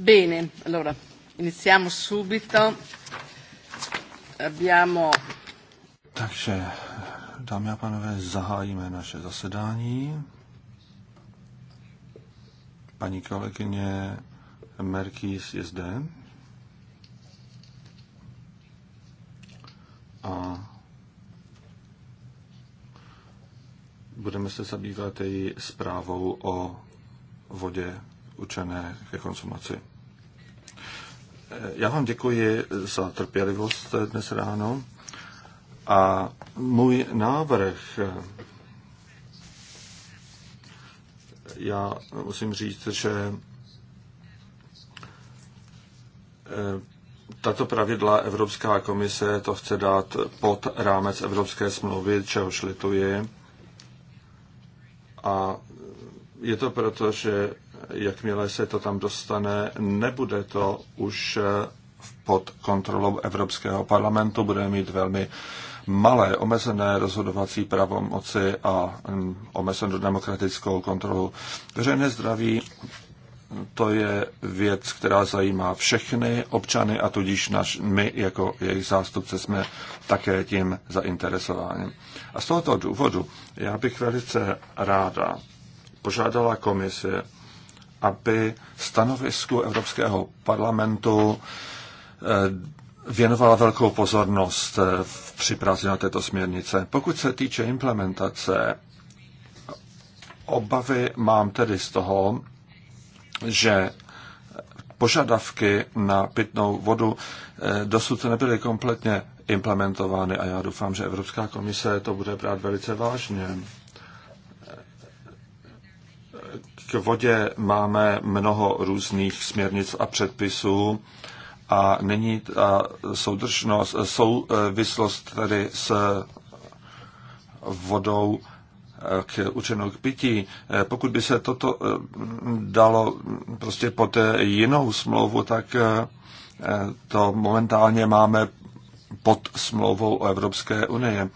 Bene, allora iniziamo subito. Abbiamo... Takže, dámy a pánové, zahájíme naše zasedání. Paní kolegyně Merkis je zde. A budeme se zabývat její zprávou o vodě určené ke konsumaci. Já vám děkuji za trpělivost dnes ráno a můj návrh já musím říct, že eh, tato pravidla Evropská komise to chce dát pod rámec Evropské smlouvy, čehož lituji. A je to proto, že jakmile se to tam dostane, nebude to už eh, pod kontrolou Evropského parlamentu, bude mít velmi malé omezené rozhodovací pravomoci a mm, omezenou demokratickou kontrolu. Veřejné zdraví to je věc, která zajímá všechny občany a tudíž naš, my jako jejich zástupce jsme také tím zainteresováni. A z tohoto důvodu já bych velice ráda požádala Komisi aby stanovisku Evropského parlamentu eh, věnovala velkou pozornost eh, při práci na této směrnice. Pokud se týče implementace, obavy mám tedy z toho, že požadavky na pitnou vodu eh, dosud nebyly kompletně implementovány a já doufám, že Evropská komise to bude brát velice vážně. k vodě máme mnoho různých směrnic a předpisů a není ta soudržnost, souvislost eh, tedy s eh, vodou eh, k učenou k pití. Pokud by se toto dalo mm, prostě pod jinou smlouvu, tak to momentálně máme pod smlouvou o Evropské unie.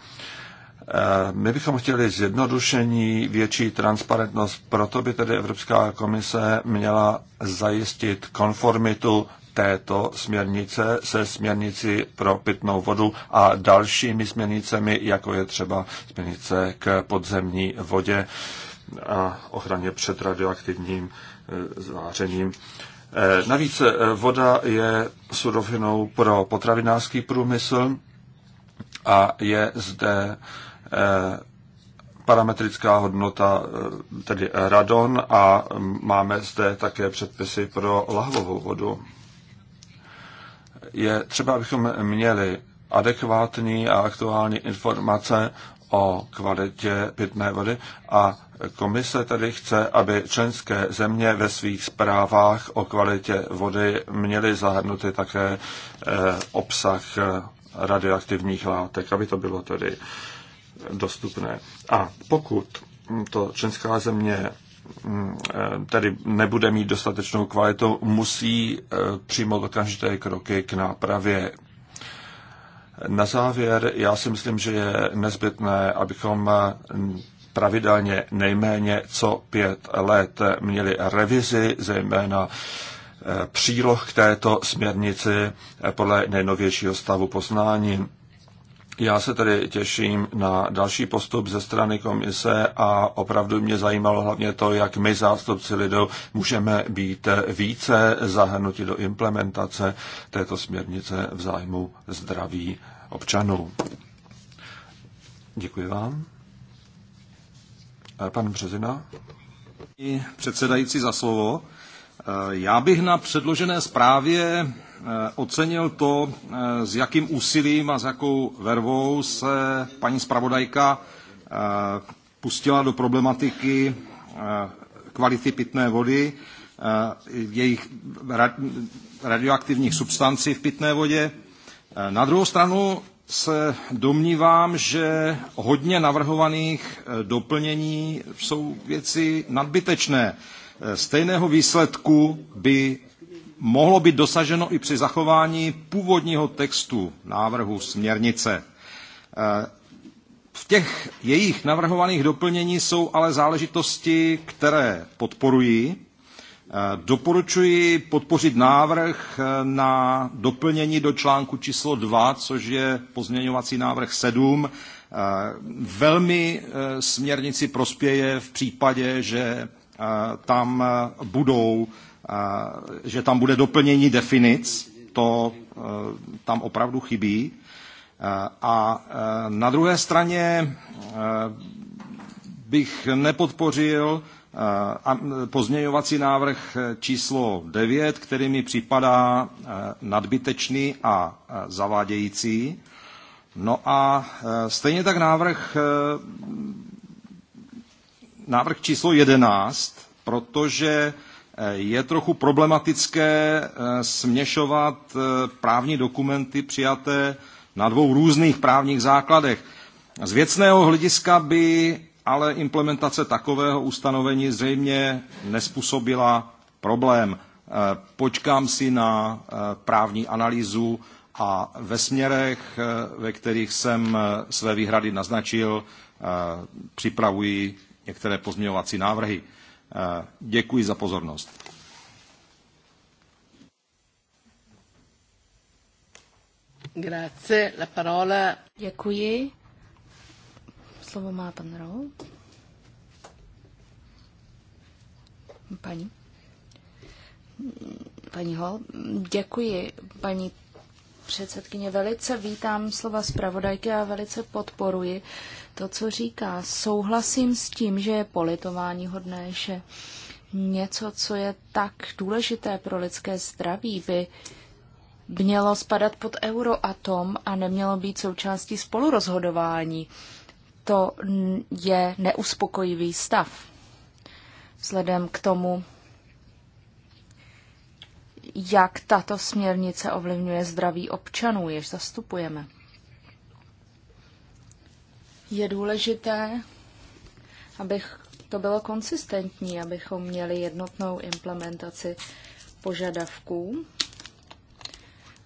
Eh, my bychom chtěli zjednodušení, větší transparentnost, proto by tedy Evropská komise měla zajistit konformitu této směrnice se směrnici pro pitnou vodu a dalšími směrnicemi, jako je třeba směrnice k podzemní vodě a ochraně před radioaktivním eh, zářením. Eh, navíc voda je surovinou pro potravinářský průmysl a je zde Eh, parametrická hodnota, eh, tedy radon, a máme zde také předpisy pro lahvovou vodu. Je třeba, abychom měli adekvátní a aktuální informace o kvalitě pitné vody a komise tedy chce, aby členské země ve svých zprávách o kvalitě vody měly zahrnuty také eh, obsah radioaktivních látek, aby to bylo tedy eh, dostupné. A pokud to členská země mm, eh, tedy nebude mít dostatečnou kvalitu, musí eh, přijmout okamžité kroky k nápravě. Na závěr, já si myslím, že je nezbytné, abychom eh, pravidelně nejméně co pět let měli revizi, zejména příloh k této směrnici podle nejnovějšího stavu poznání. Já se tedy těším na další postup ze strany komise a opravdu mě zajímalo hlavně to, jak my zástupci lidu můžeme být více zahrnuti do implementace této směrnice v zájmu zdraví občanů. Děkuji vám. Pan Březina. Předsedající za slovo. Já bych na předložené zprávě Eh, ocenil to, eh, s jakým úsilím a s jakou vervou se paní zpravodajka eh, pustila do problematiky kvality pitné vody, jejich radioaktivních substancí v pitné vodě. Na druhou stranu se domnívám, že hodně navrhovaných doplnění jsou věci nadbytečné. Stejného výsledku by mohlo být dosaženo i při zachování původního textu návrhu směrnice. E, v těch jejich navrhovaných doplnění jsou ale záležitosti, které podporuji. E, doporučuji podpořit návrh e, na doplnění do článku číslo 2, což je pozměňovací návrh 7. Velmi směrnici prospěje v případě, že tam budou Eh, že tam bude doplnění definic, to eh, tam opravdu chybí. Eh, a na druhé straně bych nepodpořil pozměňovací návrh číslo 9, který mi připadá nadbytečný a zavádějící. No a stejně tak návrh, návrh číslo 11, protože Eh, je trochu problematické eh, směšovat eh, právní dokumenty přijaté na dvou různých právních základech. Z věcného hlediska by ale implementace takového ustanovení zřejmě nespůsobila problém. Počkám si na právní analýzu a ve směrech, ve kterých jsem své výhrady naznačil, připravuji některé pozměňovací návrhy. Eh, děkuji za pozornost. Grazie, la parola. Děkuji. Slovo má pan Rou. Paní. Paní Hol, děkuji paní předsedkyně. Velice vítám slova zpravodajky a velice podporuji to, co říká. Souhlasím s tím, že je politování hodné, že něco, co je tak důležité pro lidské zdraví, by mělo spadat pod euroatom a nemělo být součástí spolurozhodování. To je neuspokojivý stav. Vzhledem k tomu, jak tato směrnice ovlivňuje zdraví občanů, jež zastupujeme. Je důležité, abych to bylo konsistentní, abychom měli jednotnou implementaci požadavků.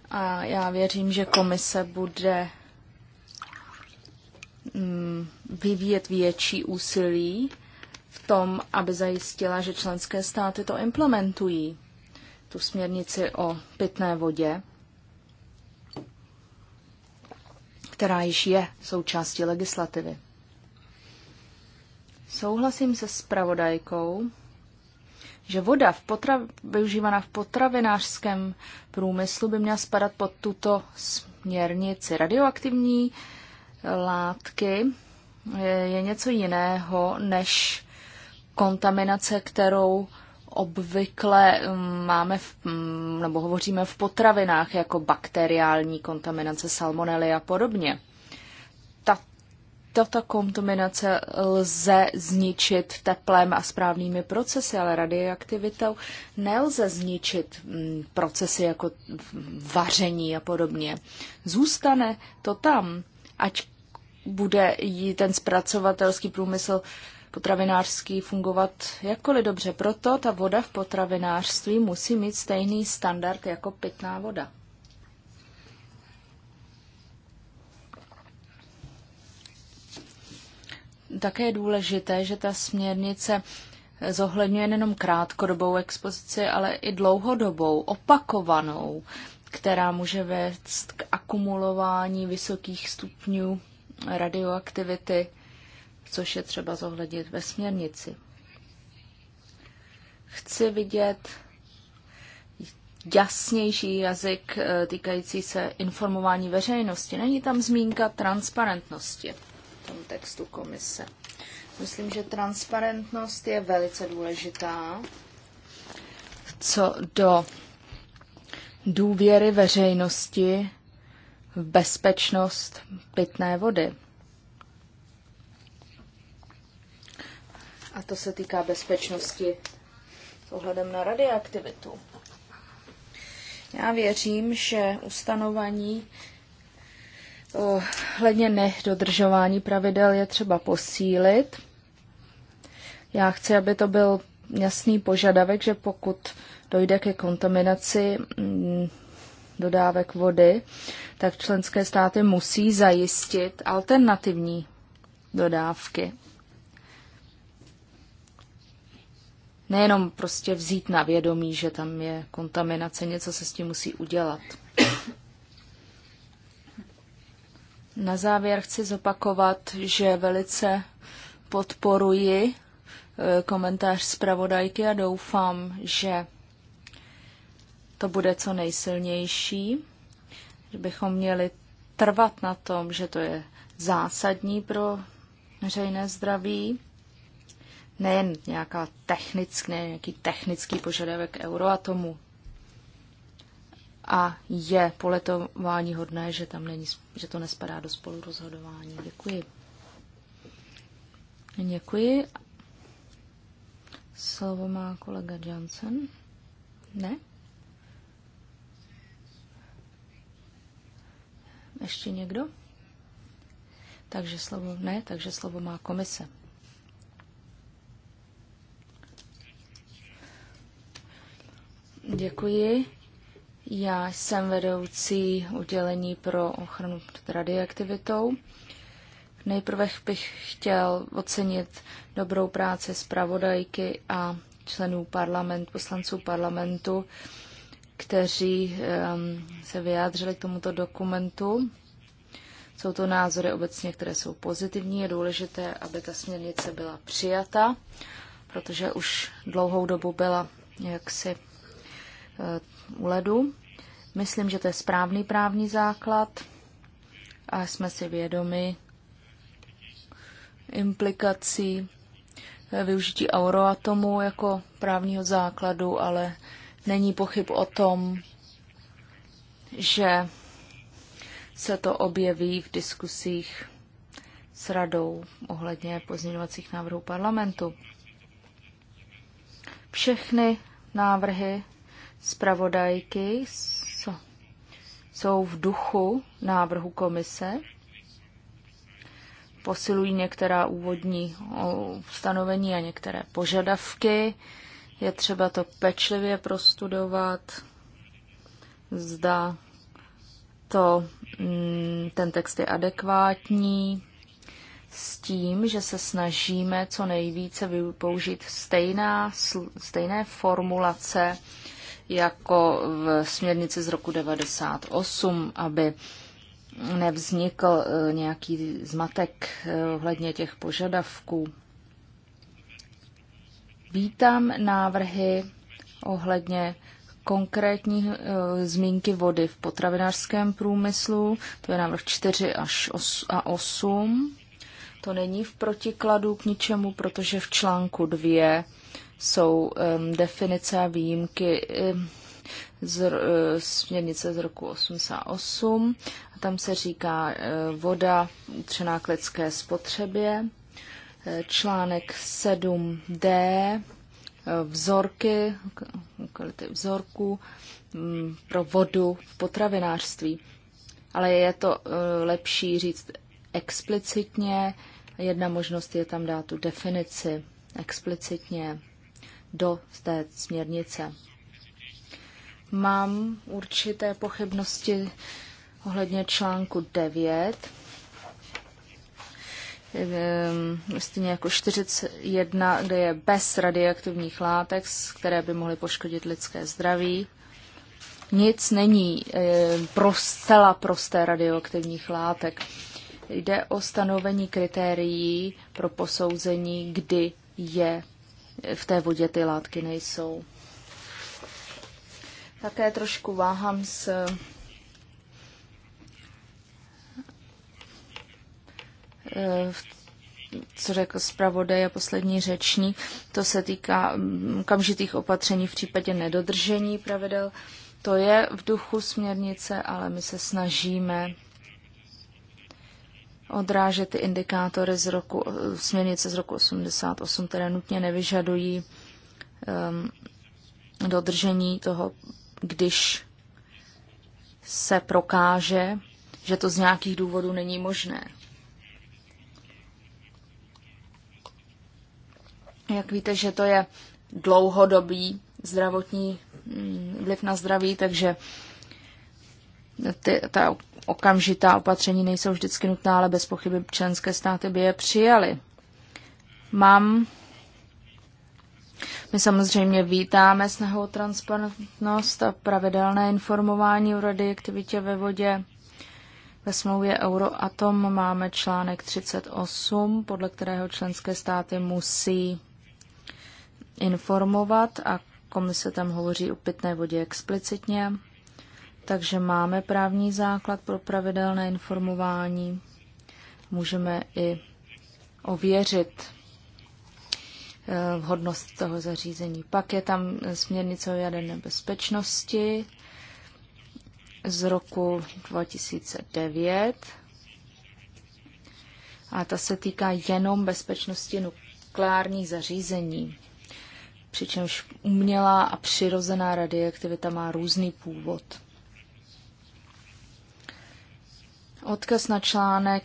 A já věřím, že komise bude mm, vyvíjet větší úsilí v tom, aby zajistila, že členské státy to implementují tu směrnici o pitné vodě, která již je součástí legislativy. Souhlasím se spravodajkou, že voda v potra- využívaná v potravinářském průmyslu by měla spadat pod tuto směrnici. Radioaktivní látky eh, je něco jiného než kontaminace, kterou obvykle mm, máme v, mm, nebo hovoříme v potravinách jako bakteriální kontaminace salmonely a podobně. tato kontaminace lze zničit teplem a správnými procesy, ale radioaktivitou nelze zničit mm, procesy jako vaření a podobně. Zůstane to tam, ať bude ten zpracovatelský průmysl uh, potravinářský fungovat jakkoliv dobře. Proto ta voda v potravinářství musí mít stejný standard jako pitná voda. Také je důležité, že ta směrnice zohledňuje nejenom krátkodobou expozici, ale i dlouhodobou, opakovanou, která může vést k akumulování vysokých stupňů radioaktivity což je třeba zohlednit ve směrnici. Chci vidět jasnější jazyk eh, týkající se informování veřejnosti. Není tam zmínka transparentnosti v tom textu komise. Myslím, že transparentnost je velice důležitá. Co do důvěry veřejnosti v bezpečnost pitné vody. A to se týká bezpečnosti s ohledem na radioaktivitu. Já věřím, že ustanovení eh, hledně nedodržování pravidel je třeba posílit. Já chci, aby to byl jasný požadavek, že pokud dojde ke kontaminaci mm, dodávek vody, tak členské státy musí zajistit alternativní dodávky. nejenom prostě vzít na vědomí, že tam je kontaminace, něco se s tím musí udělat. Na závěr chci zopakovat, že velice podporuji eh, komentář zpravodajky a doufám, že to bude co nejsilnější, že bychom měli trvat na tom, že to je zásadní pro veřejné zdraví nejen nějaká technický, ne, nějaký technický požadavek euroatomu. A je poletování hodné, že, tam není, že to nespadá do spolurozhodování. Děkuji. Děkuji. Slovo má kolega Johnson. Ne? Ještě někdo? Takže slovo ne, takže slovo má komise. Děkuji. Já jsem vedoucí oddělení pro ochranu před radioaktivitou. Nejprve bych chtěl ocenit dobrou práci zpravodajky a členů parlamentu, poslanců parlamentu, kteří um, se vyjádřili k tomuto dokumentu. Jsou to názory obecně, které jsou pozitivní. Je důležité, aby ta směrnice byla přijata, protože už dlouhou dobu byla jaksi Eh, u ledu. Myslím, že to je správný právní základ a jsme si vědomi implikací eh, využití euroatomu jako právního základu, ale není pochyb o tom, že se to objeví v diskusích s radou ohledně pozměňovacích návrhů parlamentu. Všechny návrhy zpravodajky jsou v duchu návrhu komise. Posilují některá úvodní ustanovení a některé požadavky. Je třeba to pečlivě prostudovat. Zda to, mm, ten text je adekvátní s tím, že se snažíme co nejvíce použít stejná, stejné formulace jako v směrnici z roku 98, aby nevznikl e, nějaký zmatek e, ohledně těch požadavků. Vítám návrhy ohledně konkrétní e, zmínky vody v potravinářském průmyslu, to je návrh 4 až 8. To není v protikladu k ničemu, protože v článku 2 jsou definice a výjimky z e, směrnice z roku 88. A tam se říká e, voda utřená e, k lidské spotřebě. Článek 7d vzorky, kvality vzorků pro vodu v potravinářství. Ale je to lepší říct explicitně. Jedna možnost je tam dát tu definici explicitně do té směrnice. Mám určité pochybnosti ohledně článku 9, ehm, stejně jako 41, kde je bez radioaktivních látek, které by mohly poškodit lidské zdraví. Nic není ehm, prostela prosté radioaktivních látek. Jde o stanovení kritérií pro posouzení, kdy je v té vodě ty látky nejsou. Také trošku váhám s eh, co řekl zpravodaj a poslední řečník. To se týká mm, okamžitých opatření v případě nedodržení pravidel. To je v duchu směrnice, ale my se snažíme odrážet ty indikátory z roku, směrnice z roku 88, které nutně nevyžadují um, dodržení toho, když se prokáže, že to z nějakých důvodů není možné. Jak víte, že to je dlouhodobý zdravotní mm, vliv na zdraví, takže ty, ta okamžitá opatření nejsou vždycky nutná, ale bez pochyby členské státy by je přijaly. Mám. My samozřejmě vítáme snahu o transparentnost a pravidelné informování o radioaktivitě ve vodě. Ve smlouvě Euroatom máme článek 38, podle kterého členské státy musí informovat a komise tam hovoří o pitné vodě explicitně. Takže máme právní základ pro pravidelné informování. Můžeme i ověřit eh, vhodnost toho zařízení. Pak je tam směrnice o jaderné bezpečnosti z roku 2009 a ta se týká jenom bezpečnosti nukleárních zařízení, přičemž umělá a přirozená radioaktivita má různý původ. Odkaz na článek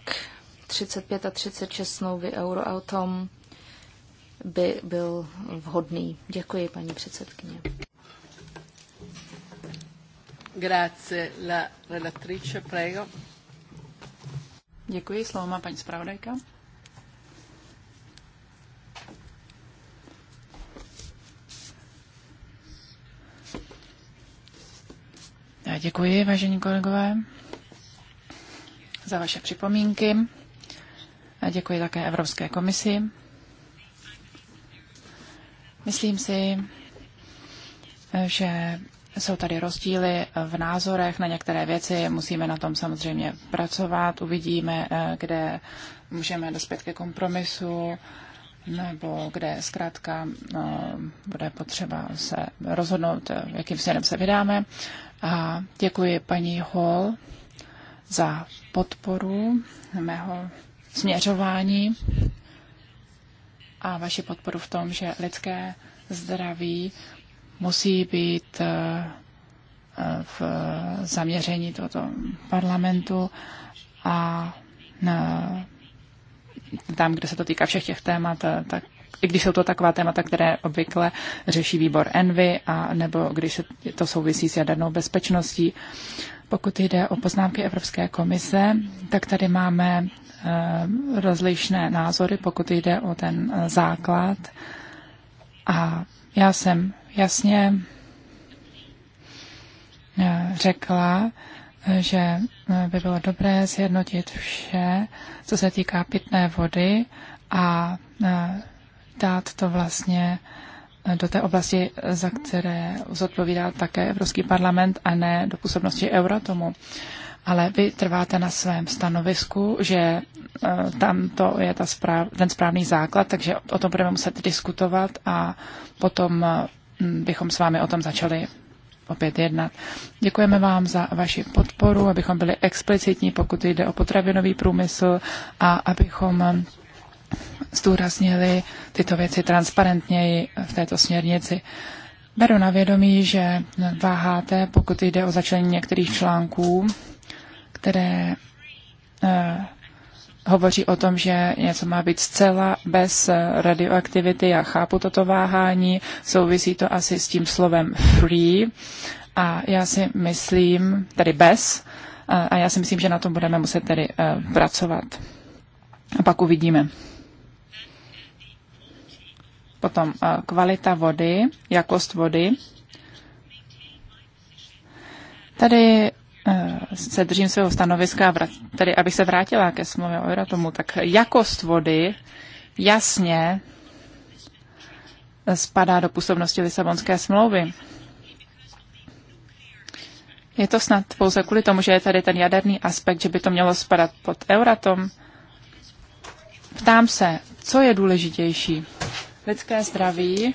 35 a 36 smlouvy Euroautom by byl vhodný. Děkuji, paní předsedkyně. Grazie, la relatrice, prego. Děkuji, slovo má paní zpravodajka. Já děkuji, vážení kolegové za vaše připomínky. A děkuji také Evropské komisi. Myslím si, že jsou tady rozdíly v názorech na některé věci, musíme na tom samozřejmě pracovat, uvidíme, eh, kde můžeme dospět ke kompromisu, nebo kde zkrátka eh, bude potřeba se rozhodnout, eh, jakým směrem se vydáme. A děkuji paní Hall za podporu mého směřování a vaši podporu v tom, že lidské zdraví musí být eh, v zaměření tohoto parlamentu a eh, tam, kde se to týká všech těch témat, eh, tak i když jsou to taková témata, které obvykle řeší výbor Envy, a nebo když se to souvisí s jadernou bezpečností. Pokud jde o poznámky Evropské komise, tak tady máme eh, rozlišné názory, pokud jde o ten eh, základ. A já jsem jasně eh, řekla, že by bylo dobré zjednotit vše, co se týká pitné vody a dát to vlastně do té oblasti, za které zodpovídá také Evropský parlament a ne do působnosti Euratomu. Ale vy trváte na svém stanovisku, že eh, tam to je ta správ, ten správný základ, takže o tom budeme muset diskutovat a potom eh, bychom s vámi o tom začali opět jednat. Děkujeme vám za vaši podporu, abychom byli explicitní, pokud jde o potravinový průmysl a abychom zdůraznili tyto věci transparentněji v této směrnici. Beru na vědomí, že váháte, pokud jde o začlenění některých článků, které eh, hovoří o tom, že něco má být zcela bez radioaktivity. Já chápu toto váhání, souvisí to asi s tím slovem free a já si myslím, tedy bez, a já si myslím, že na tom budeme muset tedy eh, pracovat. A pak uvidíme. Potom eh, kvalita vody, jakost vody. Tady eh, se držím svého stanoviska, tady abych se vrátila ke smlouvě o Euratomu, tak jakost vody jasně spadá do působnosti Lisabonské smlouvy. Je to snad pouze kvůli tomu, že je tady ten jaderný aspekt, že by to mělo spadat pod Euratom. Ptám se, co je důležitější? lidské zdraví,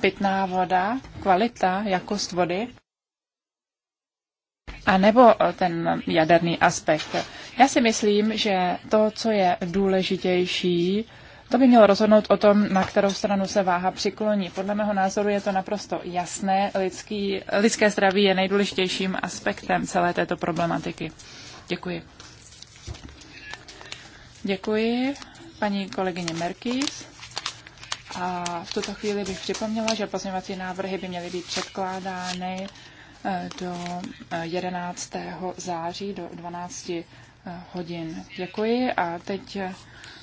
pitná voda, kvalita, jakost vody, a nebo eh, ten jaderný aspekt. Já si myslím, že to, co je důležitější, to by mělo rozhodnout o tom, na kterou stranu se váha přikloní. Podle mého názoru je to naprosto jasné. Lidský, lidské zdraví je nejdůležitějším aspektem celé této problematiky. Děkuji. Děkuji paní kolegyně Merkis. A v tuto chvíli bych připomněla, že pozměňovací návrhy by měly být předkládány eh, do 11. Eh, září do 12 eh, hodin. Děkuji a teď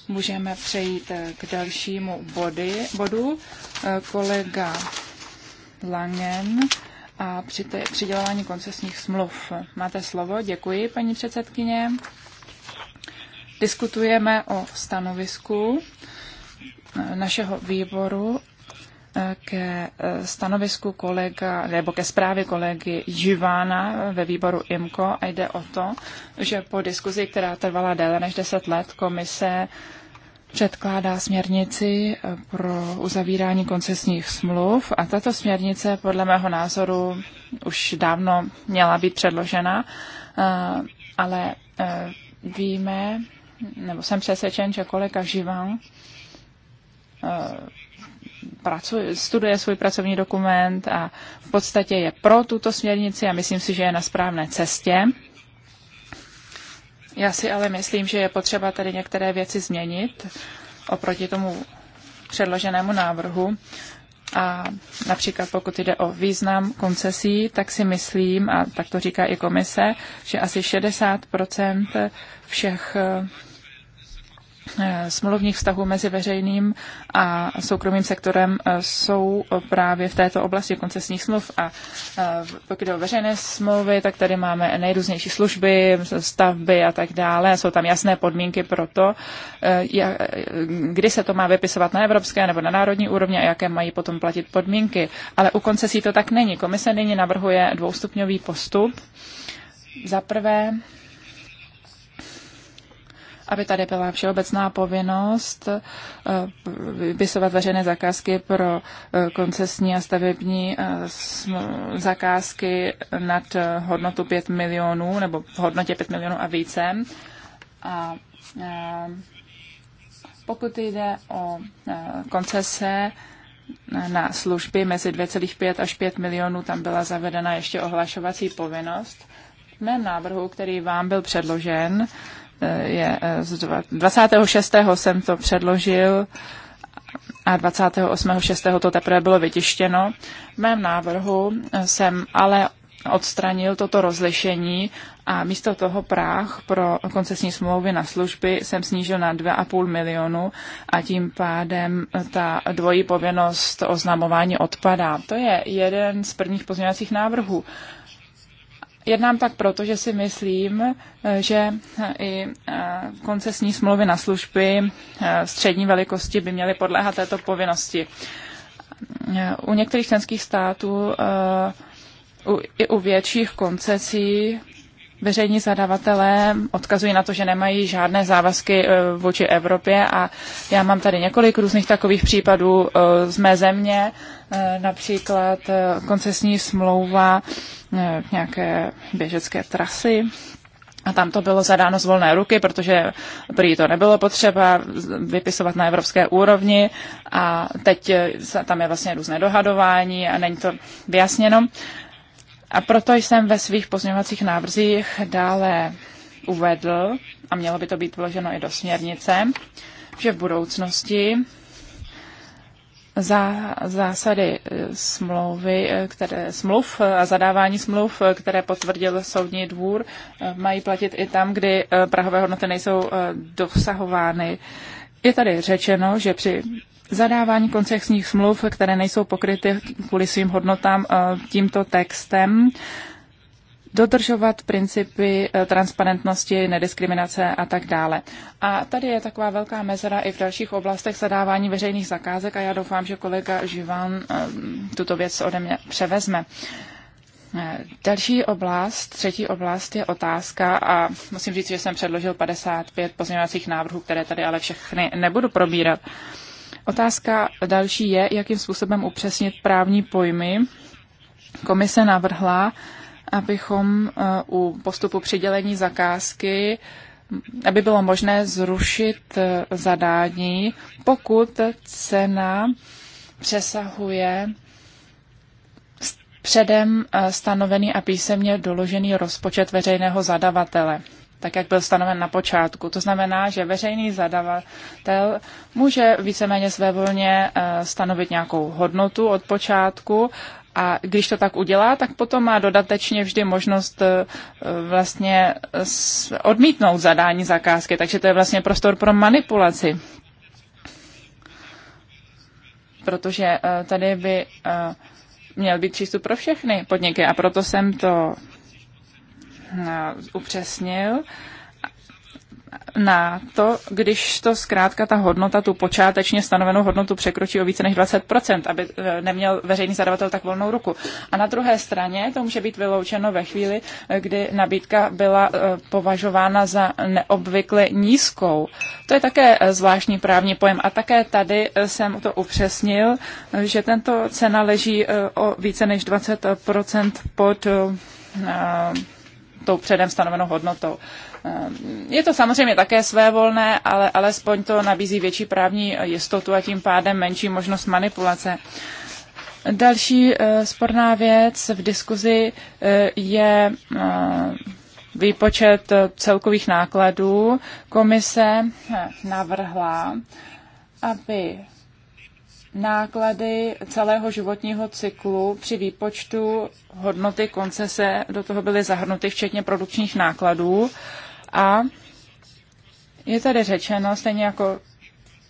můžeme přejít k dalšímu body, bodu. Kolega Langen a při te, přidělování koncesních smluv. Máte slovo, děkuji, paní předsedkyně. Diskutujeme o stanovisku našeho výboru eh, ke eh, stanovisku kolega, nebo ke zprávě kolegy Živána eh, ve výboru IMCO a jde o to, že po diskuzi, která trvala déle než 10 let, komise předkládá směrnici pro uzavírání koncesních smluv a tato směrnice podle mého názoru už dávno měla být předložena, ale víme, nebo jsem přesvědčen, že kolega Živán Eh, pracuje, studuje svůj pracovní dokument a v podstatě je pro tuto směrnici a myslím si, že je na správné cestě. Já si ale myslím, že je potřeba tady některé věci změnit oproti tomu předloženému návrhu. A například pokud jde o význam koncesí, tak si myslím, a tak to říká i komise, že asi 60 všech eh, Eh, smluvních vztahů mezi veřejným a soukromým sektorem eh, jsou právě v této oblasti koncesních smluv. A eh, pokud jde o veřejné smlouvy, tak tady máme nejrůznější služby, stavby a tak dále. Jsou tam jasné podmínky pro to, kdy se to má vypisovat na evropské nebo na národní úrovni a jaké mají potom platit podmínky. Ale u koncesí to tak není. Komise nyní navrhuje dvoustupňový postup. Za prvé, aby tady byla všeobecná povinnost eh, vypisovat veřejné zakázky pro eh, koncesní a stavební eh, zakázky nad hodnotu 5 milionů nebo v hodnotě 5 milionů a více. A pokud jde o koncese, na služby mezi 2,5 až 5 milionů tam byla zavedena ještě ohlašovací povinnost. V mém návrhu, který vám byl předložen, Eh, je eh, z 26. jsem to předložil a 28.6. to teprve bylo vytištěno. V mém návrhu eh, jsem ale odstranil toto rozlišení a místo toho práh pro koncesní smlouvy na služby jsem snížil na 2,5 milionu a tím pádem ta dvojí povinnost oznamování odpadá. To je jeden z prvních pozměňovacích návrhů. Jednám tak proto, že si myslím, že i e, koncesní smlouvy na služby e, střední velikosti by měly podléhat této povinnosti. E, u některých členských států u, i u větších koncesí veřejní zadavatelé odkazují na to, že nemají žádné závazky vůči Evropě a já mám tady několik různých takových případů z mé země Eh, například eh, koncesní smlouva eh, nějaké běžecké trasy. A tam to bylo zadáno z volné ruky, protože prý to nebylo potřeba vypisovat na evropské úrovni a teď tam je vlastně různé dohadování a není to vyjasněno. A proto jsem ve svých pozměňovacích návrzích dále uvedl, a mělo by to být vloženo i do směrnice, že v budoucnosti Zá, zásady eh, smlouvy, eh, které, smluv eh, a zadávání smluv, které potvrdil soudní dvůr, mají platit i tam, kdy prahové hodnoty nejsou dosahovány. Je tady řečeno, že při zadávání koncesních smluv, které nejsou pokryty kvůli svým hodnotám tímto textem, dodržovat principy eh, transparentnosti, nediskriminace a tak dále. A tady je taková velká mezera i v dalších oblastech zadávání veřejných zakázek a já doufám, že kolega Živan eh, tuto věc ode mě převezme. Eh, další oblast, třetí oblast je otázka a musím říct, že jsem předložil 55 pozměňovacích návrhů, které tady ale všechny nebudu probírat. Otázka další je, jakým způsobem upřesnit právní pojmy. Komise navrhla, abychom eh, u postupu přidělení zakázky aby bylo možné zrušit eh, zadání, pokud cena přesahuje předem eh, stanovený a písemně doložený rozpočet veřejného zadavatele, tak jak byl stanoven na počátku. To znamená, že veřejný zadavatel může víceméně svévolně stanovit nějakou hodnotu od počátku a když to tak udělá, tak potom má dodatečně vždy možnost eh, vlastně odmítnout zadání zakázky, takže to je vlastně prostor pro manipulaci. Protože eh, tady by eh, měl být přístup pro všechny podniky a proto jsem to upřesnil na to, když to zkrátka ta hodnota, tu počátečně stanovenou hodnotu překročí o více než 20%, aby e, neměl veřejný zadavatel tak volnou ruku. A na druhé straně to může být vyloučeno ve chvíli, e, kdy nabídka byla e, považována za neobvykle nízkou. To je také zvláštní právní pojem a také tady jsem to upřesnil, že tento cena leží o více než 20% pod tou předem stanovenou hodnotou. Eh, je to samozřejmě také svévolné, ale alespoň to nabízí větší právní jistotu a tím pádem menší možnost manipulace. Další eh, sporná věc v diskuzi eh, je výpočet celkových nákladů. Komise navrhla, aby náklady celého životního cyklu při výpočtu hodnoty koncese do toho byly zahrnuty, včetně produkčních nákladů. A je tady řečeno, stejně jako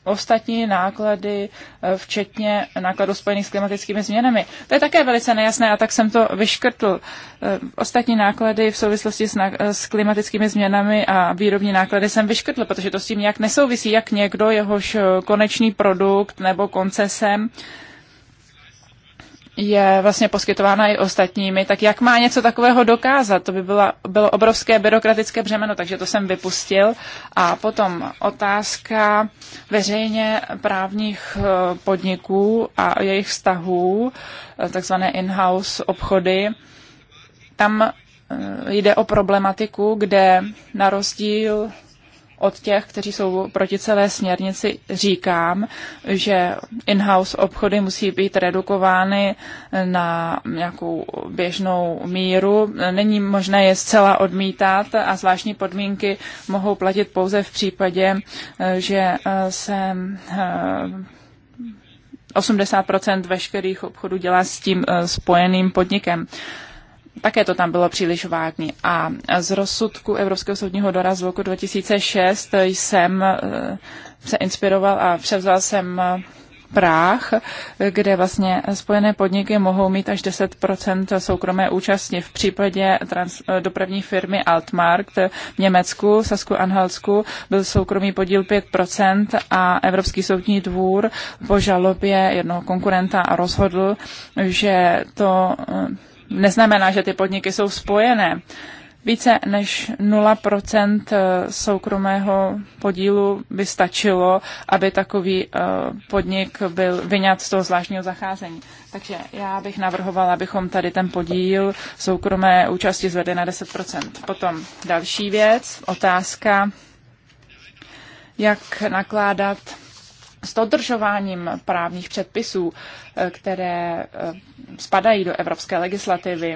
ostatní náklady, eh, včetně nákladů spojených s klimatickými změnami. To je také velice nejasné a tak jsem to vyškrtl. Eh, ostatní náklady v souvislosti s, eh, s klimatickými změnami a výrobní náklady jsem vyškrtl, protože to s tím nějak nesouvisí, jak někdo, jehož konečný produkt nebo koncesem uh, je vlastně poskytována i ostatními, tak jak má něco takového dokázat? To by byla, bylo obrovské byrokratické břemeno, takže to jsem vypustil. A potom otázka veřejně právních eh, podniků a jejich vztahů, eh, takzvané in-house obchody. Tam eh, jde o problematiku, kde na rozdíl od těch, kteří jsou proti celé směrnici, říkám, že in-house obchody musí být redukovány na nějakou běžnou míru. Není možné je zcela odmítat a zvláštní podmínky mohou platit pouze v případě, že eh, se 80 eh, veškerých obchodů dělá s tím eh, spojeným podnikem také to tam bylo příliš vágní. A z rozsudku Evropského soudního dora z roku 2006 jsem eh, se inspiroval a převzal jsem eh, Práh, kde vlastně spojené podniky mohou mít až 10 soukromé účasti. V případě trans, eh, dopravní firmy Altmarkt v Německu, Sasku Anhalsku byl soukromý podíl 5 a Evropský soudní dvůr po žalobě jednoho konkurenta rozhodl, že to neznamená, že ty podniky jsou spojené. Více než 0% eh, soukromého podílu by stačilo, aby takový eh, podnik byl vyňat z toho zvláštního zacházení. Takže já bych navrhovala, abychom tady ten podíl soukromé účasti zvedli na 10%. Potom další věc, otázka, jak nakládat s dodržováním právních předpisů, eh, které eh, spadají do evropské legislativy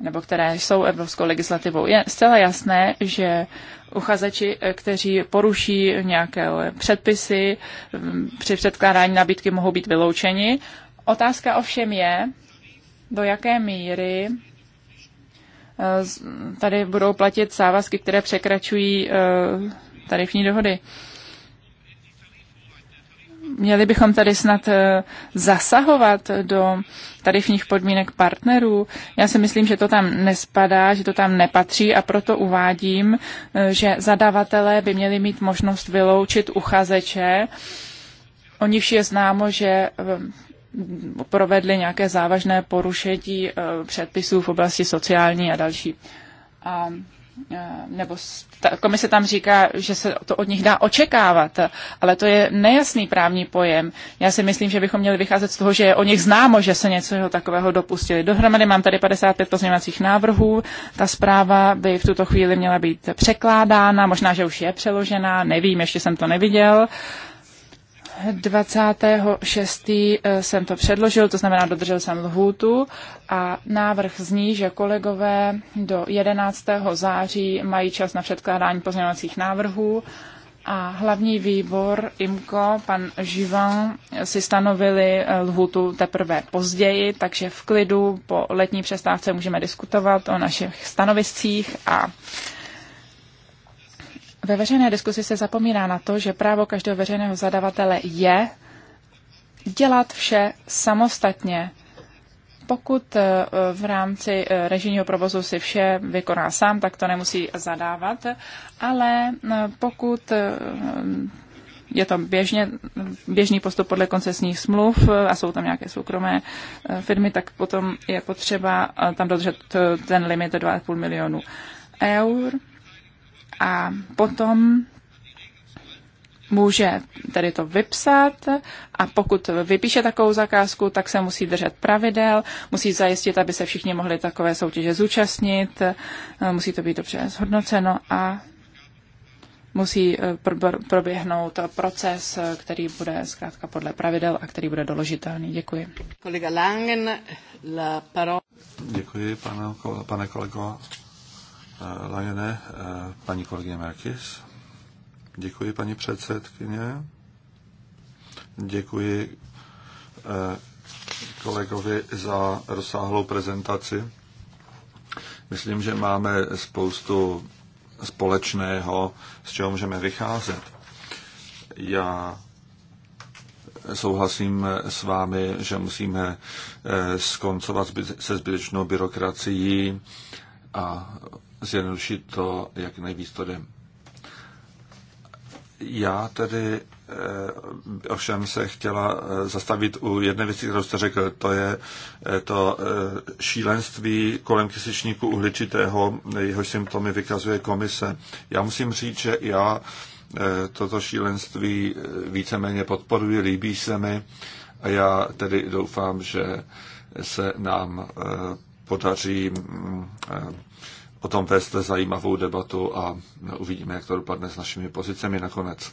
nebo které jsou evropskou legislativou. Je zcela jasné, že uchazeči, eh, kteří poruší nějaké předpisy mm, při předkládání nabídky, mohou být vyloučeni. Otázka ovšem je, do jaké míry tady budou platit závazky, které překračují tarifní dohody. Měli bychom tady snad eh, zasahovat do tarifních podmínek partnerů. Já si myslím, že to tam nespadá, že to tam nepatří a proto uvádím, eh, že zadavatelé by měli mít možnost vyloučit uchazeče. O nichž je známo, že eh, provedli nějaké závažné porušení předpisů v oblasti sociální a další. A Eh, nebo komise tam říká, že se to od nich dá očekávat, ale to je nejasný právní pojem. Já si myslím, že bychom měli vycházet z toho, že je o nich známo, že se něco takového dopustili. Dohromady mám tady 55 pozměňovacích návrhů. Ta zpráva by v tuto chvíli měla být překládána, možná, že už je přeložená, nevím, ještě jsem to neviděl. Uh, 26. Eh, jsem to předložil, to znamená, dodržel jsem lhůtu a návrh zní, že kolegové do 11. září mají čas na předkládání pozměňovacích návrhů a hlavní výbor IMCO, pan Živan, si stanovili eh, lhůtu teprve později, takže v klidu po letní přestávce můžeme diskutovat o našich stanoviscích a ve veřejné diskusi se zapomíná na to, že právo každého veřejného zadavatele je dělat vše samostatně. Pokud e, v rámci e, režijního provozu si vše vykoná sám, tak to nemusí zadávat, ale e, pokud je tam běžně, běžný postup podle koncesních smluv a jsou tam nějaké soukromé firmy, tak potom je potřeba tam dodržet ten limit 2,5 milionu eur a potom může tedy to vypsat a pokud vypíše takovou zakázku, tak se musí držet pravidel, musí zajistit, aby se všichni mohli takové soutěže zúčastnit, musí to být dobře zhodnoceno a musí eh, proběhnout proces, eh, který bude zkrátka podle pravidel a který bude doložitelný. Děkuji. Kolega Langen, la paro... Děkuji, pane, pane kolego. Eh, Lajene, eh, paní kolegyně Merkis. Děkuji, paní předsedkyně. Děkuji eh, kolegovi za rozsáhlou prezentaci. Myslím, že máme spoustu společného, z čeho můžeme vycházet. Já souhlasím s vámi, že musíme skoncovat se zbytečnou byrokracií a zjednodušit to, jak nejvíc to jde. Já tedy eh, ovšem se chtěla eh, zastavit u jedné věci, kterou jste řekl, to je eh, to šílenství kolem kysičníku uhličitého, jehož symptomy vykazuje komise. Já musím říct, že já toto šílenství víceméně podporuji, líbí se mi a já tedy doufám, že se nám podaří mm, o tom vést zajímavou debatu a uvidíme, jak to dopadne s našimi pozicemi nakonec.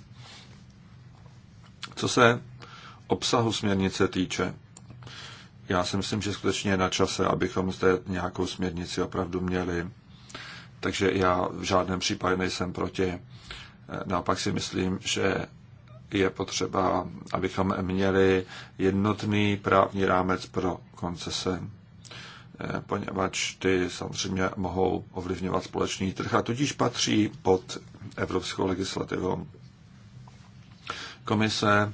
Co se obsahu směrnice týče, já si myslím, že skutečně je na čase, abychom zde nějakou směrnici opravdu měli. Takže já v žádném případě nejsem proti. Naopak si myslím, že je potřeba, abychom měli jednotný právní rámec pro koncese. Eh, poněvadž ty samozřejmě mohou ovlivňovat společný trh a tudíž patří pod evropskou legislativu. Komise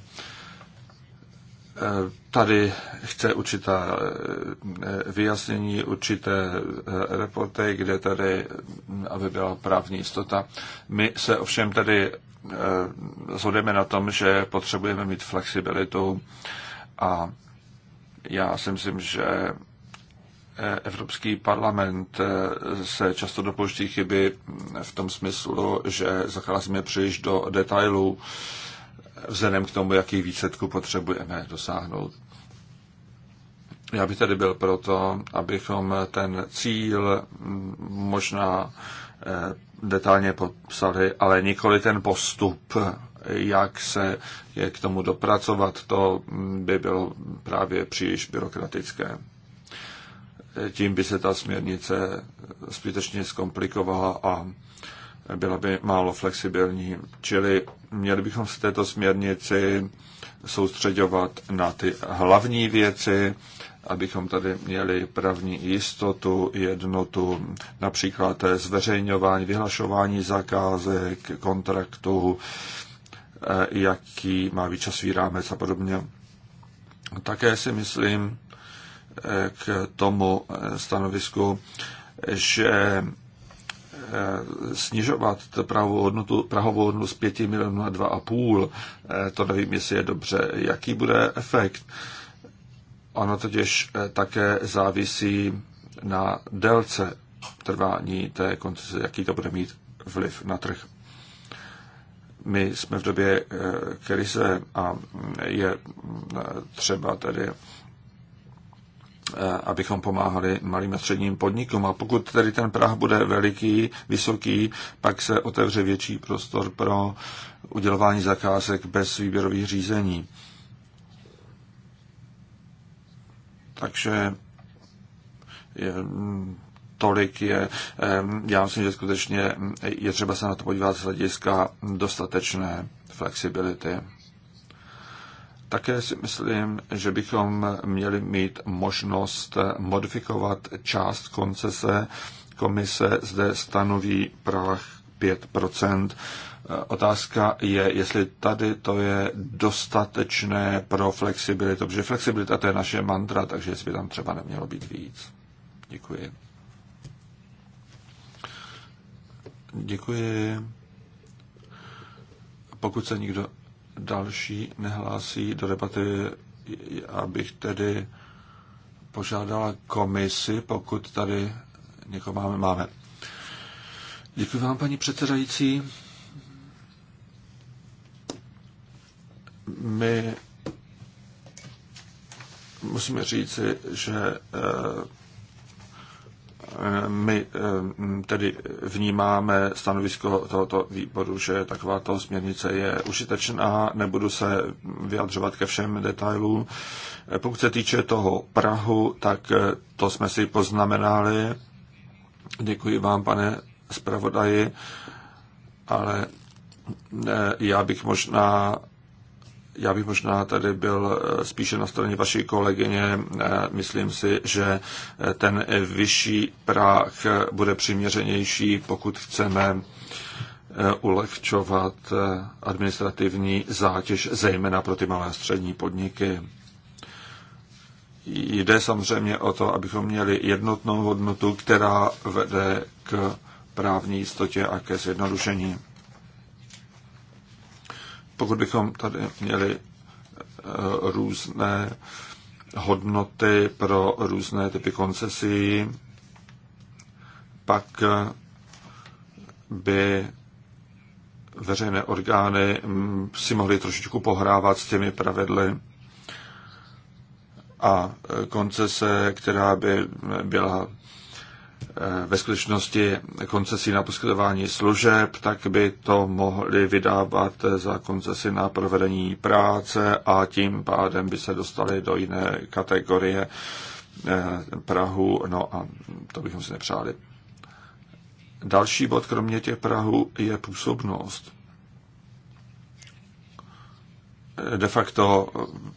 eh, tady chce určitá eh, vyjasnění, určité reporty, kde tady, mm, aby byla právní jistota. My se ovšem tady zhodeme na tom, že potřebujeme mít flexibilitu a já si myslím, že Evropský parlament eh, se často dopouští chyby v tom smyslu, že zacházíme příliš do detailů vzhledem k tomu, jaký výsledku potřebujeme dosáhnout. Já bych tady byl proto, abychom ten cíl možná eh, detailně popsali, ale nikoli ten postup, jak se je k tomu dopracovat, to by bylo právě příliš byrokratické tím by se ta směrnice zbytečně zkomplikovala a byla by málo flexibilní. Čili měli bychom se této směrnici soustředovat na ty hlavní věci, abychom tady měli právní jistotu, jednotu, například zveřejňování, vyhlašování zakázek, kontraktů, eh, jaký má výčasový rámec a podobně. Také si myslím, k tomu stanovisku, že eh, snižovat prahovou hodnotu, prahovou hodnotu z 5 milionů na 2,5, eh, to nevím, jestli je dobře. Jaký bude efekt? Ono totiž eh, také závisí na délce trvání té koncese, jaký to bude mít vliv na trh. My jsme v době krize a je třeba tedy Eh, abychom pomáhali malým a středním podnikům. A pokud tedy ten Prah bude veliký, vysoký, pak se otevře větší prostor pro udělování zakázek bez výběrových řízení. Takže je, mm, tolik je. Já myslím, že skutečně je třeba se na to podívat z hlediska dostatečné flexibility. Také si myslím, že bychom měli mít možnost modifikovat část koncese. Komise zde stanoví prach 5 Otázka je, jestli tady to je dostatečné pro flexibilitu, protože flexibilita to je naše mantra, takže jestli by tam třeba nemělo být víc. Děkuji. Děkuji. Pokud se nikdo další nehlásí do debaty, abych tedy požádala komisi, pokud tady někoho máme. máme. Děkuji vám, paní předsedající. My musíme říci, že eh, my eh, tedy vnímáme stanovisko tohoto výboru, že takováto směrnice je užitečná, nebudu se vyjadřovat ke všem detailům. Pokud se týče toho Prahu, tak eh, to jsme si poznamenali. Děkuji vám, pane zpravodaji, ale eh, já bych možná já bych možná tady byl eh, spíše na straně vaší kolegyně. Eh, myslím si, že eh, ten vyšší práh bude přiměřenější, pokud chceme ulehčovat administrativní zátěž, zejména pro ty malé a střední podniky. Jde samozřejmě o to, abychom měli jednotnou hodnotu, která vede k právní jistotě a ke zjednodušení pokud bychom tady měli eh, různé hodnoty pro různé typy koncesí, pak eh, by veřejné orgány mm, si mohly trošičku pohrávat s těmi pravidly a eh, koncese, která by mm, byla Eh, ve skutečnosti koncesí na poskytování služeb, tak by to mohli vydávat eh, za koncesy na provedení práce a tím pádem by se dostali do jiné kategorie eh, Prahu, no a to bychom si nepřáli. Další bod, kromě těch Prahu, je působnost. De facto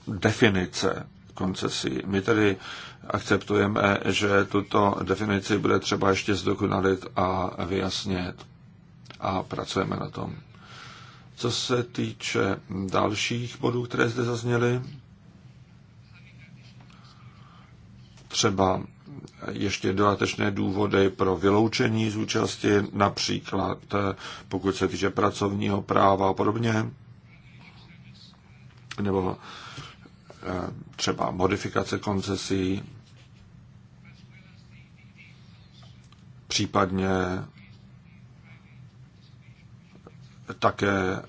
definice koncesí. My tedy akceptujeme, že tuto definici bude třeba ještě zdokonalit a vyjasnit a pracujeme na tom. Co se týče dalších bodů, které zde zazněly, třeba ještě dodatečné důvody pro vyloučení z účasti, například eh, pokud se týče pracovního práva a podobně, nebo Eh, třeba modifikace koncesí, případně také eh,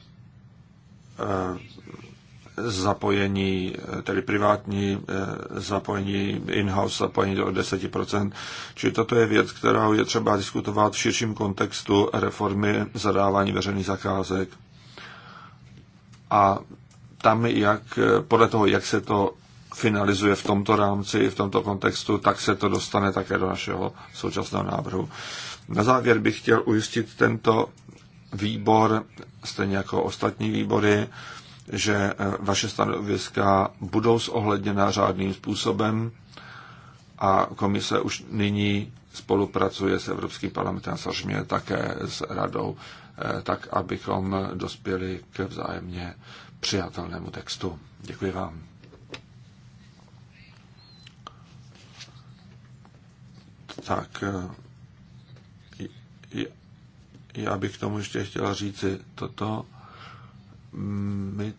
zapojení, tedy privátní eh, zapojení, in-house zapojení do 10%. Čili toto je věc, kterou je třeba diskutovat v širším kontextu reformy zadávání veřejných zakázek. A tam, jak, podle toho, jak se to finalizuje v tomto rámci, v tomto kontextu, tak se to dostane také do našeho současného návrhu. Na závěr bych chtěl ujistit tento výbor, stejně jako ostatní výbory, že eh, vaše stanoviska budou zohledněna řádným způsobem a komise už nyní spolupracuje s Evropským parlamentem a samozřejmě také s radou, eh, tak abychom dospěli k vzájemně přijatelnému textu. Děkuji vám. Tak eh, já bych k tomu ještě chtěla říci toto. Mm, my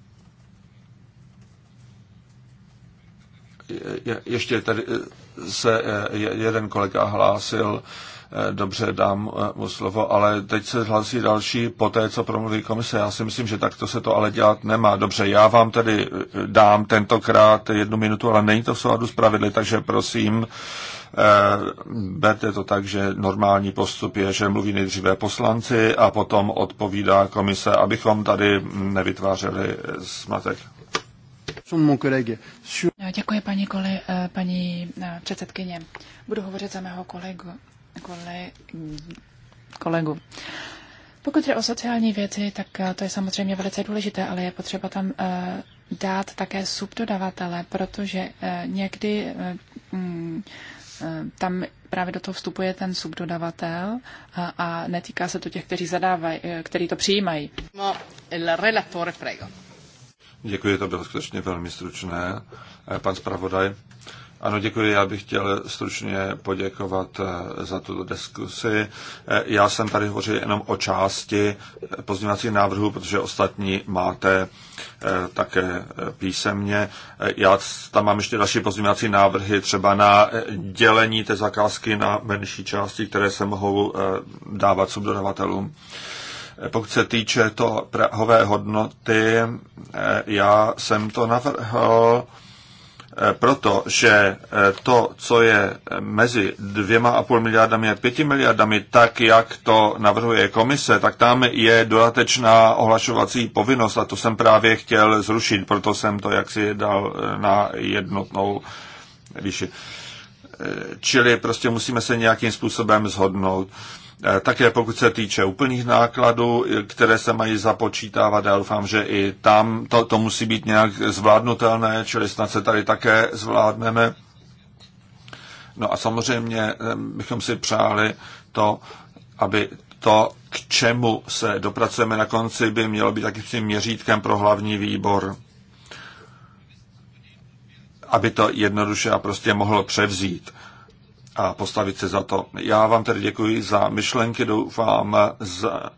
ještě tady eh, se eh, jeden kolega hlásil Eh, dobře dám eh, mu slovo, ale teď se hlásí další po té, co promluví komise. Já si myslím, že takto se to ale dělat nemá. Dobře, já vám tedy eh, dám tentokrát jednu minutu, ale není to v souladu s pravidly, takže prosím, berte to tak, že normální postup je, že mluví nejdříve poslanci a potom odpovídá komise, abychom tady nevytvářeli zmatek. Děkuji, paní, kole, paní předsedkyně. Budu hovořit za mého kolegu kole, kolegu. Pokud je o sociální věci, tak eh, to je samozřejmě velice důležité, ale je potřeba tam eh, dát také subdodavatele, protože eh, někdy mm, tam právě do toho vstupuje ten subdodavatel a, a netýká se to těch, kteří zadávají, kteří to přijímají. No, Děkuji, to bylo skutečně velmi stručné. Pan zpravodaj, ano, děkuji. Já bych chtěl stručně poděkovat eh, za tuto diskusi. Eh, já jsem tady hovořil jenom o části eh, pozměňovacích návrhů, protože ostatní máte také písemně. Já tam mám ještě další pozměňovací návrhy, třeba na dělení té zakázky na menší části, které se mohou dávat subdodavatelům. Pokud se týče to prahové hodnoty, já jsem to navrhl Eh, protože eh, to, co je mezi dvěma a půl miliardami a pěti miliardami, tak jak to navrhuje komise, tak tam je dodatečná ohlašovací povinnost a to jsem právě chtěl zrušit, proto jsem to jaksi dal eh, na jednotnou výši. Čili prostě musíme se nějakým způsobem zhodnout. Eh, také pokud se týče úplných nákladů, eh, které se mají započítávat, já doufám, že i tam to, to musí být nějak zvládnutelné, čili snad se tady také zvládneme. No a samozřejmě eh, bychom si přáli to, aby to, k čemu se dopracujeme na konci, by mělo být jakýmsi měřítkem pro hlavní výbor. Aby to jednoduše a prostě mohlo převzít a postavit se za to. Já vám tedy děkuji za myšlenky, doufám, za,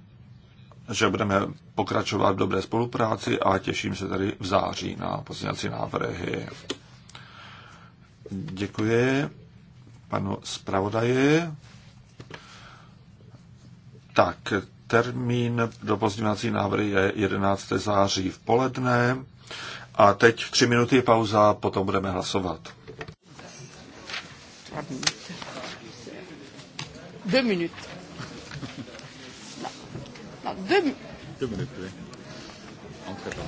že budeme pokračovat v dobré spolupráci a těším se tady v září na pozměňovací návrhy. Děkuji panu zpravodaji. Tak, termín do pozměňovací návrhy je 11. září v poledne. A teď tři minuty pauza, potom budeme hlasovat. Pardon. Deux minutes. Non, non deux, deux minutes, oui. Entrez pas.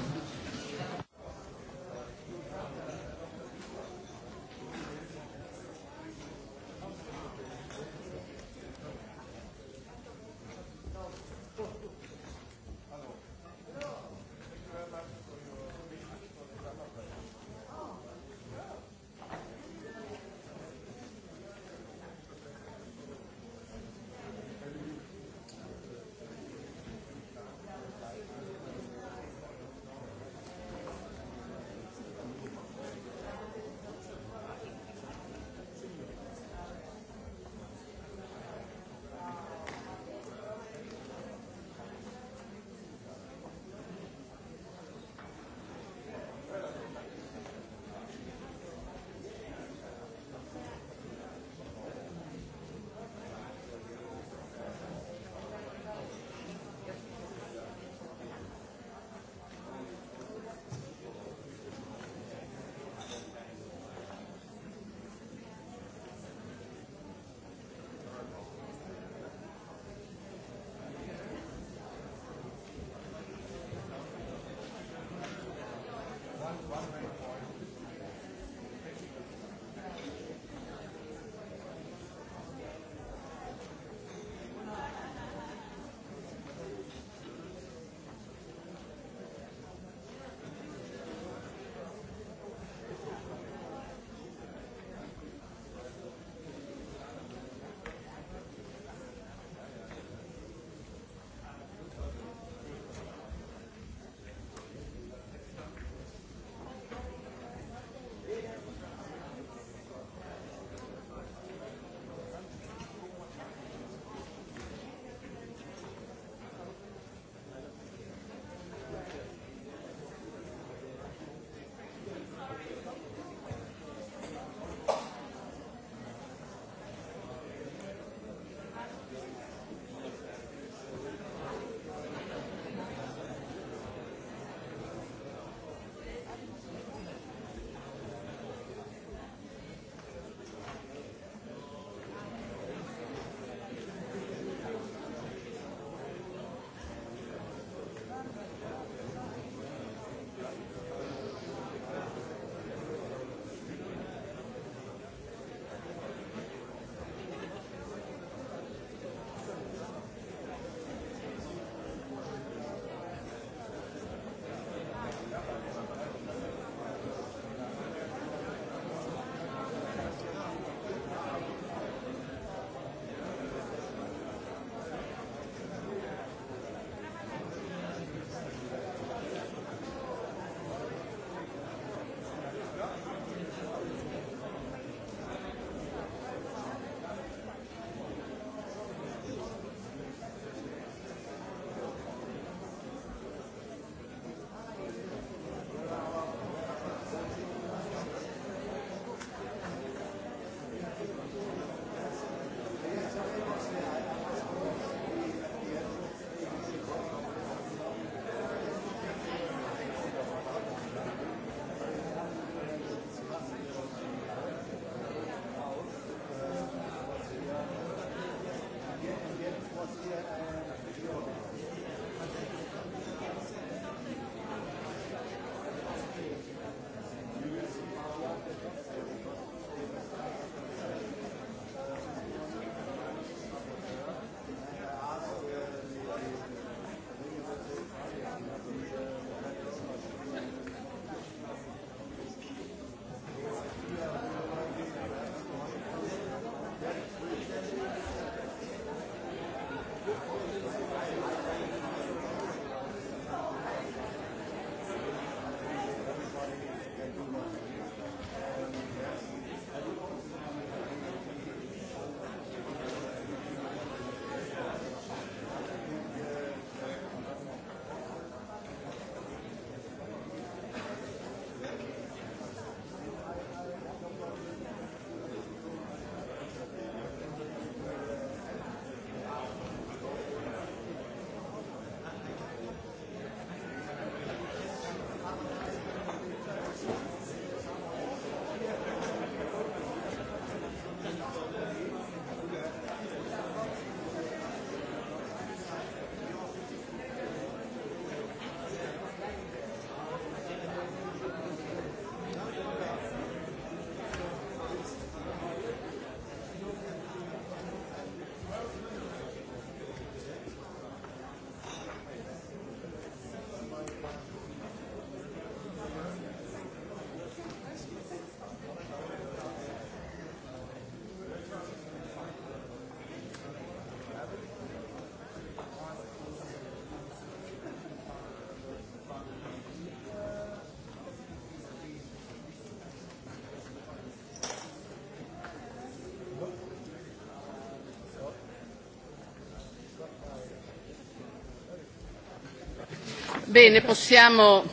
Bene, possiamo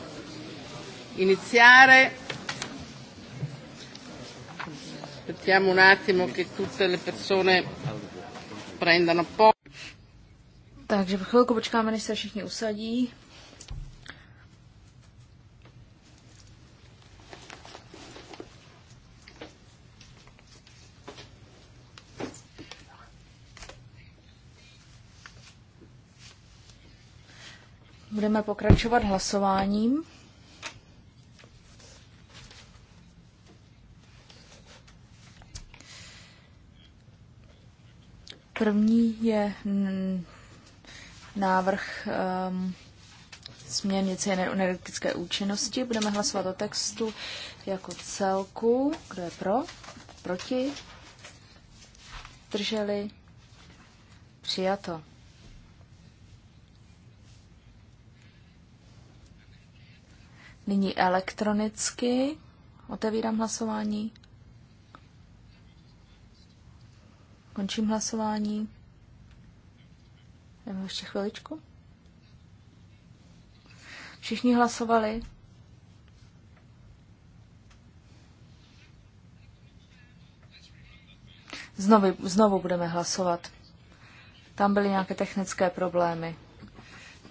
iniziare. Aspettiamo un attimo che tutte le persone prendano posto. Takže chvilku počkáme, než se všichni usadí. pokračovat hlasováním. První je návrh um, směrnice energetické účinnosti. Budeme hlasovat o textu jako celku. Kdo je pro? Proti? Drželi? Přijato. Nyní elektronicky. Otevírám hlasování. Končím hlasování. Já mám ještě chviličku. Všichni hlasovali. Znovu, znovu budeme hlasovat. Tam byly nějaké technické problémy.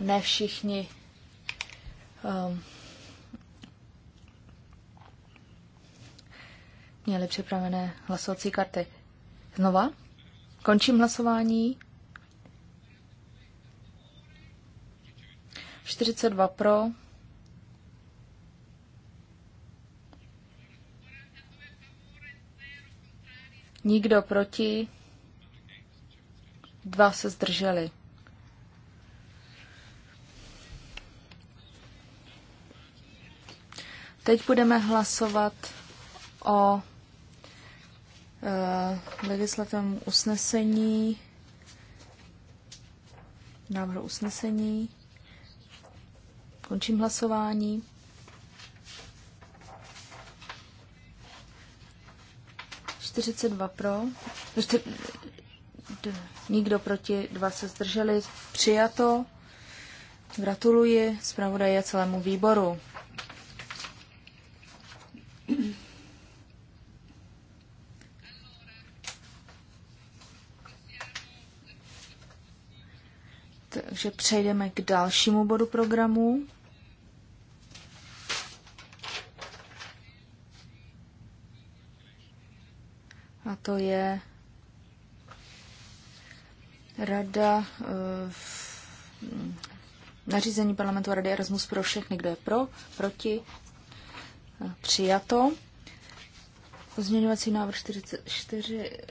Ne všichni um, měli připravené hlasovací karty. Znova? Končím hlasování. 42 pro. Nikdo proti. Dva se zdrželi. Teď budeme hlasovat o Eh, legislativnímu usnesení, návrhu usnesení. Končím hlasování. pro, nikdo proti, dva se zdrželi, přijato. Gratuluji zpravodaji a celému výboru. Takže přejdeme k dalšímu bodu programu. A to je Rada eh, hm, nařízení parlamentu Rady Erasmus pro všechny, kdo je pro, proti, eh, přijato. Pozměňovací návrh 44 eh,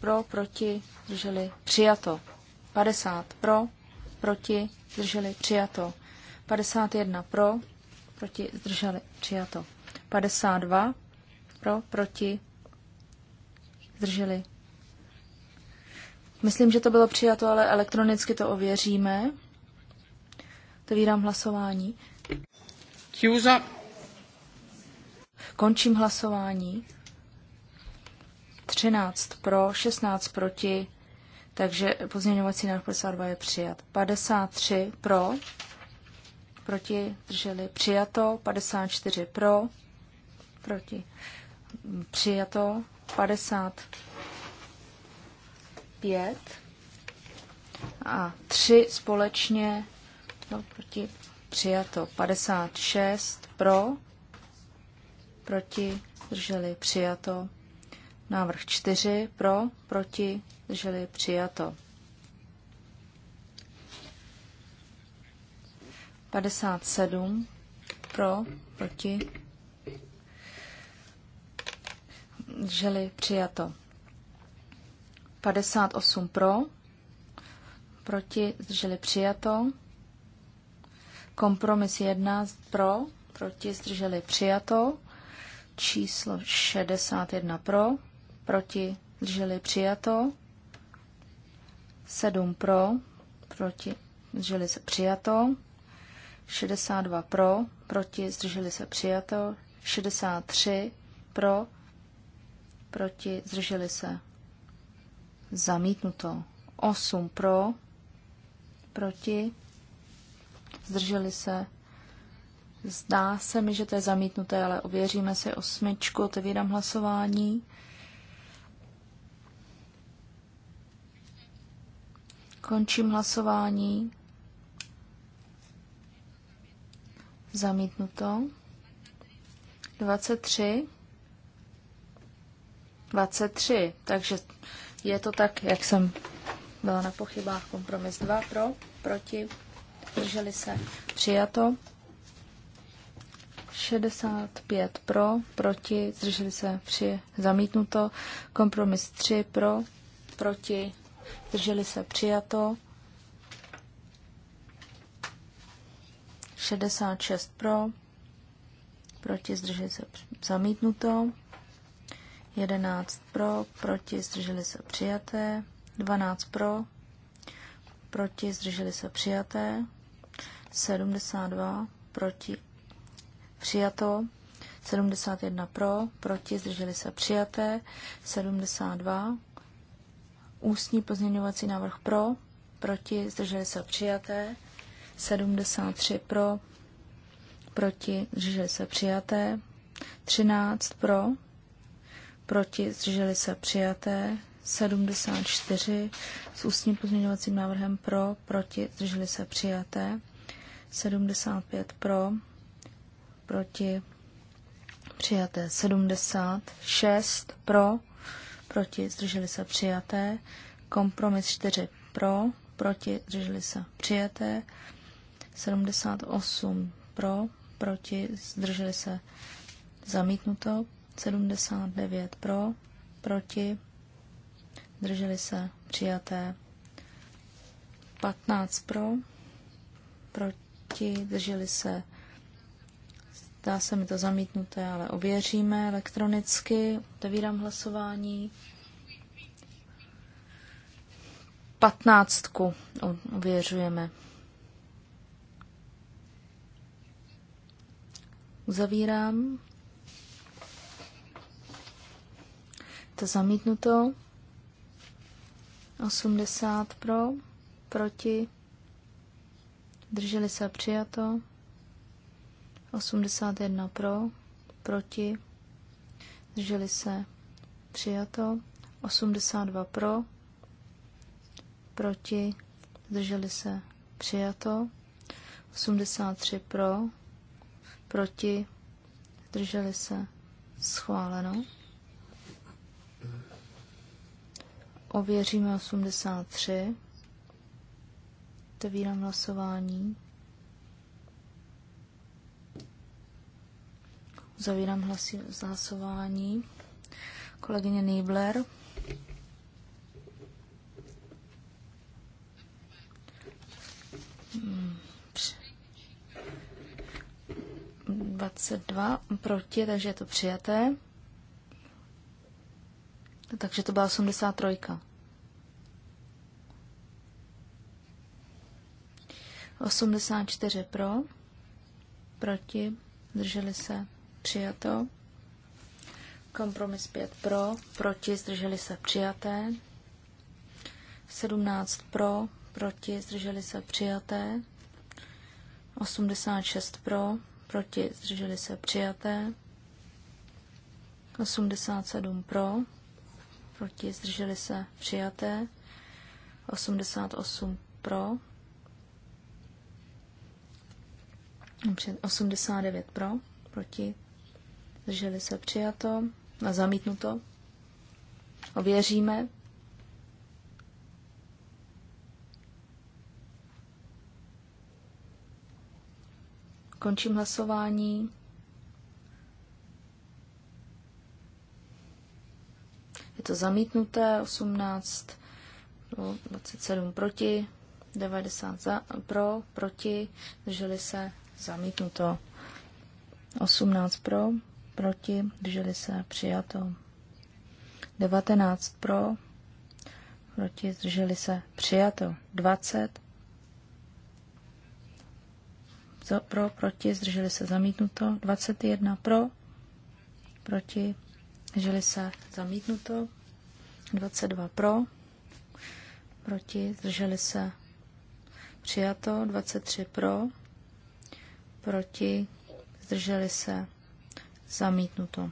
pro, proti, drželi přijato. 50 pro, proti, zdrželi, přijato. 51 pro, proti, zdrželi, přijato. 52 pro, proti, zdrželi. Myslím, že to bylo přijato, ale elektronicky to ověříme. Otevírám hlasování. Chiusa. Končím hlasování. 13 pro, 16 proti, takže pozměňovací návrh 52 je přijat. 53 pro, proti, drželi přijato. 54 pro, proti, přijato. 55 a 3 společně, no, proti, přijato. 56 pro, proti, drželi přijato. Návrh 4 pro, proti, zdrželi přijato. 57 pro, proti, zdrželi přijato. 58 pro, proti, zdrželi přijato. Kompromis 1 pro, proti, zdrželi přijato. Číslo 61 pro, proti, zdrželi přijato. 7 pro, proti, zdrželi se přijato. 62 pro, proti, zdrželi se přijato. 63 pro, proti, zdrželi se zamítnuto. 8 pro, proti, zdrželi se. Zdá se mi, že to je zamítnuté, ale ověříme si osmičku, otevírám hlasování. Končím hlasování. Zamítnuto. 23. 23. Takže je to tak, jak jsem byla na pochybách. Kompromis 2 pro, proti, drželi se, přijato. 65 pro, proti, zdrželi se při zamítnuto. Kompromis 3 pro, proti, drželi se přijato. 66 pro, proti zdrželi se zamítnuto. 11 pro, proti zdrželi se přijaté. 12 pro, proti zdrželi se přijaté. 72 proti přijato. 71 pro, proti zdrželi se přijaté. 72 Ústní pozměňovací návrh pro, proti, zdrželi se přijaté. 73 pro, proti, zdrželi se přijaté. 13 pro, proti, zdrželi se přijaté. 74 s ústním pozměňovacím návrhem pro, proti, zdrželi se přijaté. 75 pro, proti, přijaté. 76 pro, proti, zdrželi se přijaté. Kompromis 4 pro, proti, zdrželi se přijaté. 78 pro, proti, zdrželi se zamítnuto. 79 pro, proti, zdrželi se přijaté. 15 pro, proti, zdrželi se Zdá se mi to zamítnuté, ale ověříme elektronicky. Otevírám hlasování. Patnáctku ověřujeme. Uzavírám. To zamítnuto. 80 pro, proti, drželi se přijato. 81 pro, proti, zdrželi se, přijato. 82 pro, proti, zdrželi se, přijato. 83 pro, proti, zdrželi se, schváleno. Ověříme 83. Otevírám hlasování. Zavírám hlasi, hlasování. Kolegyně Nýbler. Hmm. 22 proti, takže je to přijaté. Takže to byla 83. 84 pro, proti, drželi se přijato. Kompromis 5 pro, proti, zdrželi se přijaté. 17 pro, proti, zdrželi se přijaté. 86 pro, proti, zdrželi se přijaté. 87 pro, proti, zdrželi se přijaté. 88 pro, 89 pro, proti, Zdrželi se přijato a zamítnuto. Ověříme. Končím hlasování. Je to zamítnuté 18, 27 proti, 90 za, pro, proti, drželi se zamítnuto 18 pro, proti, drželi se, přijato. 19 pro, proti, drželi se, přijato. 20 pro, proti, zdrželi se, zamítnuto. 21 pro, proti, zdrželi se, zamítnuto. 22 pro, proti, zdrželi se, přijato. 23 pro, proti, zdrželi se, Zamítnuto.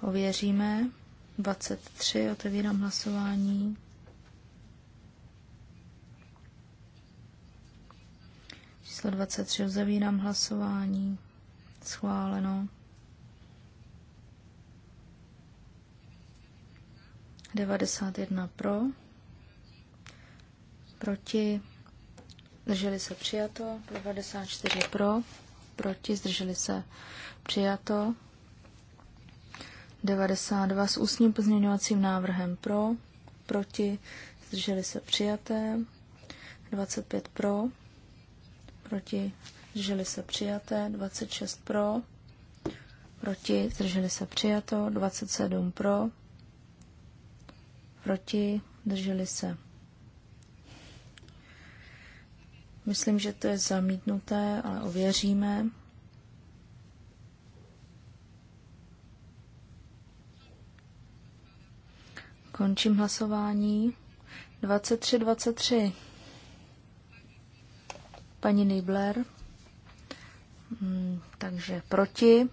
Ověříme. 23. Otevírám hlasování. Číslo 23. Uzavírám hlasování. Schváleno. 91 pro. Proti. Drželi se přijato. 94 pro proti, zdrželi se přijato. 92 s ústním pozměňovacím návrhem pro, proti, zdrželi se přijaté. 25 pro, proti, zdrželi se přijaté. 26 pro, proti, zdrželi se přijato. 27 pro, proti, zdrželi se Myslím, že to je zamítnuté, ale ověříme. Končím hlasování. 23, 23. Paní Nibler. Hmm, takže proti.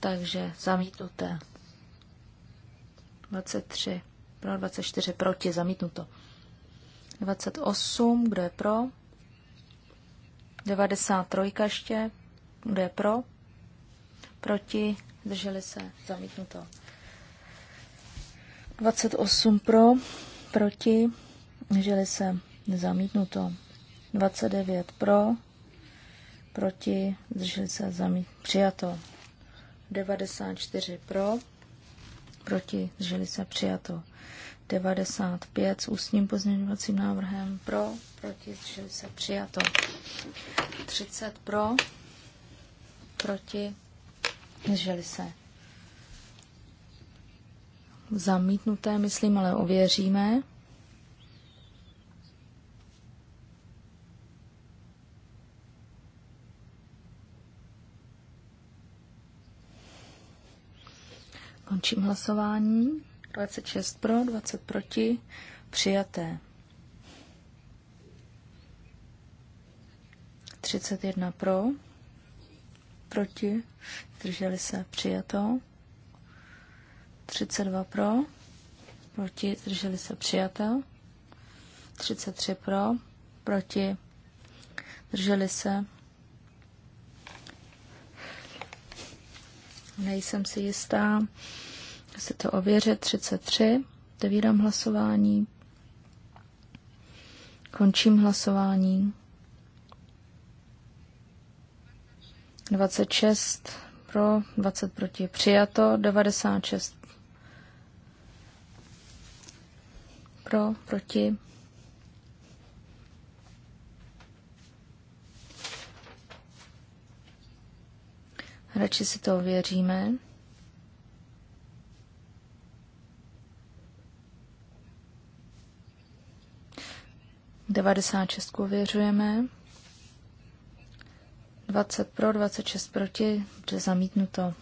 Takže zamítnuté. 23. Pro 24 proti, zamítnuto. 28, kdo je pro? 93 ještě, kdo je pro? Proti, drželi se, zamítnuto. 28 pro, proti, drželi se, zamítnuto. 29 pro, proti, drželi se, zamítnuto. přijato. 94 pro, proti, drželi se, přijato. 95 s ústním pozměňovacím návrhem pro, proti, že se přijato. 30 pro, proti, zdrželi se. Zamítnuté, myslím, ale ověříme. Končím hlasování. 26 pro, 20 proti, přijaté. 31 pro, proti, zdrželi se, přijato. 32 pro, proti, zdrželi se, přijato. 33 pro, proti, drželi se. Nejsem si jistá si to ověřit. 33. Otevírám hlasování. Končím hlasování. 26 pro, 20 proti přijato, 96 pro, proti. Radši si to ověříme. 96 věřujeme. 20 pro, 26 proti, že zamítnuto.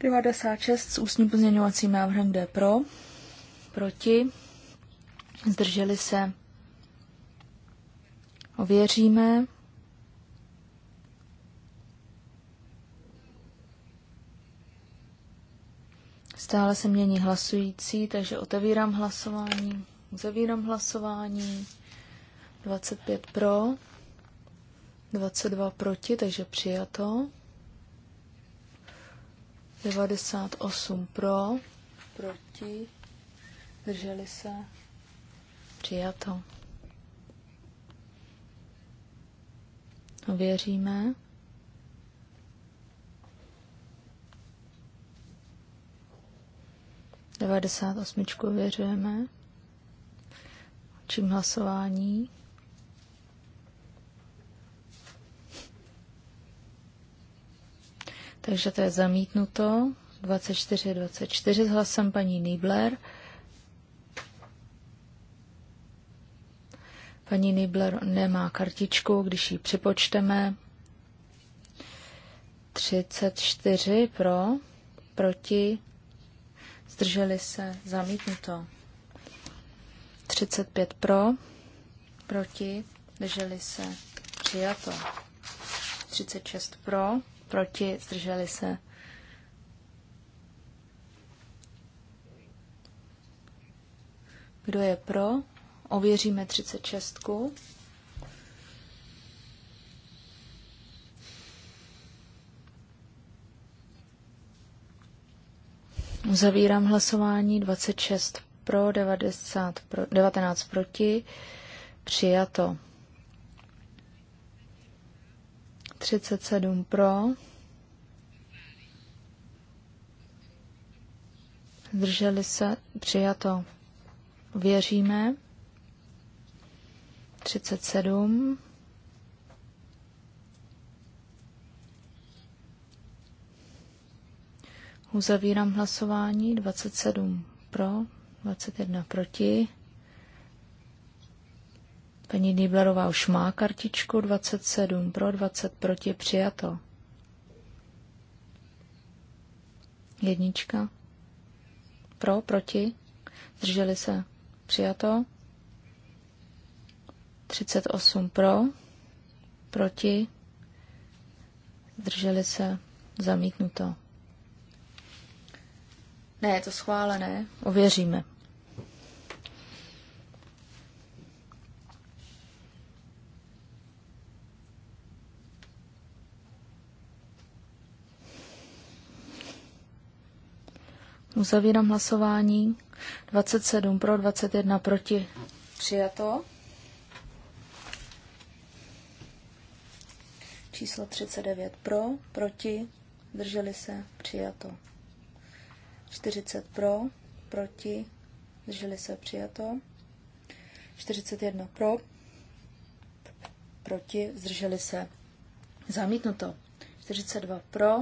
Devadesát šest s ústním pozměňovacím návrhem D pro, proti, zdrželi se, ověříme. Stále se mění hlasující, takže otevírám hlasování, uzavírám hlasování. 25 pro, 22 proti, takže přijato. 98 pro, proti, drželi se, přijato. Ověříme. 98. věřujeme. Čím hlasování. Takže to je zamítnuto. 24, 24 s hlasem paní Nibler. Paní Nibler nemá kartičku, když ji připočteme. 34 pro, proti, zdrželi se, zamítnuto. 35 pro, proti, zdrželi se, přijato. 36 pro, proti, zdrželi se. Kdo je pro? Ověříme 36. Uzavírám hlasování 26 pro, 90 pro 19 proti. Přijato. 37 pro. Zdrželi se. Přijato. Věříme. 37 Uzavírám hlasování 27 pro, 21 proti. Paní Nýblerová už má kartičku 27 pro, 20 proti, přijato. Jednička. Pro, proti. Zdrželi se. Přijato. 38 pro, proti. Zdrželi se. Zamítnuto. Ne, je to schválené. Ověříme. Uzavírám hlasování. 27 pro, 21 proti. Přijato. Číslo 39 pro, proti, drželi se, přijato. 40 pro, proti, zdrželi se přijato. 41 pro, proti, zdrželi se zamítnuto. 42 pro,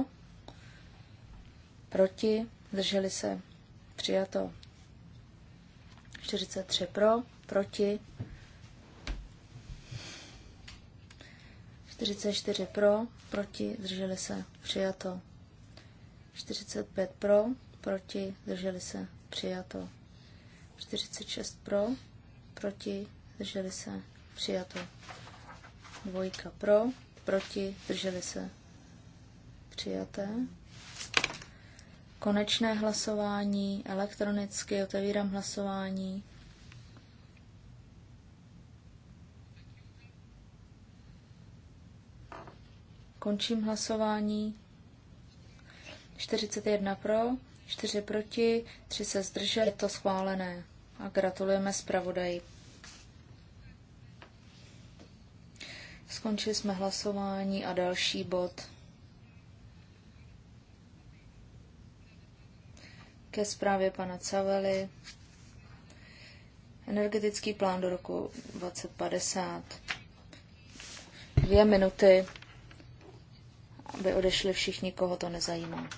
proti, zdrželi se přijato. 43 pro, proti, 44 pro, proti, zdrželi se přijato. 45 pro, proti, zdrželi se, přijato. 46 pro, proti, zdrželi se, přijato. Dvojka pro, proti, zdrželi se, přijaté. Konečné hlasování, elektronicky otevírám hlasování. Končím hlasování. 41 pro, 4 proti, 3 se zdrželi, je to schválené. A gratulujeme zpravodaji. Skončili jsme hlasování a další bod. Ke zprávě pana Cavely. Energetický plán do roku 2050. Dvě minuty, aby odešli všichni, koho to nezajímá.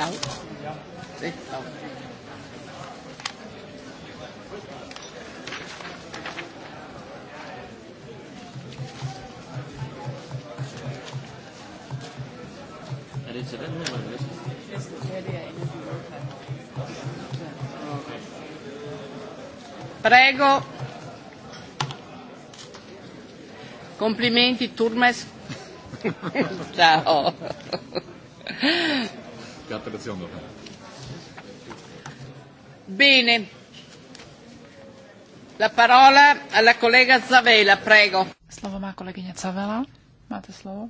Ciao. Sì, ciao. Prego. Complimenti, Turmes. Ciao. Gratulation Bene. La parola alla collega Zavela, prego. Slovo má kolegyně Zavela. Máte slovo.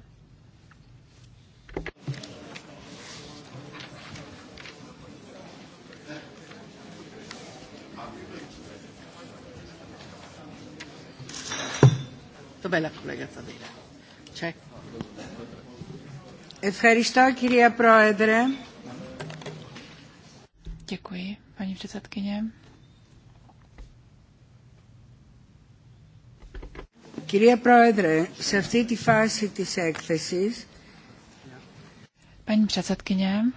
Dov'è la collega Zavela. C'è. Ευχαριστώ κυρία Πρόεδρε. Děkuji, paní předsedkyně. Paní předsedkyně,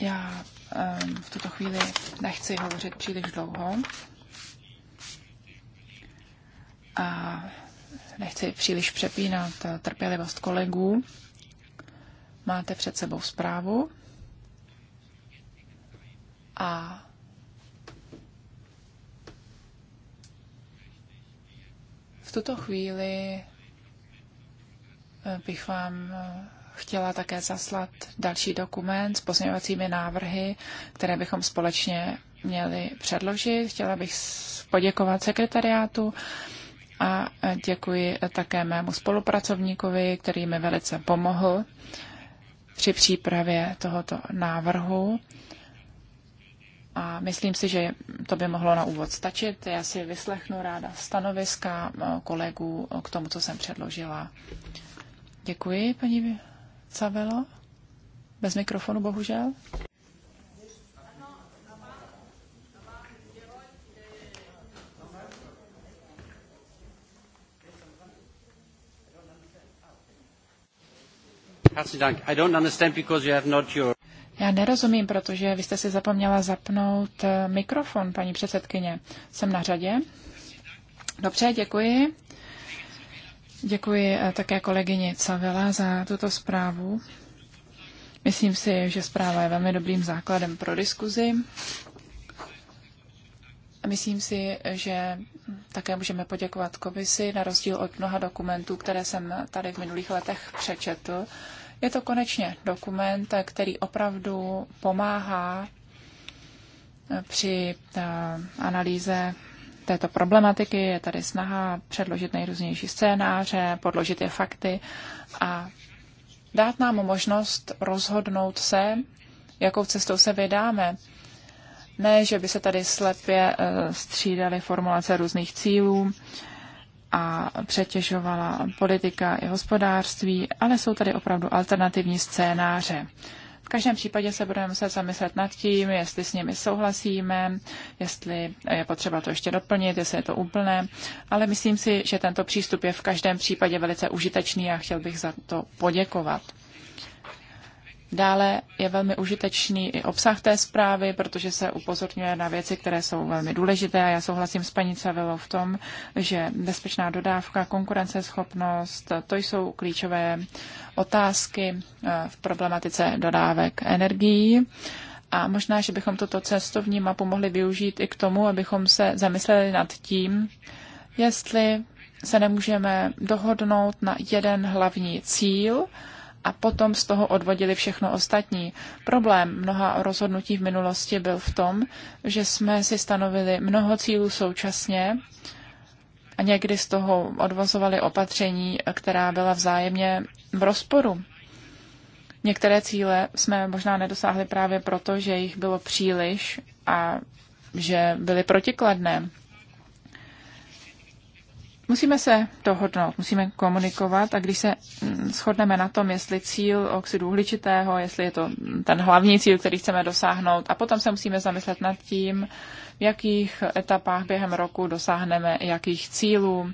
já ehm, v tuto chvíli nechci hovořit příliš dlouho a nechci příliš přepínat eh, trpělivost kolegů. Máte před sebou zprávu a v tuto chvíli eh, bych vám eh, chtěla také zaslat další dokument s pozměňovacími návrhy, které bychom společně měli předložit. Chtěla bych poděkovat sekretariátu a děkuji také mému spolupracovníkovi, který mi velice pomohl při přípravě tohoto návrhu. A myslím si, že to by mohlo na úvod stačit. Já si vyslechnu ráda stanoviska kolegů k tomu, co jsem předložila. Děkuji, paní Cavelo. Bez mikrofonu, bohužel. Já nerozumím, protože vy jste si zapomněla zapnout eh, mikrofon, paní předsedkyně. Jsem na řadě. Dobře, děkuji. Děkuji eh, také kolegyni Cavela za tuto zprávu. Myslím si, že zpráva je velmi dobrým základem pro diskuzi. Myslím si, že také můžeme poděkovat komisi, na rozdíl od mnoha dokumentů, které jsem tady v minulých letech přečetl je to konečně dokument, který opravdu pomáhá eh, při eh, analýze této problematiky. Je tady snaha předložit nejrůznější scénáře, podložit je fakty a dát nám možnost rozhodnout se, jakou cestou se vydáme. Ne, že by se tady slepě eh, střídaly formulace různých cílů, a přetěžovala politika i hospodářství, ale jsou tady opravdu alternativní scénáře. V každém případě se budeme muset zamyslet nad tím, jestli s nimi souhlasíme, jestli je potřeba to ještě doplnit, jestli je to úplné, ale myslím si, že tento přístup je v každém případě velice užitečný a chtěl bych za to poděkovat. Dále je velmi užitečný i obsah té zprávy, protože se upozorňuje na věci, které jsou velmi důležité a já souhlasím s paní Cavilou v tom, že bezpečná dodávka, konkurenceschopnost, to jsou klíčové otázky eh, v problematice dodávek energií. A možná, že bychom tuto cestovní mapu mohli využít i k tomu, abychom se zamysleli nad tím, jestli se nemůžeme dohodnout na jeden hlavní cíl, a potom z toho odvodili všechno ostatní. Problém mnoha rozhodnutí v minulosti byl v tom, že jsme si stanovili mnoho cílů současně a někdy z toho odvozovali opatření, která byla vzájemně v rozporu. Některé cíle jsme možná nedosáhli právě proto, že jich bylo příliš a že byly protikladné. Musíme se dohodnout, musíme komunikovat a když se mm, shodneme na tom, jestli cíl oxidu uhličitého, jestli je to ten hlavní cíl, který chceme dosáhnout a potom se musíme zamyslet nad tím, v jakých etapách během roku dosáhneme jakých cílů.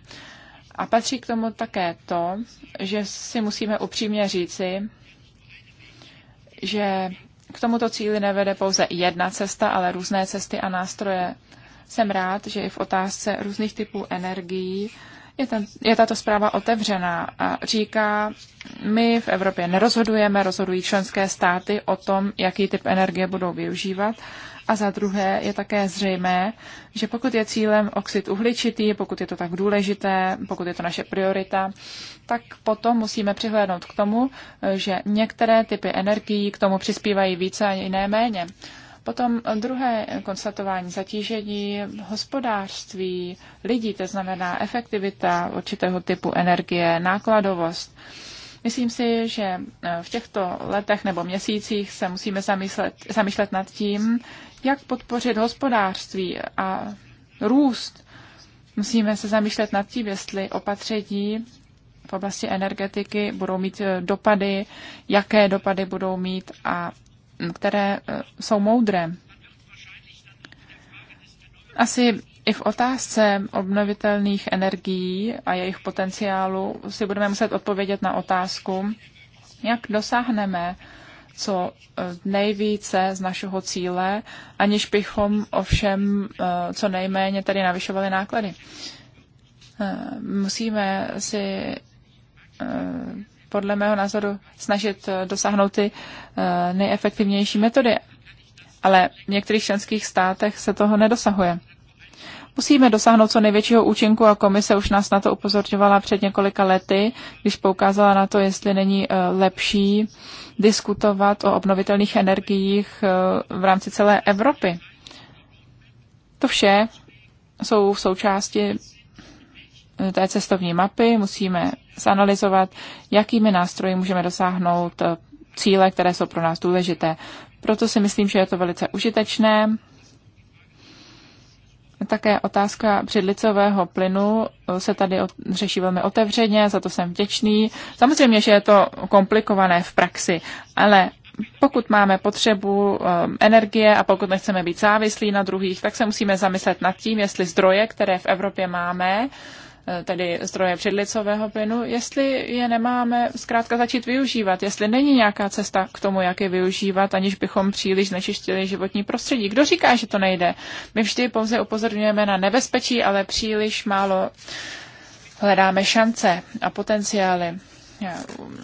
A patří k tomu také to, že si musíme upřímně říci, že k tomuto cíli nevede pouze jedna cesta, ale různé cesty a nástroje jsem rád, že i v otázce různých typů energií je, ten, je tato zpráva otevřená a říká, my v Evropě nerozhodujeme, rozhodují členské státy o tom, jaký typ energie budou využívat. A za druhé je také zřejmé, že pokud je cílem oxid uhličitý, pokud je to tak důležité, pokud je to naše priorita, tak potom musíme přihlédnout k tomu, že některé typy energií k tomu přispívají více a jiné méně. Potom druhé konstatování zatížení hospodářství lidí, to znamená efektivita určitého typu energie, nákladovost. Myslím si, že eh, v těchto letech nebo měsících se musíme zamýšlet, zamýšlet nad tím, jak podpořit hospodářství a růst. Musíme se zamýšlet nad tím, jestli opatření v oblasti energetiky budou mít eh, dopady, jaké dopady budou mít a které eh, jsou moudré. Asi i v otázce obnovitelných energií a jejich potenciálu si budeme muset odpovědět na otázku, jak dosáhneme co eh, nejvíce z našeho cíle, aniž bychom ovšem eh, co nejméně tady navyšovali náklady. Musíme si podle mého názoru snažit eh, dosáhnout ty eh, nejefektivnější metody. Ale v některých členských státech se toho nedosahuje. Musíme dosáhnout co největšího účinku a komise už nás na to upozorňovala před několika lety, když poukázala na to, jestli není eh, lepší diskutovat o obnovitelných energiích v rámci celé Evropy. To vše jsou v součásti té cestovní mapy, musíme zanalizovat, jakými nástroji můžeme dosáhnout eh, cíle, které jsou pro nás důležité. Proto si myslím, že je to velice užitečné. Také otázka břidlicového plynu eh, se tady řeší velmi otevřeně, za to jsem vděčný. Samozřejmě, že je to komplikované v praxi, ale pokud máme potřebu eh, energie a pokud nechceme být závislí na druhých, tak se musíme zamyslet nad tím, jestli zdroje, které v Evropě máme, Eh, tedy zdroje předlicového plynu, jestli je nemáme zkrátka začít využívat, jestli není nějaká cesta k tomu, jak je využívat, aniž bychom příliš nečištili životní prostředí. Kdo říká, že to nejde? My vždy pouze upozorňujeme na nebezpečí, ale příliš málo hledáme šance a potenciály. Eh,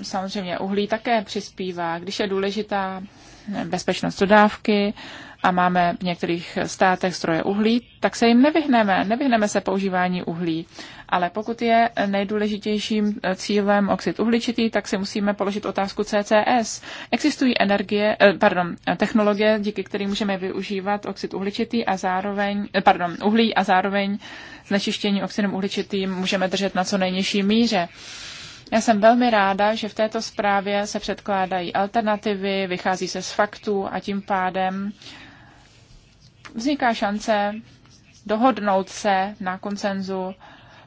samozřejmě uhlí také přispívá, když je důležitá eh, bezpečnost dodávky a máme v některých státech stroje uhlí, tak se jim nevyhneme. Nevyhneme se používání uhlí. Ale pokud je nejdůležitějším cílem oxid uhličitý, tak si musíme položit otázku CCS. Existují energie, eh, pardon, technologie, díky kterým můžeme využívat oxid uhličitý a zároveň, eh, pardon, uhlí a zároveň znečištění oxidem uhličitým můžeme držet na co nejnižší míře. Já jsem velmi ráda, že v této zprávě se předkládají alternativy, vychází se z faktů a tím pádem uh, vzniká šance dohodnout se na koncenzu,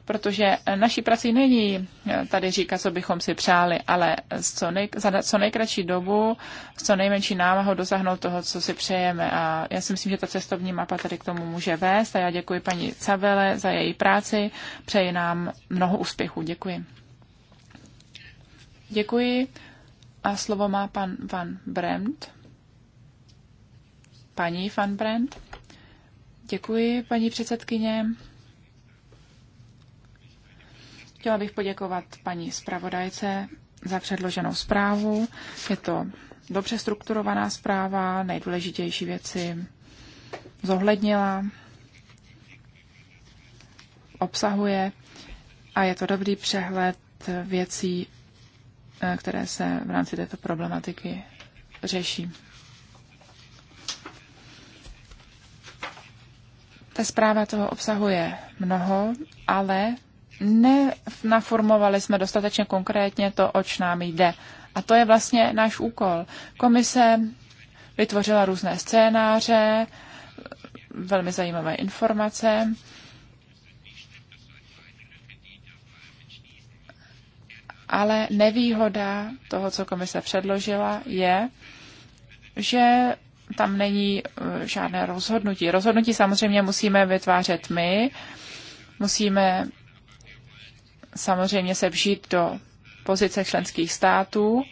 protože naší prací není eh, tady říkat, co bychom si přáli, ale co nej, za co nejkratší dobu, s co nejmenší námahou dosáhnout toho, co si přejeme. A já si myslím, že ta cestovní mapa tady k tomu může vést. A já děkuji paní Cavele za její práci. Přeji nám mnoho úspěchů. Děkuji. Děkuji. A slovo má pan Van Bremt. Paní Van Bremt. Děkuji, paní předsedkyně. Chtěla bych poděkovat paní zpravodajce za předloženou zprávu. Je to dobře strukturovaná zpráva, nejdůležitější věci zohlednila, obsahuje a je to dobrý přehled věcí, eh, které se v rámci této problematiky řeší. Ta zpráva toho obsahuje mnoho, ale nenaformovali jsme dostatečně konkrétně to, oč nám jde. A to je vlastně náš úkol. Komise vytvořila různé scénáře, velmi zajímavé informace. Ale nevýhoda toho, co komise předložila, je, že tam není eh, žádné rozhodnutí. Rozhodnutí samozřejmě musíme vytvářet my, musíme samozřejmě se vžít do pozice členských států,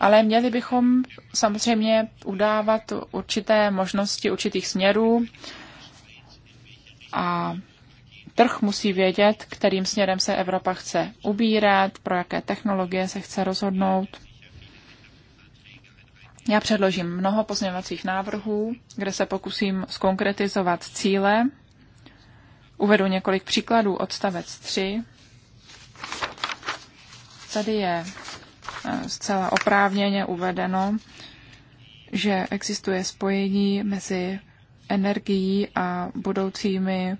ale měli bychom samozřejmě udávat určité možnosti určitých směrů a trh musí vědět, kterým směrem se Evropa chce ubírat, pro jaké technologie se chce rozhodnout. Já předložím mnoho pozměňovacích návrhů, kde se pokusím skonkretizovat cíle. Uvedu několik příkladů. Odstavec 3. Tady je eh, zcela oprávněně uvedeno, že existuje spojení mezi energií a budoucími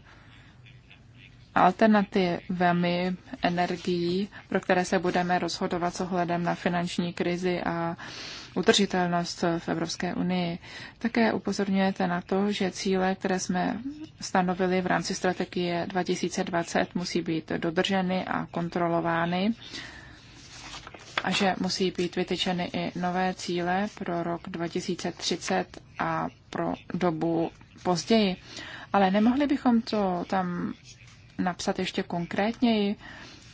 alternativami energií, pro které se budeme rozhodovat s ohledem na finanční krizi a udržitelnost v Evropské unii. Také upozorňujete na to, že cíle, které jsme stanovili v rámci strategie 2020, musí být dodrženy a kontrolovány a že musí být vytyčeny i nové cíle pro rok 2030 a pro dobu později. Ale nemohli bychom to tam napsat ještě konkrétněji,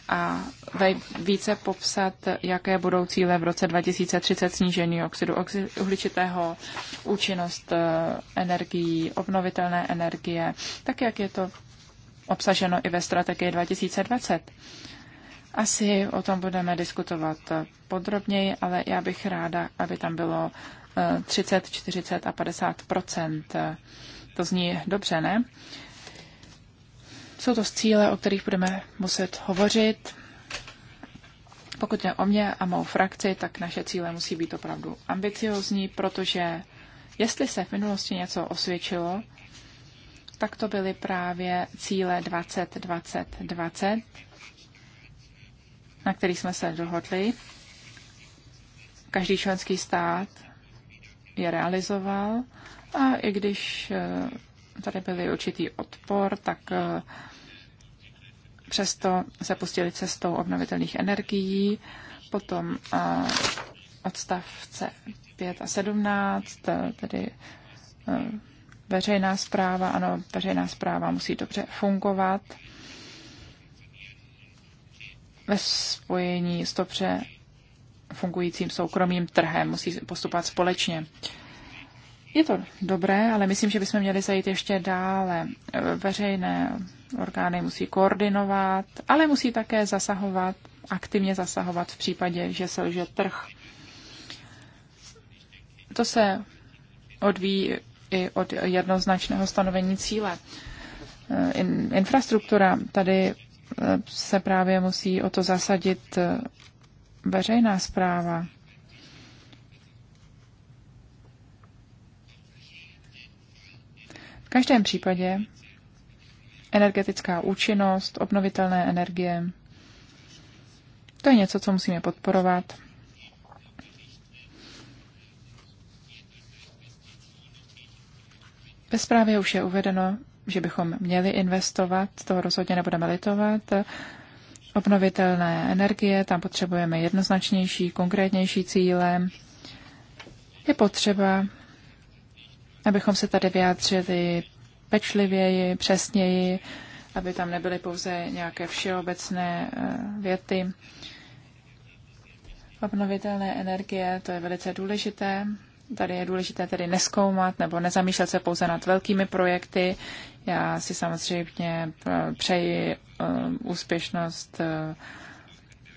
a dají více popsat, jaké budou cíle v roce 2030 snížení oxidu uhličitého, účinnost eh, energií, obnovitelné energie, tak jak je to obsaženo i ve strategii 2020. Asi o tom budeme diskutovat podrobněji, ale já bych ráda, aby tam bylo 30, eh, 40 a 50 To zní dobře, ne? Jsou to cíle, o kterých budeme muset hovořit. Pokud jde o mě a mou frakci, tak naše cíle musí být opravdu ambiciozní, protože jestli se v minulosti něco osvědčilo, tak to byly právě cíle 20, 20, 20, na kterých jsme se dohodli. Každý členský stát je realizoval a i když eh, tady byl určitý odpor, tak eh, přesto se pustili cestou obnovitelných energií, potom odstavce 5 a 17, tedy veřejná zpráva, ano, veřejná zpráva musí dobře fungovat ve spojení s dobře fungujícím soukromým trhem, musí postupovat společně. Je to dobré, ale myslím, že bychom měli zajít ještě dále. Veřejné Orgány musí koordinovat, ale musí také zasahovat, aktivně zasahovat v případě, že se lže trh. To se odvíjí i od jednoznačného stanovení cíle. Eh, infrastruktura tady eh, se právě musí o to zasadit eh, veřejná zpráva. V každém případě energetická účinnost, obnovitelné energie. To je něco, co musíme podporovat. Ve zprávě už je uvedeno, že bychom měli investovat, toho rozhodně nebudeme litovat. Obnovitelné energie, tam potřebujeme jednoznačnější, konkrétnější cíle. Je potřeba, abychom se tady vyjádřili pečlivěji, přesněji, aby tam nebyly pouze nějaké všeobecné eh, věty. Obnovitelné energie, to je velice důležité. Tady je důležité tedy neskoumat nebo nezamýšlet se pouze nad velkými projekty. Já si samozřejmě eh, přeji eh, úspěšnost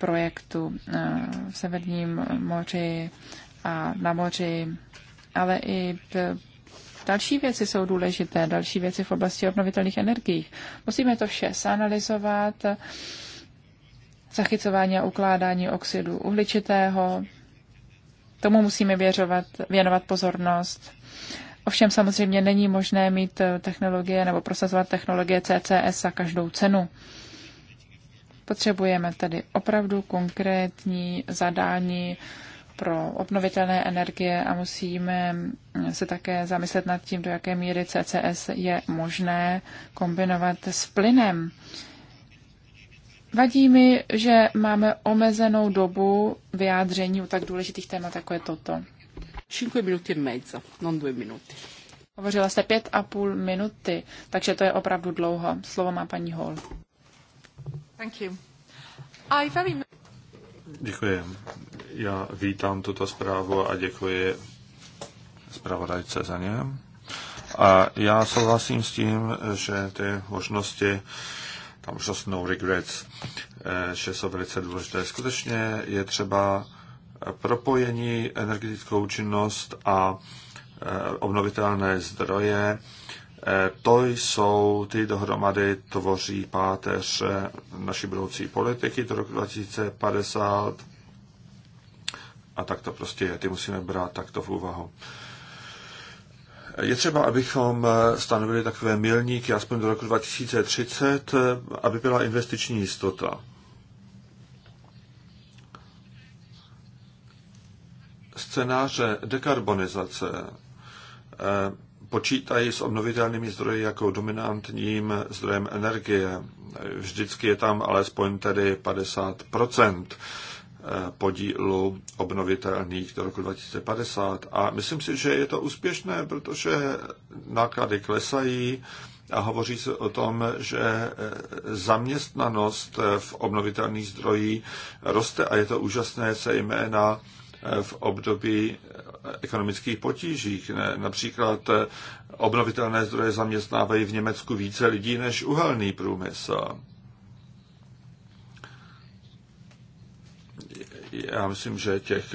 projektu v Severním moři a na moři, ale i Další věci jsou důležité, další věci v oblasti obnovitelných energií. Musíme to vše zanalizovat, zachycování a ukládání oxidu uhličitého, tomu musíme věřovat, věnovat pozornost. Ovšem samozřejmě není možné mít technologie nebo prosazovat technologie CCS za každou cenu. Potřebujeme tedy opravdu konkrétní zadání, pro obnovitelné energie a musíme se také zamyslet nad tím, do jaké míry CCS je možné kombinovat s plynem. Vadí mi, že máme omezenou dobu vyjádření u tak důležitých témat, jako je toto. 5 minuty e mezza, non 2 minuty. Hovořila jste pět a půl minuty, takže to je opravdu dlouho. Slovo má paní Hall. Thank you. I very... Děkuji. Já vítám tuto zprávu a děkuji zpravodajce za ně. A já souhlasím s tím, že ty možnosti, tam možnost no regrets, eh, že jsou velice důležité. Skutečně je třeba propojení energetickou činnost a eh, obnovitelné zdroje Eh, to jsou ty dohromady tvoří páteř eh, naší budoucí politiky do roku 2050 a tak to prostě je. Ty musíme brát takto v úvahu. Je třeba, abychom eh, stanovili takové milníky, aspoň do roku 2030, aby byla investiční jistota. Scénáře dekarbonizace počítají s obnovitelnými zdroji jako dominantním zdrojem energie. Vždycky je tam alespoň tedy 50 eh, podílu obnovitelných do roku 2050. A myslím si, že je to úspěšné, protože náklady klesají a hovoří se o tom, že eh, zaměstnanost eh, v obnovitelných zdrojích roste a je to úžasné jména v období eh, ekonomických potížích. Například eh, obnovitelné zdroje zaměstnávají v Německu více lidí než uhelný průmysl. Já myslím, že těch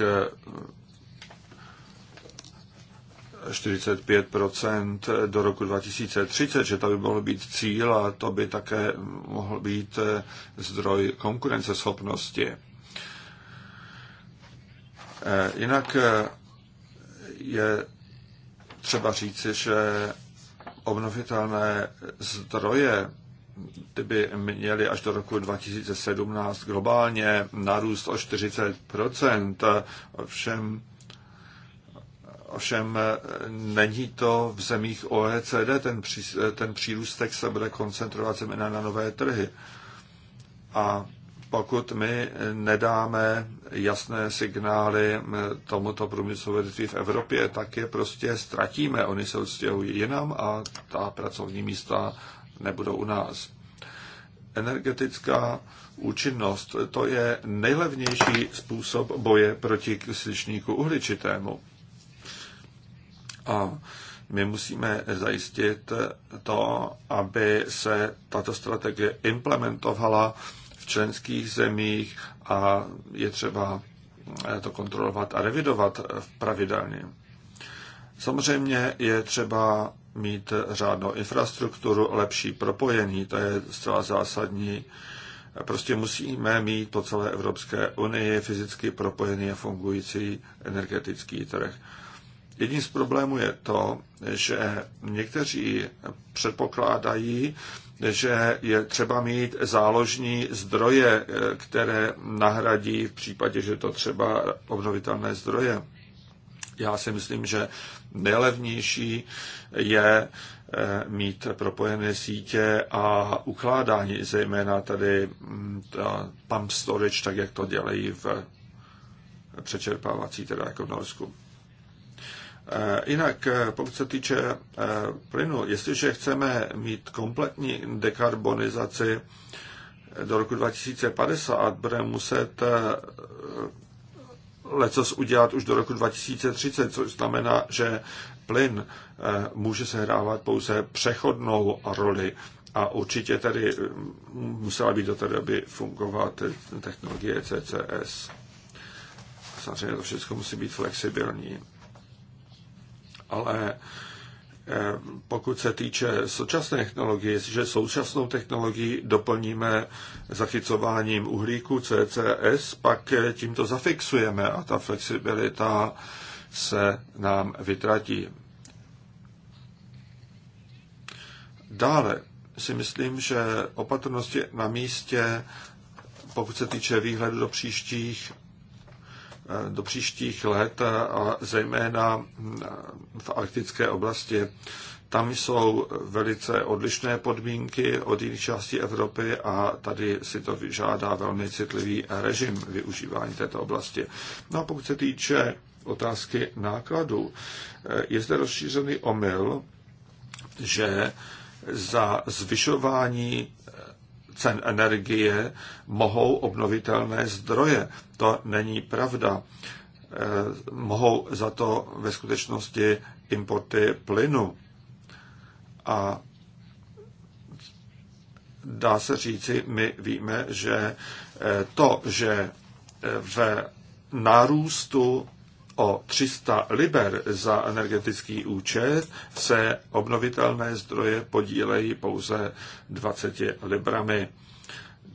45 eh, do roku 2030, že to by mohl být cíl a to by také mohl být zdroj konkurenceschopnosti. Eh, jinak eh, je třeba říci, že obnovitelné zdroje by měly až do roku 2017 globálně narůst o 40 ovšem, ovšem eh, není to v zemích OECD, ten, pří, ten přírůstek se bude koncentrovat zejména na nové trhy. A pokud my nedáme jasné signály tomuto průmyslové v Evropě, tak je prostě ztratíme. Oni se odstěhují jinam a ta pracovní místa nebudou u nás. Energetická účinnost, to je nejlevnější způsob boje proti kysličníku uhličitému. A my musíme zajistit to, aby se tato strategie implementovala v členských zemích a je třeba eh, to kontrolovat a revidovat eh, pravidelně. Samozřejmě je třeba mít řádnou infrastrukturu, lepší propojení, to je zcela zásadní. Prostě musíme mít po celé Evropské unii fyzicky propojený a fungující energetický trh. Jedním z problémů je to, že někteří předpokládají, že je třeba mít záložní zdroje, eh, které nahradí v případě, že to třeba obnovitelné zdroje. Já si myslím, že nejlevnější je eh, mít propojené sítě a ukládání, zejména tady mm, ta pump storage, tak jak to dělají v přečerpávací, teda jako v Norsku. Eh, jinak, eh, pokud se týče eh, plynu, jestliže chceme mít kompletní dekarbonizaci do roku 2050, budeme muset lecos udělat už do roku 2030, což znamená, že plyn může sehrávat pouze přechodnou roli a určitě tady mm, musela být do té doby fungovat technologie CCS. Samozřejmě to všechno musí být flexibilní ale eh, pokud se týče současné technologie, že současnou technologii doplníme zachycováním uhlíku CCS, pak eh, tím to zafixujeme a ta flexibilita se nám vytratí. Dále si myslím, že opatrnost je na místě, pokud se týče výhledu do příštích do příštích let a zejména v arktické oblasti. Tam jsou velice odlišné podmínky od jiných částí Evropy a tady si to vyžádá velmi citlivý režim využívání této oblasti. No a pokud se týče otázky nákladů, je zde rozšířený omyl, že za zvyšování cen energie mohou obnovitelné zdroje. To není pravda. E, mohou za to ve skutečnosti importy plynu. A dá se říci, my víme, že e, to, že ve nárůstu o 300 liber za energetický účet se obnovitelné zdroje podílejí pouze 20 librami.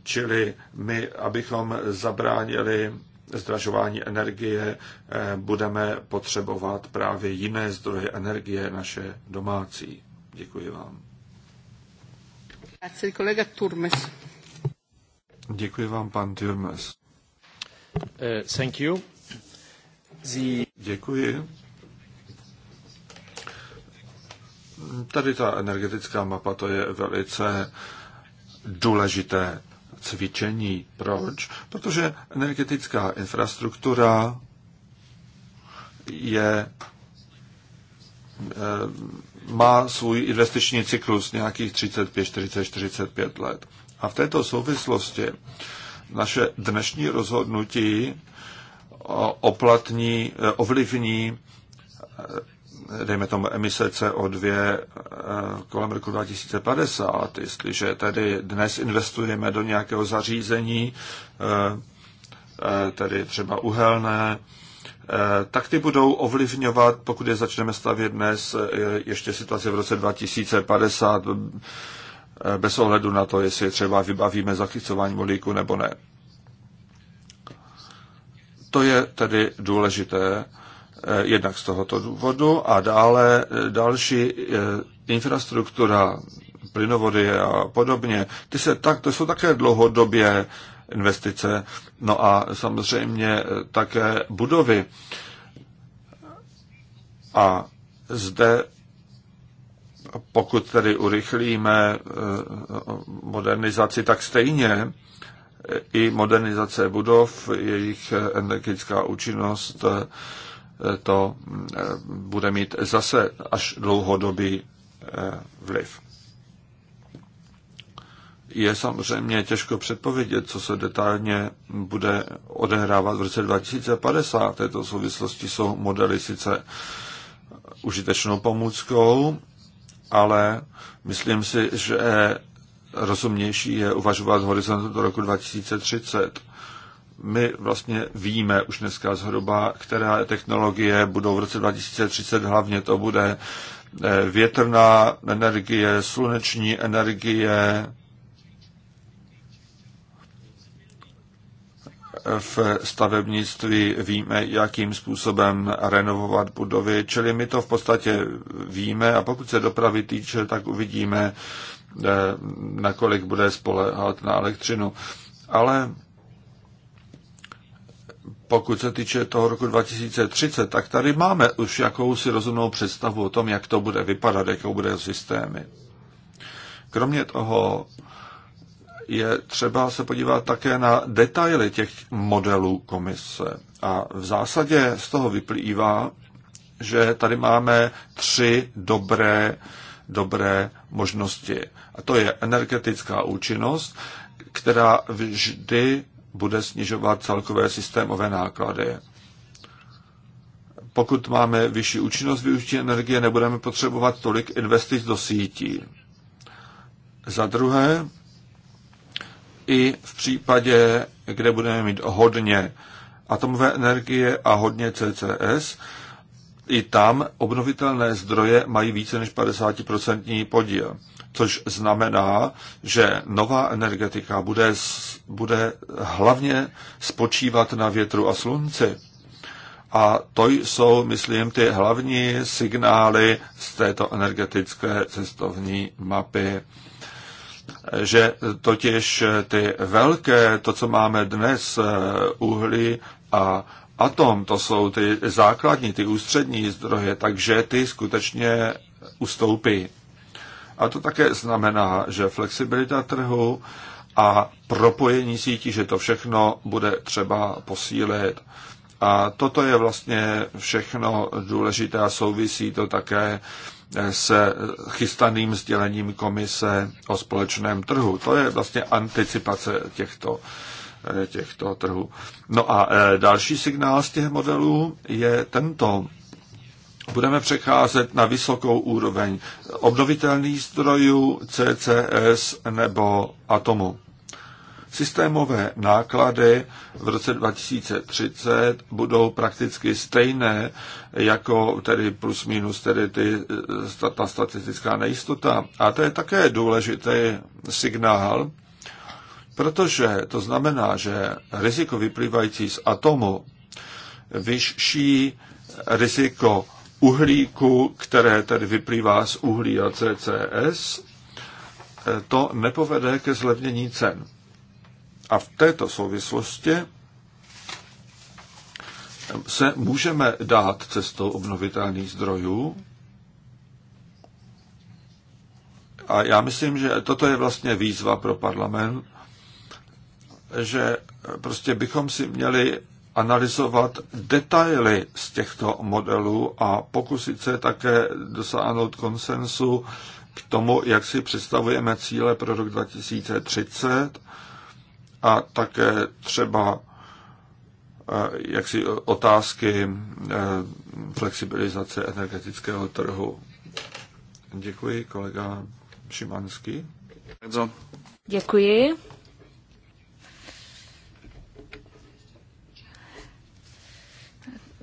Čili my, abychom zabránili zdražování energie, eh, budeme potřebovat právě jiné zdroje energie, naše domácí. Děkuji vám. Kolega Turmes. Děkuji vám, pan Turmes. Uh, thank you. Děkuji. Tady ta energetická mapa, to je velice důležité cvičení. Proč? Protože energetická infrastruktura je eh, má svůj investiční cyklus nějakých 35, 40, 45 let. A v této souvislosti naše dnešní rozhodnutí oplatní, eh, ovlivní, eh, dejme tomu, emise CO2 eh, kolem roku 2050. Jestliže tedy dnes investujeme do nějakého zařízení, tedy třeba uhelné, tak ty budou ovlivňovat, pokud je začneme stavět dnes, ještě situace v roce 2050, bez ohledu na to, jestli třeba vybavíme zachycování molíku nebo ne. To je tedy důležité eh, jednak z tohoto důvodu a dále eh, další eh, infrastruktura, plynovody a podobně, ty se tak, to jsou také dlouhodobě investice, no a samozřejmě také budovy. A zde pokud tedy urychlíme modernizaci, tak stejně i modernizace budov, jejich energetická účinnost, eh, to eh, bude mít zase až dlouhodobý eh, vliv. Je samozřejmě těžko předpovědět, co se detailně bude odehrávat v roce 2050. V této souvislosti jsou modely sice užitečnou pomůckou, ale myslím si, že rozumnější je uvažovat v horizontu do roku 2030. My vlastně víme už dneska zhruba, která technologie budou v roce 2030, hlavně to bude eh, větrná energie, sluneční energie, v stavebnictví víme, jakým způsobem renovovat budovy, čili my to v podstatě víme a pokud se dopravy týče, tak uvidíme, nakolik bude spolehat na elektřinu. Ale pokud se týče toho roku 2030, tak tady máme už jakousi rozumnou představu o tom, jak to bude vypadat, jakou bude systémy. Kromě toho je třeba se podívat také na detaily těch modelů komise. A v zásadě z toho vyplývá, že tady máme tři dobré uh, dobré možnosti. A to je energetická účinnost, která vždy bude snižovat celkové systémové náklady. Pokud máme vyšší účinnost využití energie, nebudeme potřebovat tolik investic do sítí. Za druhé, i v případě, kde budeme mít hodně atomové energie a hodně CCS, i tam obnovitelné zdroje mají více než 50% podíl, což znamená, že nová energetika bude, bude hlavně spočívat na větru a slunci. A to jsou, myslím, ty hlavní signály z této energetické cestovní mapy. Že totiž ty velké, to, co máme dnes, eh, uhlí a atom, to jsou ty základní, ty ústřední zdroje, takže ty skutečně ustoupí. A to také znamená, že flexibilita trhu a propojení sítí, že to všechno bude třeba posílit. A toto je vlastně všechno důležité a souvisí to také se chystaným sdělením komise o společném trhu. To je vlastně anticipace těchto Eh, těchto trhů. No a eh, další signál z těch modelů je tento. Budeme přecházet na vysokou úroveň obnovitelných zdrojů, CCS nebo atomu. Systémové náklady v roce 2030 budou prakticky stejné jako tedy plus minus tedy ty, eh, ta statistická nejistota. A to je také důležitý signál, Protože to znamená, že riziko vyplývající z atomu vyšší riziko uhlíku, které tedy vyplývá z uhlí a CCS, to nepovede ke zlevnění cen. A v této souvislosti se můžeme dát cestou obnovitelných zdrojů. A já myslím, že toto je vlastně výzva pro parlament, že prostě bychom si měli analyzovat detaily z těchto modelů a pokusit se také dosáhnout konsensu k tomu, jak si představujeme cíle pro rok 2030 a také třeba eh, jak si otázky eh, flexibilizace energetického trhu. Děkuji, kolega Šimanský. Děkuji.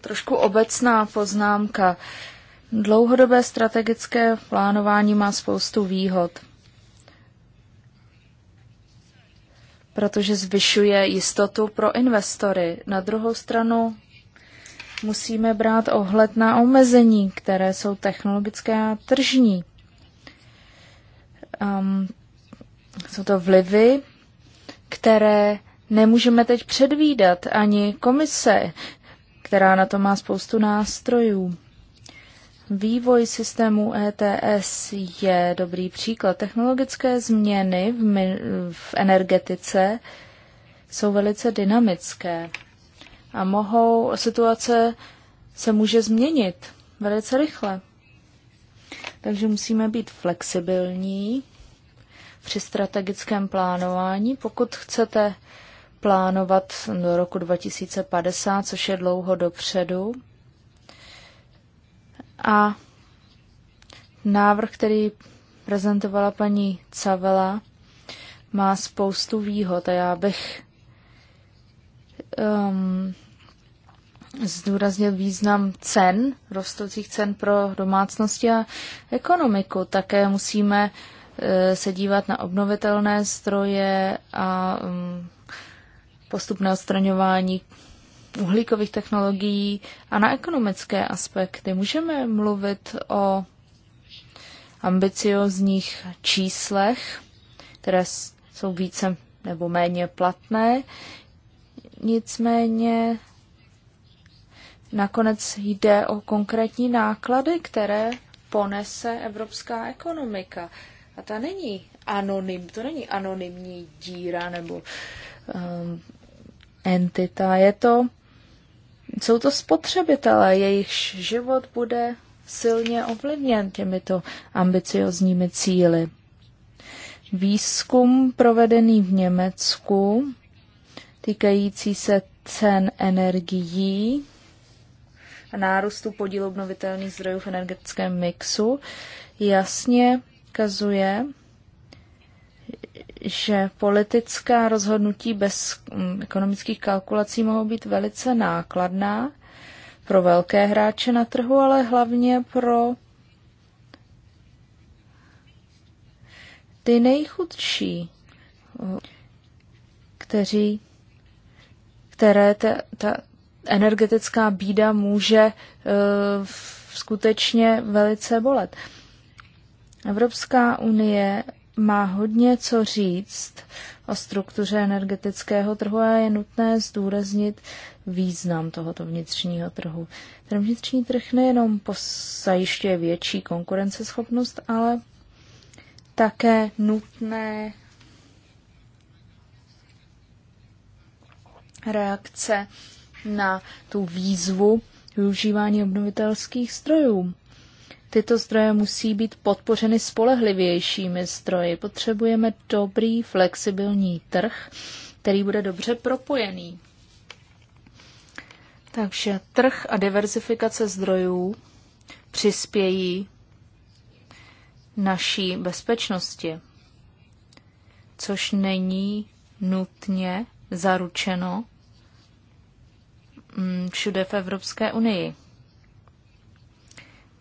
trošku obecná poznámka. Dlouhodobé strategické plánování má spoustu výhod, protože zvyšuje jistotu pro investory. Na druhou stranu musíme brát ohled na omezení, které jsou technologické a tržní. Um, jsou to vlivy, které nemůžeme teď předvídat. Ani komise která na to má spoustu nástrojů. Vývoj systému ETS je dobrý příklad. Technologické změny v, my, v energetice jsou velice dynamické a mohou situace se může změnit velice rychle. Takže musíme být flexibilní při strategickém plánování. Pokud chcete plánovat do roku 2050, což je dlouho dopředu. A návrh, který prezentovala paní Cavela, má spoustu výhod a já bych um, zdůraznil význam cen, rostoucích cen pro domácnosti a ekonomiku. Také musíme eh, se dívat na obnovitelné stroje a um, postupné odstraňování uhlíkových technologií a na ekonomické aspekty. Můžeme mluvit o ambiciozních číslech, které jsou více nebo méně platné. Nicméně nakonec jde o konkrétní náklady, které ponese evropská ekonomika. A ta není anonym, to není anonymní díra nebo um, entita. Je to, jsou to spotřebitelé, jejich život bude silně ovlivněn těmito ambiciozními cíly. Výzkum provedený v Německu týkající se cen energií a nárůstu podílu obnovitelných zdrojů v energetickém mixu jasně ukazuje, že politická rozhodnutí bez mm, ekonomických kalkulací mohou být velice nákladná pro velké hráče na trhu, ale hlavně pro ty nejchudší, kteří, které ta, ta energetická bída může uh, skutečně velice bolet. Evropská unie má hodně co říct o struktuře energetického trhu a je nutné zdůraznit význam tohoto vnitřního trhu. Ten vnitřní trh nejenom zajišťuje větší konkurenceschopnost, ale také nutné reakce na tu výzvu využívání obnovitelských strojů tyto zdroje musí být podpořeny spolehlivějšími zdroji. Potřebujeme dobrý, flexibilní trh, který bude dobře propojený. Takže trh a diverzifikace zdrojů přispějí naší bezpečnosti, což není nutně zaručeno mm, všude v Evropské unii.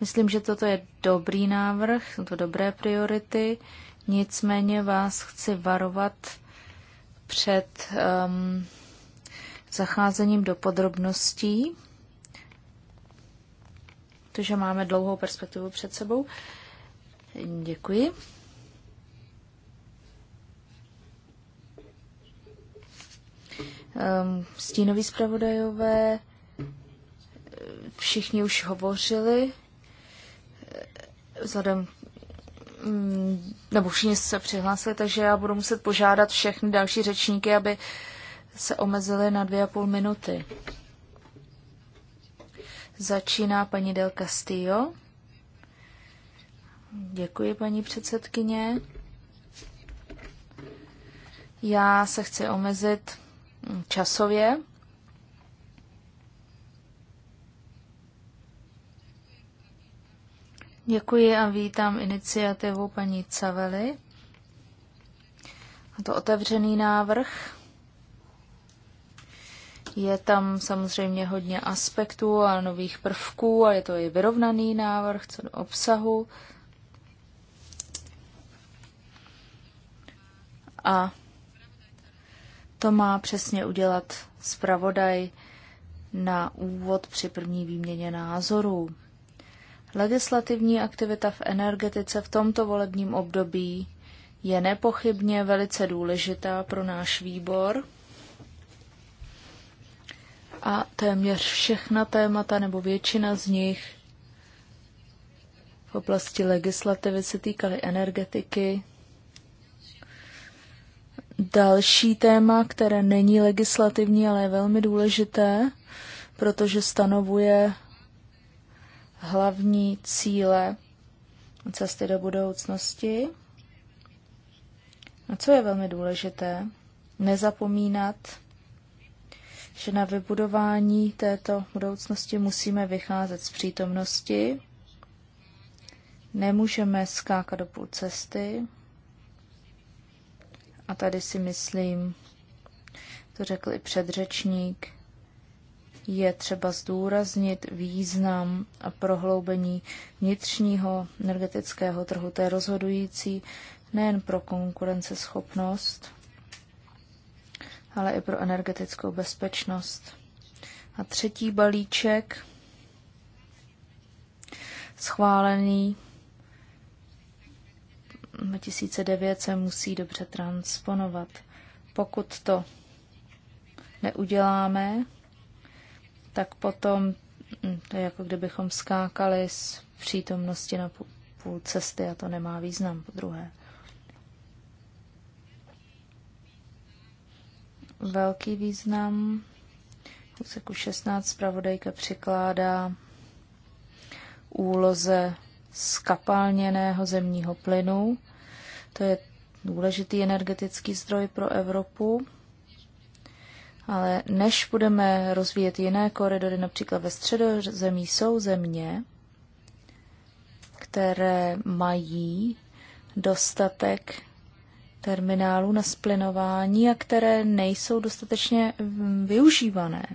Myslím, že toto je dobrý návrh, jsou to dobré priority, nicméně vás chci varovat před um, zacházením do podrobností, protože máme dlouhou perspektivu před sebou. Děkuji. Um, stínoví zpravodajové, eh, všichni už hovořili vzhledem mm, nebo všichni se přihlásili, takže já budu muset požádat všechny další řečníky, aby se omezili na dvě a půl minuty. Začíná paní Del Castillo. Děkuji, paní předsedkyně. Já se chci omezit časově, Děkuji a vítám iniciativu paní Cavely. A to otevřený návrh. Je tam samozřejmě hodně aspektů a nových prvků a je to i vyrovnaný návrh co do obsahu. A to má přesně udělat zpravodaj na úvod při první výměně názorů. Legislativní aktivita v energetice v tomto volebním období je nepochybně velice důležitá pro náš výbor a téměř všechna témata nebo většina z nich v oblasti legislativy se týkaly energetiky. Další téma, které není legislativní, ale je velmi důležité, protože stanovuje hlavní cíle cesty do budoucnosti. A co je velmi důležité, nezapomínat, že na vybudování této budoucnosti musíme vycházet z přítomnosti, nemůžeme skákat do půl cesty. A tady si myslím, to řekl i předřečník, je třeba zdůraznit význam a prohloubení vnitřního energetického trhu. To je rozhodující nejen pro konkurenceschopnost, ale i pro energetickou bezpečnost. A třetí balíček, schválený 2009, se musí dobře transponovat. Pokud to neuděláme, tak potom mm, to je jako kdybychom skákali z přítomnosti na půl cesty a to nemá význam po druhé. Velký význam v úseku 16 zpravodajka přikládá úloze skapalněného zemního plynu. To je důležitý energetický zdroj pro Evropu ale než budeme rozvíjet jiné koridory, například ve středozemí, jsou země, které mají dostatek terminálů na splinování a které nejsou dostatečně mm, využívané.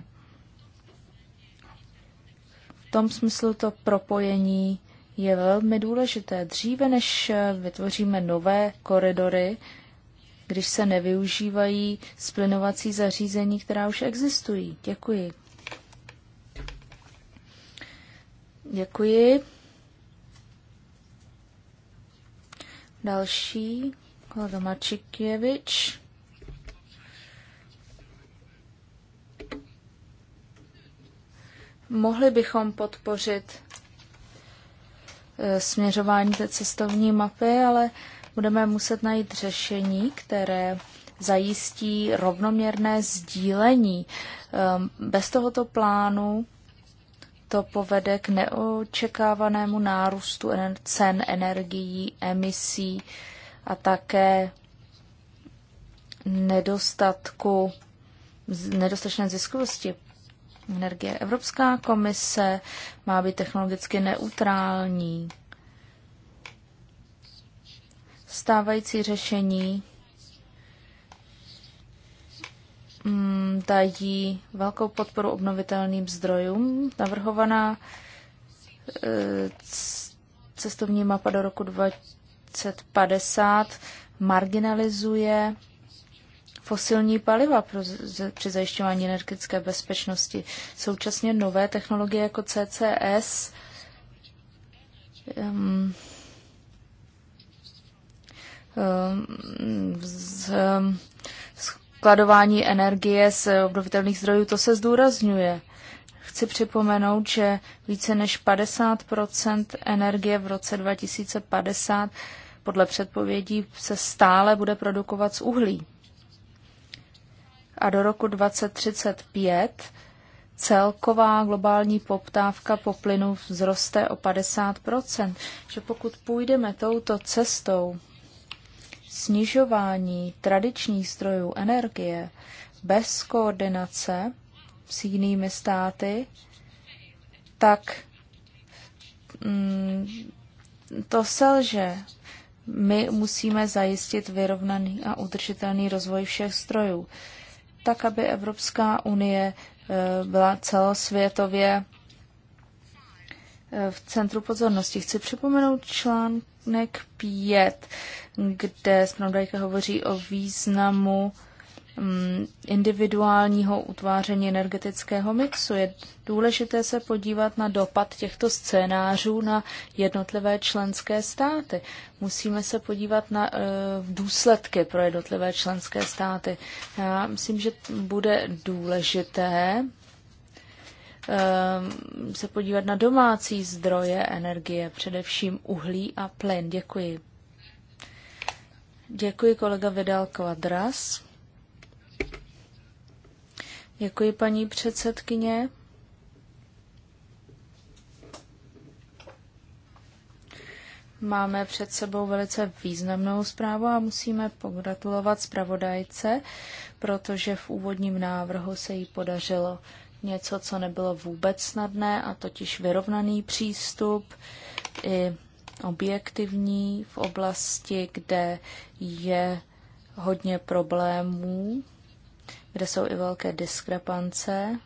V tom smyslu to propojení je velmi důležité. Dříve, než vytvoříme nové koridory, když se nevyužívají splinovací zařízení, která už existují. Děkuji. Děkuji. Další, kolega Mačikěvič. Mohli bychom podpořit eh, směřování té cestovní mapy, ale budeme muset najít řešení, které zajistí rovnoměrné sdílení. Ehm, bez tohoto plánu to povede k neočekávanému nárůstu cen energií, emisí a také nedostatku, nedostatečné ziskovosti energie. Evropská komise má být technologicky neutrální stávající řešení mm, dají velkou podporu obnovitelným zdrojům. Navrhovaná eh, cestovní mapa do roku 2050 marginalizuje fosilní paliva pro, při zajišťování energetické bezpečnosti. Současně nové technologie jako CCS um, ehm, Eh, z skladování energie z obnovitelných zdrojů, to se zdůrazňuje. Chci připomenout, že více než 50 energie v roce 2050 podle předpovědí se stále bude produkovat z uhlí. A do roku 2035 celková globální poptávka po plynu vzroste o 50 Že pokud půjdeme touto cestou, snižování tradičních strojů energie bez koordinace s jinými státy, tak mm, to selže. My musíme zajistit vyrovnaný a udržitelný rozvoj všech strojů, tak aby Evropská unie eh, byla celosvětově eh, v centru pozornosti. Chci připomenout článek článek 5, kde zpravodajka hovoří o významu mm, individuálního utváření energetického mixu. Je důležité se podívat na dopad těchto scénářů na jednotlivé členské státy. Musíme se podívat na uh, důsledky pro jednotlivé členské státy. Já myslím, že bude důležité Ehm, se podívat na domácí zdroje energie, především uhlí a plyn. Děkuji. Děkuji kolega Vidal Quadras. Děkuji paní předsedkyně. Máme před sebou velice významnou zprávu a musíme pogratulovat zpravodajce, protože v úvodním návrhu se jí podařilo něco, co nebylo vůbec snadné, a totiž vyrovnaný přístup i objektivní v oblasti, kde je hodně problémů, kde jsou i velké diskrepance.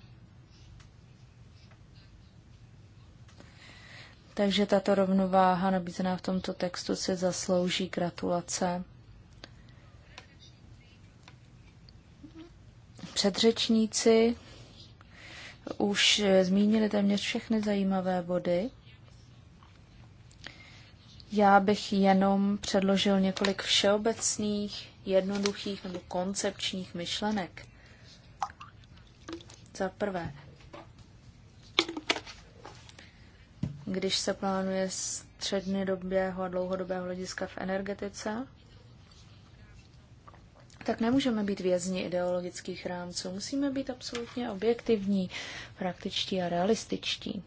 Takže tato rovnováha nabízená v tomto textu si zaslouží gratulace. Předřečníci už eh, zmínili téměř všechny zajímavé body. Já bych jenom předložil několik všeobecných, jednoduchých nebo koncepčních myšlenek. Za prvé, když se plánuje střednědobého a dlouhodobého hlediska v energetice, tak nemůžeme být vězni ideologických rámců. Musíme být absolutně objektivní, praktičtí a realističtí.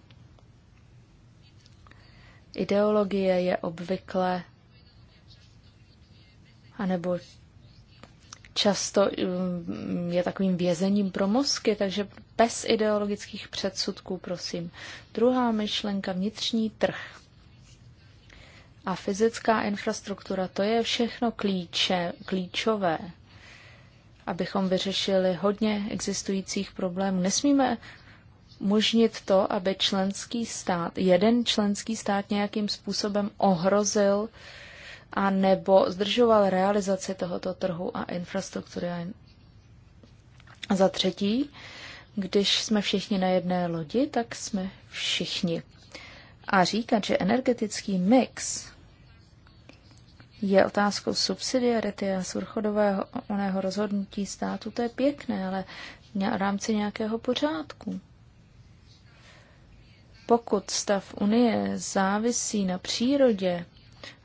Ideologie je obvykle anebo často mm, je takovým vězením pro mozky, takže bez ideologických předsudků, prosím. Druhá myšlenka, vnitřní trh. A fyzická infrastruktura, to je všechno klíče, klíčové abychom vyřešili hodně existujících problémů. Nesmíme možnit to, aby členský stát, jeden členský stát nějakým způsobem ohrozil a nebo zdržoval realizaci tohoto trhu a infrastruktury. A za třetí, když jsme všichni na jedné lodi, tak jsme všichni. A říkat, že energetický mix je otázkou subsidiarity a svrchodového oného rozhodnutí státu, to je pěkné, ale v rámci nějakého pořádku. Pokud stav Unie závisí na přírodě,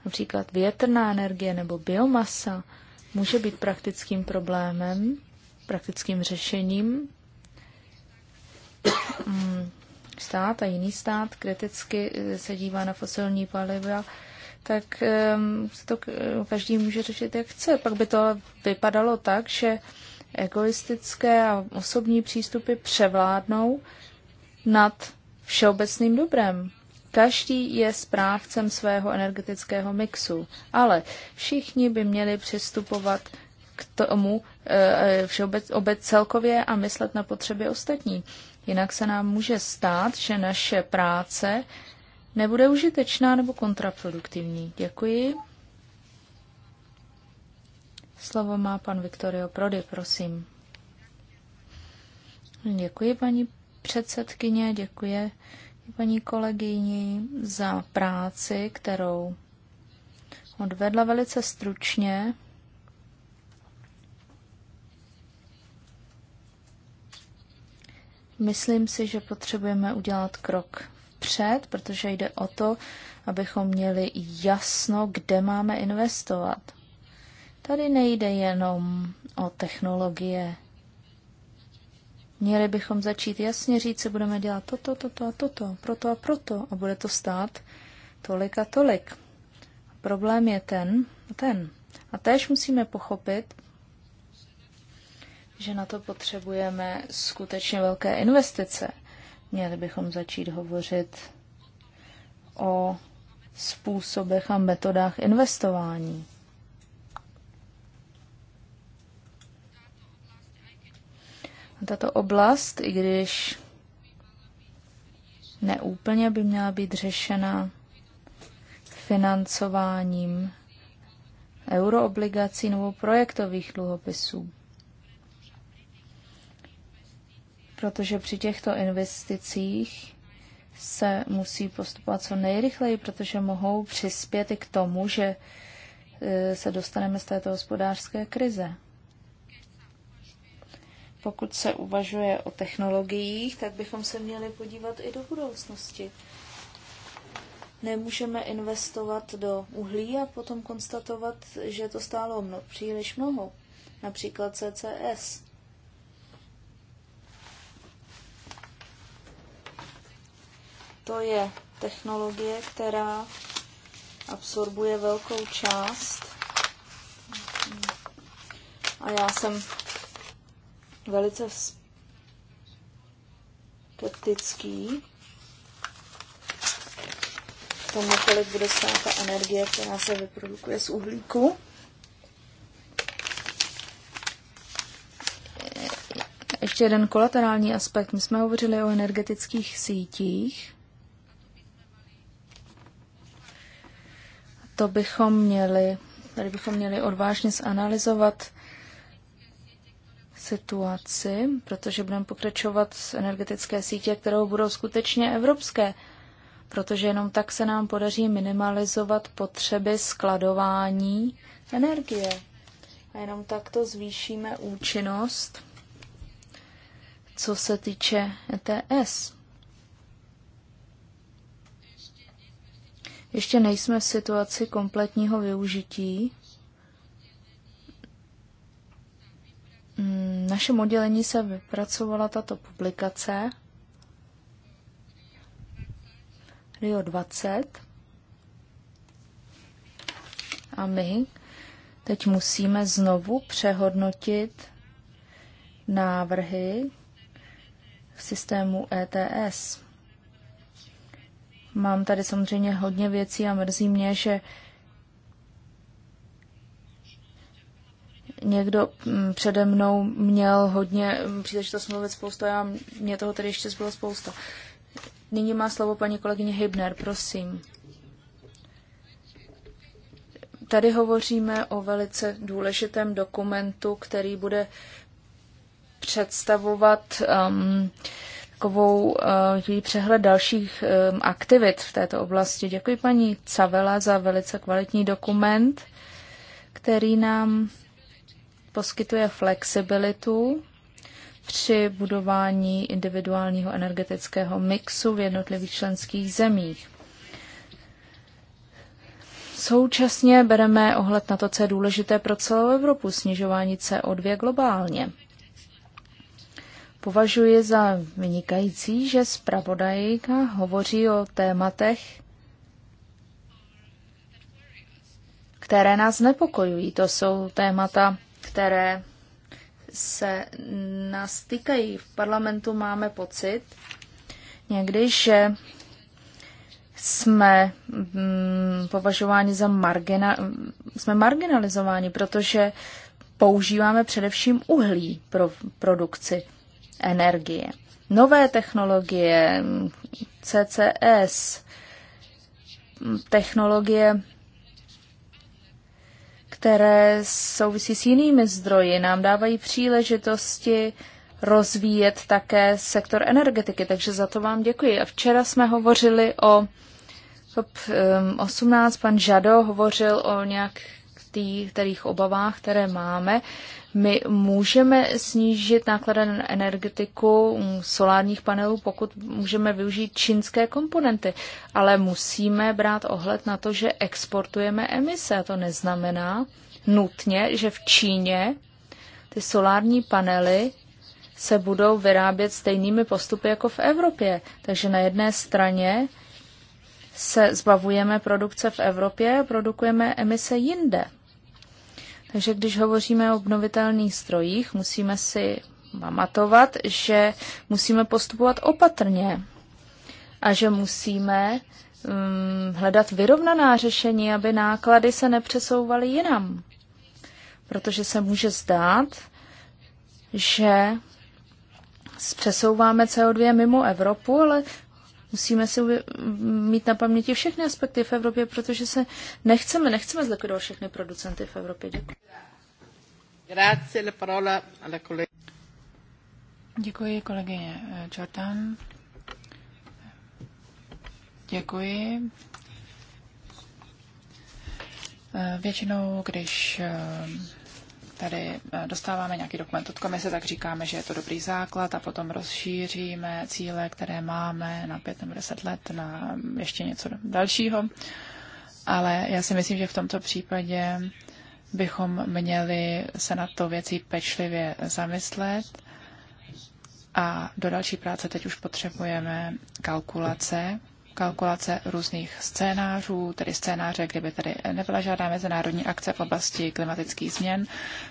například větrná energie nebo biomasa, může být praktickým problémem, praktickým řešením. Stát a jiný stát kriticky se dívá na fosilní paliva tak se to eh, každý může řešit, jak chce. Pak by to vypadalo tak, že egoistické a osobní přístupy převládnou nad všeobecným dobrem. Každý je správcem svého energetického mixu, ale všichni by měli přistupovat k tomu eh, eh, všeobec obec celkově a myslet na potřeby ostatní. Jinak se nám může stát, že naše práce nebude užitečná nebo kontraproduktivní. Děkuji. Slovo má pan Viktorio Prody, prosím. Děkuji, paní předsedkyně, děkuji paní kolegyni za práci, kterou odvedla velice stručně. Myslím si, že potřebujeme udělat krok vpřed, protože jde o to, abychom měli jasno, kde máme investovat. Tady nejde jenom o technologie. Měli bychom začít jasně říct, že budeme dělat toto, toto a toto, proto a proto a bude to stát tolik a tolik. Problém je ten a ten. A též musíme pochopit, že na to potřebujeme skutečně velké investice – Měli bychom začít hovořit o způsobech a metodách investování. Tato oblast, i když neúplně by měla být řešena financováním euroobligací nebo projektových dluhopisů. protože při těchto investicích se musí postupovat co nejrychleji, protože mohou přispět i k tomu, že e, se dostaneme z této hospodářské krize. Pokud se uvažuje o technologiích, tak bychom se měli podívat i do budoucnosti. Nemůžeme investovat do uhlí a potom konstatovat, že to stálo mno, příliš mnoho. Například CCS To je technologie, která absorbuje velkou část. A já jsem velice skeptický k tomu, kolik bude stát ta energie, která se vyprodukuje z uhlíku. Ještě jeden kolaterální aspekt. My jsme hovořili o energetických sítích. to bychom měli, tady bychom měli odvážně zanalizovat situaci, protože budeme pokračovat s energetické sítě, kterou budou skutečně evropské, protože jenom tak se nám podaří minimalizovat potřeby skladování energie. A jenom tak to zvýšíme účinnost, co se týče ETS. Ještě nejsme v situaci kompletního využití. Hmm, v našem oddělení se vypracovala tato publikace Rio 20 a my teď musíme znovu přehodnotit návrhy v systému ETS. Mám tady samozřejmě hodně věcí a mrzí mě, že někdo mm, přede mnou měl hodně mm, příležitost mluvit spousta a mě toho tady ještě zbylo spousta. Nyní má slovo paní kolegyně Hybner, prosím. Tady hovoříme o velice důležitém dokumentu, který bude představovat um, takovou uh, přehled dalších um, aktivit v této oblasti. Děkuji paní Cavela za velice kvalitní dokument, který nám poskytuje flexibilitu při budování individuálního energetického mixu v jednotlivých členských zemích. Současně bereme ohled na to, co je důležité pro celou Evropu, snižování CO2 globálně. Považuji za vynikající, že zpravodajka hovoří o tématech, které nás nepokojují. To jsou témata, které se nás týkají. V parlamentu máme pocit někdy, že jsme mm, považováni za margina, jsme marginalizováni, protože používáme především uhlí pro produkci energie. Nové technologie, CCS, technologie, které souvisí s jinými zdroji, nám dávají příležitosti rozvíjet také sektor energetiky, takže za to vám děkuji. A včera jsme hovořili o 18, um, pan Žado hovořil o nějak kterých obavách, které máme. My můžeme snížit náklady na energetiku solárních panelů, pokud můžeme využít čínské komponenty, ale musíme brát ohled na to, že exportujeme emise. A to neznamená nutně, že v Číně ty solární panely se budou vyrábět stejnými postupy jako v Evropě. Takže na jedné straně se zbavujeme produkce v Evropě a produkujeme emise jinde. Takže když hovoříme o obnovitelných strojích, musíme si pamatovat, že musíme postupovat opatrně a že musíme um, hledat vyrovnaná řešení, aby náklady se nepřesouvaly jinam. Protože se může zdát, že přesouváme CO2 mimo Evropu, ale Musíme si mít na paměti všechny aspekty v Evropě, protože se nechceme, nechceme zlikvidovat všechny producenty v Evropě. Děkuji. Grazie, alla collega. Děkuji kolegyně eh, Jordan. Děkuji. Eh, většinou, když eh, tady eh, dostáváme nějaký dokument od komise, tak říkáme, že je to dobrý základ a potom rozšíříme cíle, které máme na pět nebo deset let na mm, ještě něco dalšího. Ale já si myslím, že v tomto případě bychom měli se na to věcí pečlivě zamyslet a do další práce teď už potřebujeme kalkulace, kalkulace různých scénářů, tedy scénáře, kdyby tady nebyla žádná mezinárodní akce v oblasti klimatických změn,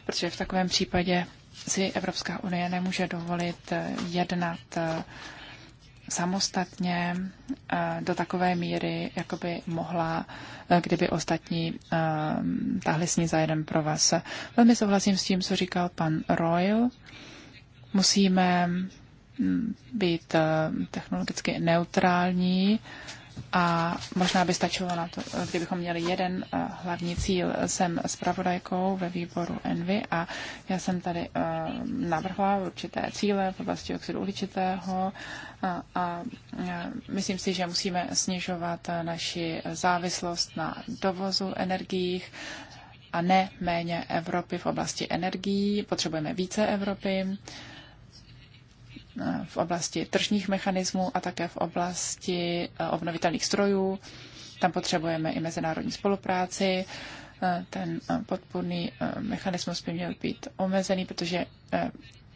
protože v takovém případě si Evropská unie nemůže dovolit eh, jednat eh, samostatně eh, do takové míry, jako by mohla, kdyby ostatní tahli s ní za jeden pro vás. Velmi souhlasím s tím, co říkal pan Royal. Musíme být eh, technologicky neutrální a možná by stačilo na to, kdybychom měli jeden eh, hlavní cíl. Jsem zpravodajkou ve výboru Envy a já jsem tady eh, navrhla určité cíle v oblasti oxidu uhličitého a, a myslím si, že musíme snižovat naši závislost na dovozu energiích a ne méně Evropy v oblasti energií. Potřebujeme více Evropy v oblasti tržních mechanismů a také v oblasti eh, obnovitelných strojů. Tam potřebujeme i mezinárodní spolupráci. Eh, ten eh, podpůrný mechanismus by měl být omezený, protože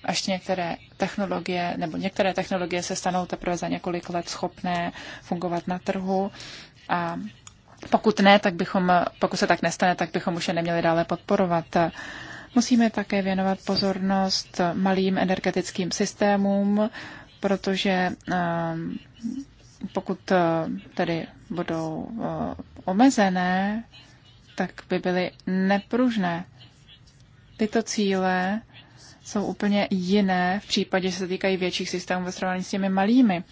až některé technologie, nebo některé technologie se stanou teprve za několik let schopné fungovat na trhu a pokud ne, tak bychom, pokud se tak nestane, tak bychom už je neměli dále podporovat. Musíme také věnovat pozornost malým energetickým systémům, protože ehm, pokud eh, tedy budou eh, omezené, tak by byly nepružné. Tyto cíle jsou úplně jiné v případě, že se týkají větších systémů ve srovnání s těmi malými.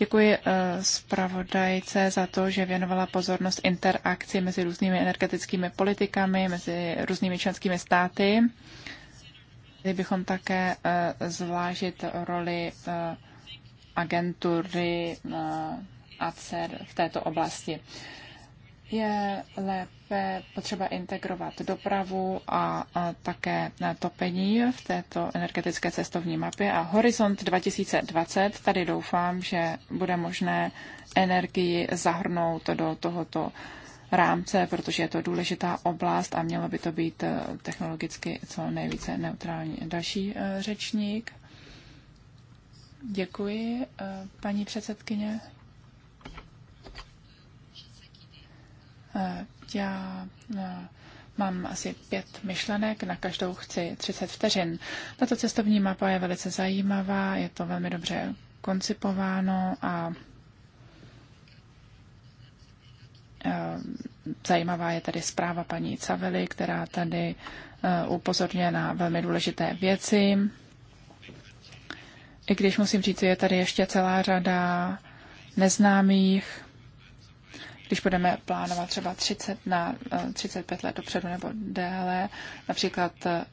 Děkuji eh, zpravodajce za to, že věnovala pozornost interakci mezi různými energetickými politikami, mezi různými členskými státy. Měli bychom také eh, zvlážit roli eh, agentury ACER v této oblasti. Je lépe nejprve potřeba integrovat dopravu a, a také topení v této energetické cestovní mapě a Horizont 2020, tady doufám, že bude možné energii zahrnout do tohoto rámce, protože je to důležitá oblast a mělo by to být eh, technologicky co nejvíce neutrální. Další eh, řečník. Děkuji, eh, paní předsedkyně. Já eh, mám asi pět myšlenek, na každou chci 30 vteřin. Tato cestovní mapa je velice zajímavá, je to velmi dobře koncipováno a eh, zajímavá je tady zpráva paní Cavely, která tady eh, upozorňuje na velmi důležité věci. I když musím říct, je tady ještě celá řada neznámých, když budeme plánovat třeba 30 na 35 eh, let dopředu nebo déle, například eh,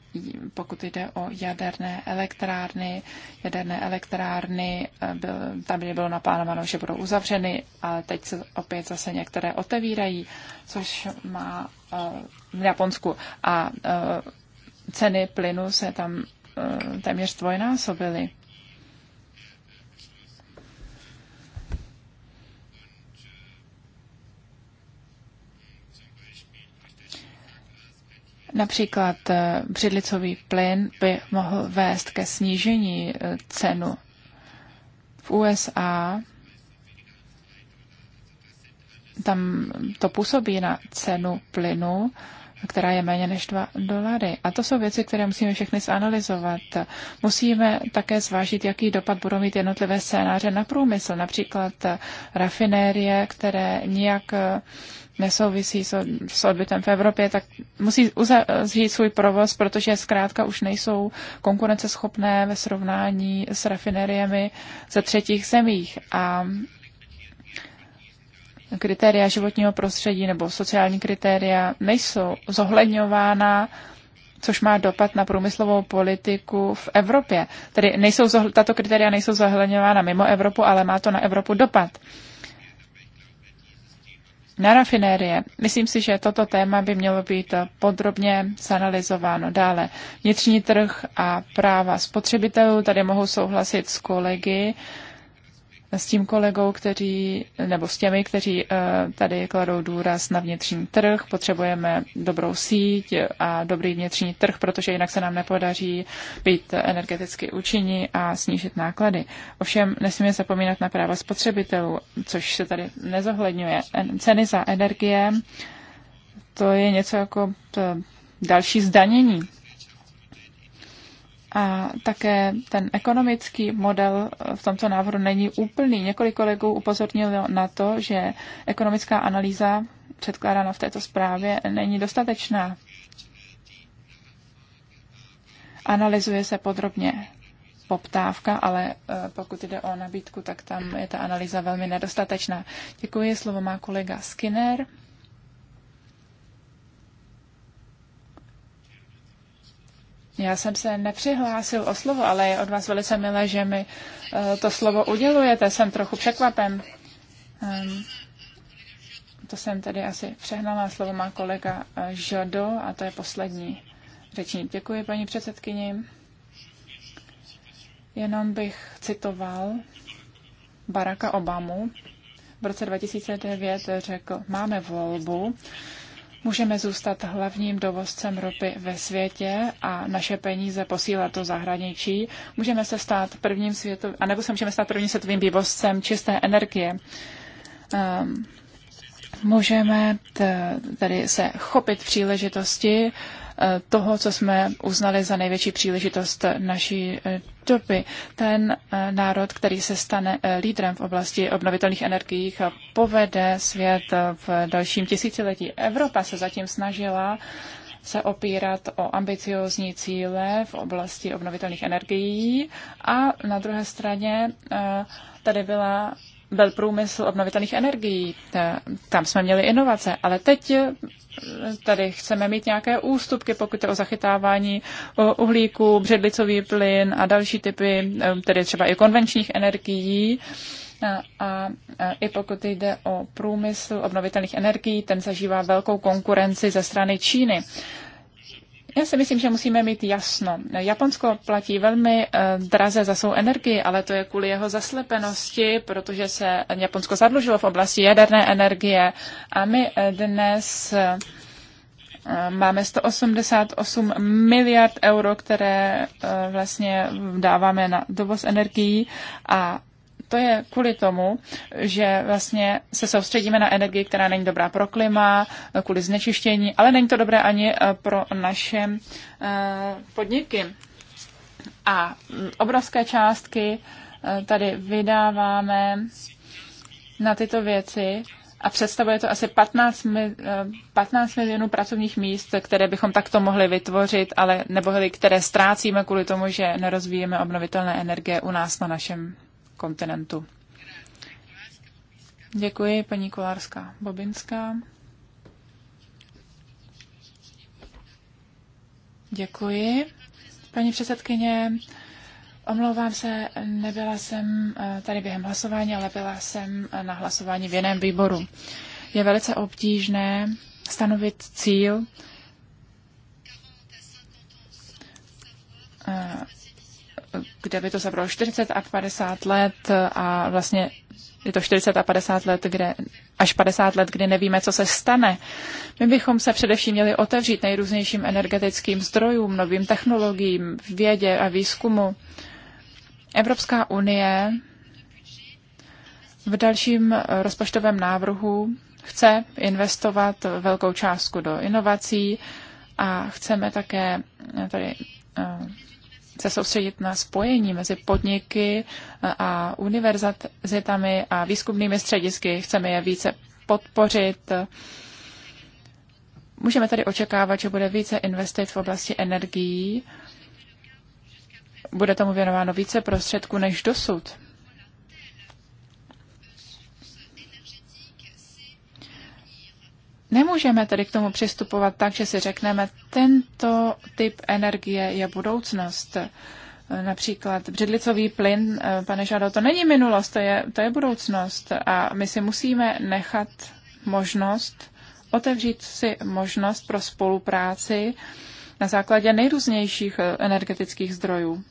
pokud jde o jaderné elektrárny, jaderné elektrárny, eh, byl, tam by bylo naplánováno, že budou uzavřeny, ale teď se opět zase některé otevírají, což má v Japonsku a ceny plynu se tam téměř dvojnásobily. Například eh, břidlicový plyn by mohl vést ke snížení eh, cenu. V USA tam to působí na cenu plynu která je méně než 2 dolary. A to jsou věci, které musíme všechny zanalizovat. Musíme také zvážit, jaký dopad budou mít jednotlivé scénáře na průmysl, například rafinérie, které nijak eh, nesouvisí s odbytem v Evropě, tak musí uzavřít svůj provoz, protože zkrátka už nejsou konkurenceschopné ve srovnání s rafineriemi ze třetích zemích. A kritéria životního prostředí nebo sociální kritéria nejsou zohledňována, což má dopad na průmyslovou politiku v Evropě. Tedy nejsou, tato kritéria nejsou zohledňována mimo Evropu, ale má to na Evropu dopad. Na rafinérie. Myslím si, že toto téma by mělo být podrobně zanalizováno dále. Vnitřní trh a práva spotřebitelů. Tady mohu souhlasit s kolegy. Uh, s tím kolegou, kteří, nebo s těmi, kteří eh, tady kladou důraz na vnitřní trh. Potřebujeme dobrou síť a dobrý vnitřní trh, protože jinak se nám nepodaří být energeticky účinní a snížit náklady. Ovšem nesmíme zapomínat na práva spotřebitelů, což se tady nezohledňuje. Ceny za energie, to je něco jako eh, další zdanění. A také ten ekonomický model eh, v tomto návrhu není úplný. Několik kolegů upozornilo na to, že ekonomická analýza předkládána v této zprávě není dostatečná. Analyzuje se podrobně poptávka, ale eh, pokud jde o nabídku, tak tam je ta analýza velmi nedostatečná. Děkuji, slovo má kolega Skinner. Já jsem se nepřihlásil o slovo, ale je od vás velice milé, že mi eh, to slovo udělujete. Jsem trochu překvapen. Ehm, to jsem tedy asi přehnala. Slovo má kolega eh, Žado a to je poslední řečník. Děkuji, paní předsedkyni. Jenom bych citoval Baracka Obamu. V roce 2009 řekl, máme volbu, Můžeme zůstat hlavním dovozcem ropy ve světě a naše peníze posílat do zahraničí. Můžeme se stát prvním světovým, anebo se můžeme stát prvním světovým vývozcem čisté energie. Um, můžeme tady se chopit příležitosti toho, co jsme uznali za největší příležitost naší eh, doby. Ten eh, národ, který se stane eh, lídrem v oblasti obnovitelných energií, povede svět v dalším tisíciletí. Evropa se zatím snažila se opírat o ambiciozní cíle v oblasti obnovitelných energií a na druhé straně tady byla byl průmysl obnovitelných energií. Eh, Tam jsme měli inovace, ale teď eh, tady chceme mít nějaké ústupky, pokud je o zachytávání uhlíku, bředlicový plyn a další typy, eh, tedy třeba i konvenčních energií. A, a i pokud jde o průmysl obnovitelných energií, ten zažívá velkou konkurenci ze strany Číny. Já si myslím, že musíme mít jasno. Japonsko platí velmi eh, draze za svou energii, ale to je kvůli jeho zaslepenosti, protože se Japonsko zadlužilo v oblasti jaderné energie a my eh, dnes eh, Máme 188 miliard euro, které vlastně dáváme na dovoz energií a to je kvůli tomu, že vlastně se soustředíme na energii, která není dobrá pro klima, kvůli znečištění, ale není to dobré ani eh, pro naše eh, podniky. A mm, obrovské částky eh, tady vydáváme na tyto věci a představuje to asi 15, 15 milionů pracovních míst, které bychom takto mohli vytvořit, ale nebo které ztrácíme kvůli tomu, že nerozvíjeme obnovitelné energie u nás na našem kontinentu. Děkuji, paní Kolárská Bobinská. Děkuji. Paní předsedkyně, omlouvám se, nebyla jsem eh, tady během hlasování, ale byla jsem eh, na hlasování v jiném výboru. Je velice obtížné stanovit cíl eh, kde by to zabralo 40 a 50 let a vlastně je to 40 a 50 let, kde, až 50 let, kdy nevíme, co se stane. My bychom se především měli otevřít nejrůznějším energetickým zdrojům, novým technologiím, vědě a výzkumu. Evropská unie v dalším rozpočtovém návrhu chce investovat velkou částku do inovací a chceme také tady eh, se soustředit na spojení mezi podniky a univerzitami a výzkumnými středisky. Chceme je více podpořit. Můžeme tady očekávat, že bude více investit v oblasti energií. Bude tomu věnováno více prostředků než dosud. Nemůžeme tedy k tomu přistupovat tak, že si řekneme, tento typ energie je budoucnost. Například břidlicový plyn, eh, pane Žado, to není minulost, to je, to je budoucnost. A my si musíme nechat možnost, otevřít si možnost pro spolupráci na základě nejrůznějších eh, energetických zdrojů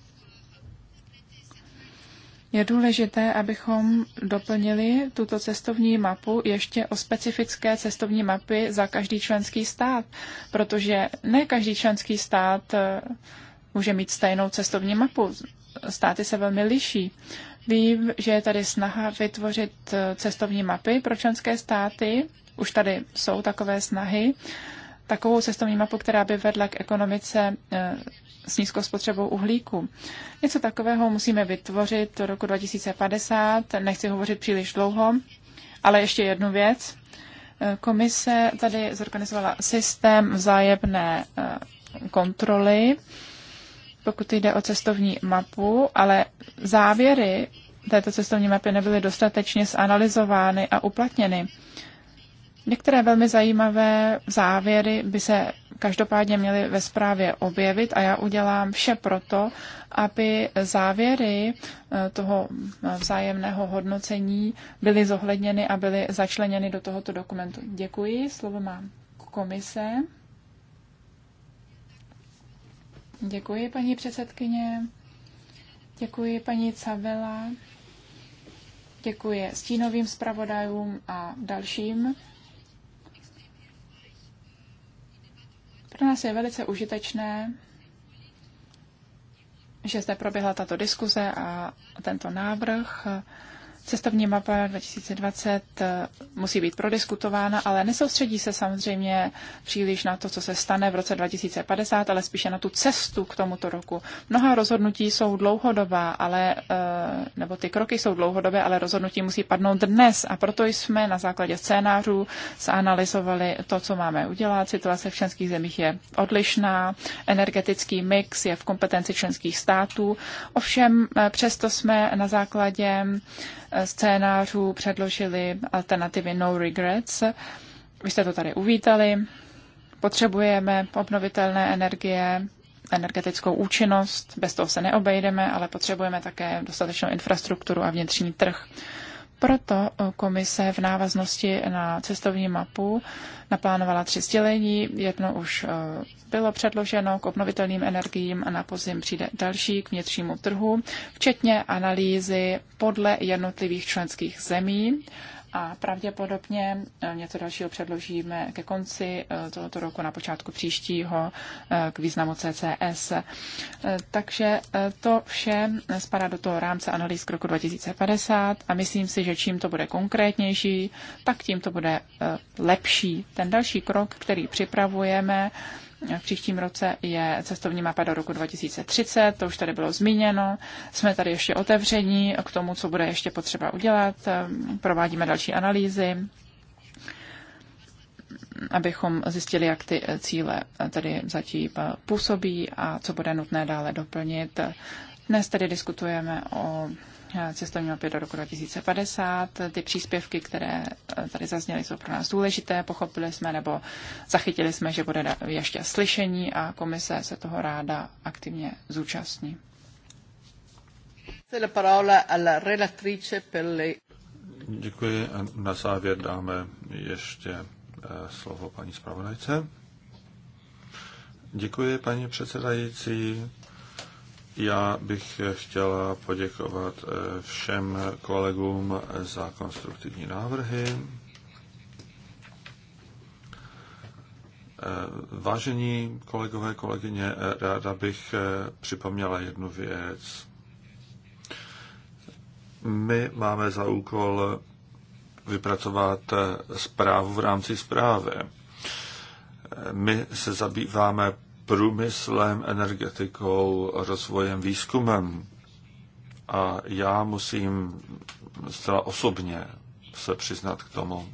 je důležité, abychom doplnili tuto cestovní mapu ještě o specifické cestovní mapy za každý členský stát, protože ne každý členský stát eh, může mít stejnou cestovní mapu. Státy se velmi liší. Vím, že je tady snaha vytvořit eh, cestovní mapy pro členské státy. Už tady jsou takové snahy takovou cestovní mapu, která by vedla k ekonomice eh, s nízkou spotřebou uhlíku. Něco takového musíme vytvořit do roku 2050. Nechci hovořit příliš dlouho, ale ještě jednu věc. Eh, komise tady zorganizovala systém vzájemné eh, kontroly, pokud jde o cestovní mapu, ale závěry této cestovní mapy nebyly dostatečně zanalizovány a uplatněny. Některé velmi zajímavé závěry by se každopádně měly ve zprávě objevit a já udělám vše proto, aby závěry eh, toho eh, vzájemného hodnocení byly zohledněny a byly začleněny do tohoto dokumentu. Děkuji, slovo má komise. Děkuji, paní předsedkyně. Děkuji, paní Cavela. Děkuji stínovým zpravodajům a dalším Pro nás je velice užitečné, že zde proběhla tato diskuze a tento návrh. Cestovní mapa 2020 eh, musí být prodiskutována, ale nesoustředí se samozřejmě příliš na to, co se stane v roce 2050, ale spíše na tu cestu k tomuto roku. Mnoha rozhodnutí jsou dlouhodobá, ale, eh, nebo ty kroky jsou dlouhodobé, ale rozhodnutí musí padnout dnes a proto jsme na základě scénářů zanalizovali to, co máme udělat. Situace v členských zemích je odlišná, energetický mix je v kompetenci členských států, ovšem eh, přesto jsme na základě scénářů předložili alternativy No Regrets. Vy jste to tady uvítali. Potřebujeme obnovitelné energie, energetickou účinnost, bez toho se neobejdeme, ale potřebujeme také dostatečnou infrastrukturu a vnitřní trh. Proto eh, komise v návaznosti na cestovní mapu naplánovala tři sdělení. Jedno už eh, bylo předloženo k obnovitelným energiím a na pozim přijde další k vnitřnímu trhu, včetně analýzy podle jednotlivých členských zemí a pravděpodobně eh, něco dalšího předložíme ke konci eh, tohoto roku, na počátku příštího eh, k významu CCS. Takže to vše spadá do toho rámce analýz k roku 2050 a myslím si, že čím to bude konkrétnější, tak tím to bude lepší. Ten další krok, který připravujeme, v příštím roce je cestovní mapa do roku 2030, to už tady bylo zmíněno. Jsme tady ještě otevření k tomu, co bude ještě potřeba udělat. Provádíme další analýzy, abychom zjistili, jak ty cíle tady zatím působí a co bude nutné dále doplnit. Dnes tedy diskutujeme o Eh, cestovního mapě do roku 2050. Ty příspěvky, které eh, tady zazněly, jsou pro nás důležité. Pochopili jsme nebo zachytili jsme, že bude ještě slyšení a komise se toho ráda aktivně zúčastní. Děkuji. na závěr dáme ještě eh, slovo paní zpravodajce. Děkuji, paní předsedající. Já bych chtěla poděkovat eh, všem kolegům za konstruktivní návrhy. Eh, vážení kolegové, kolegyně, eh, ráda bych připomněla jednu věc. My máme za úkol vypracovat zprávu v rámci zprávy. My se zabýváme průmyslem, energetikou, rozvojem, výzkumem. A já musím zcela osobně se přiznat k tomu,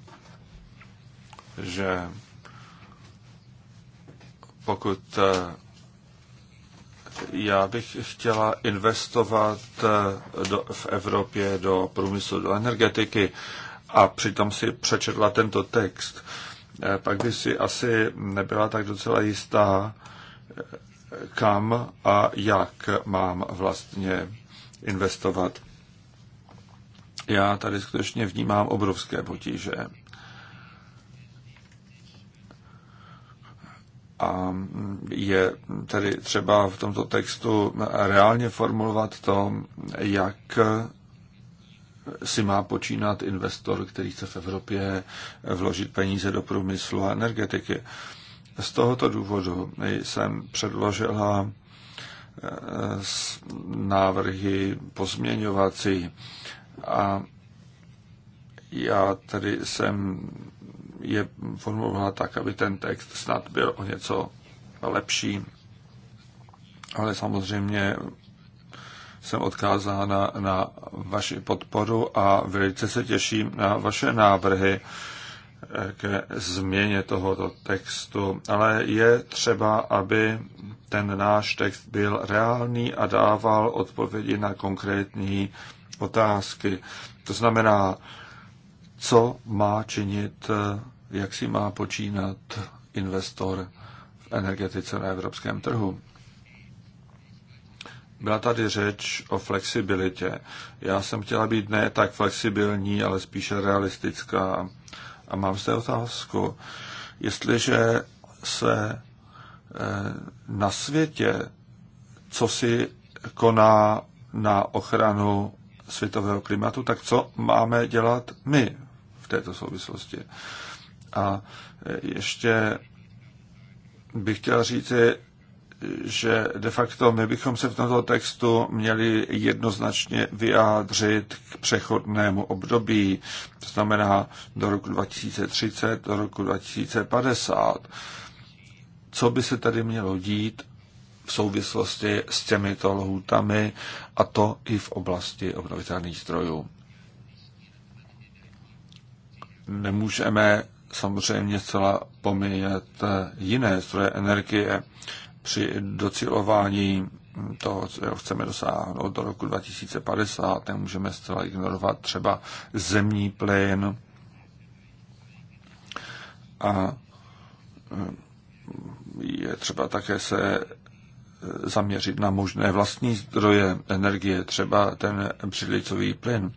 že pokud eh, já bych chtěla investovat eh, do, v Evropě do průmyslu, do energetiky a přitom si přečetla tento text, eh, pak by si asi nebyla tak docela jistá, kam a jak mám vlastně investovat. Já tady skutečně vnímám obrovské potíže. A je tedy třeba v tomto textu reálně formulovat to, jak si má počínat investor, který chce v Evropě vložit peníze do průmyslu a energetiky. Z tohoto důvodu jsem předložila eh, návrhy pozměňovací a já tedy jsem je formulovala tak, aby ten text snad byl o něco lepší. Ale samozřejmě jsem odkázána na vaši podporu a velice se těším na vaše návrhy ke změně tohoto textu, ale je třeba, aby ten náš text byl reálný a dával odpovědi na konkrétní otázky. To znamená, co má činit, jak si má počínat investor v energetice na evropském trhu. Byla tady řeč o flexibilitě. Já jsem chtěla být ne tak flexibilní, ale spíše realistická a mám zde otázku, jestliže se eh, na světě, co si koná na ochranu světového klimatu, tak co máme dělat my v této souvislosti. A ještě bych chtěl říci, že de facto my bychom se v tomto textu měli jednoznačně vyjádřit k přechodnému období, to znamená do roku 2030, do roku 2050. Co by se tady mělo dít v souvislosti s těmito lhůtami a to i v oblasti obnovitelných zdrojů. Nemůžeme samozřejmě zcela pomíjet jiné zdroje energie při docilování toho, co chceme dosáhnout do roku 2050, nemůžeme zcela ignorovat třeba zemní plyn a eh, je třeba také se eh, zaměřit na možné vlastní zdroje energie, třeba ten břidlicový plyn.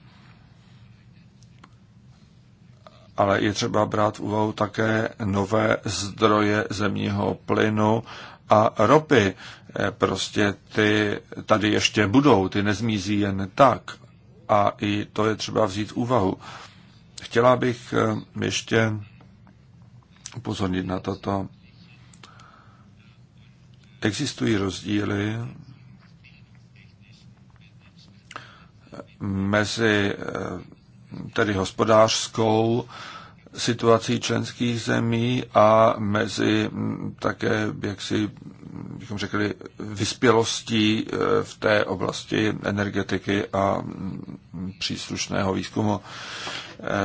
Ale je třeba brát v úvahu také nové zdroje zemního plynu a ropy. Eh, prostě ty tady ještě budou, ty nezmizí jen tak. A i to je třeba vzít úvahu. Chtěla bych eh, ještě upozornit na toto. Existují rozdíly eh, mezi tedy hospodářskou situací členských zemí a mezi mm, také, jak si bychom řekli, vyspělostí e, v té oblasti energetiky a mm, příslušného výzkumu.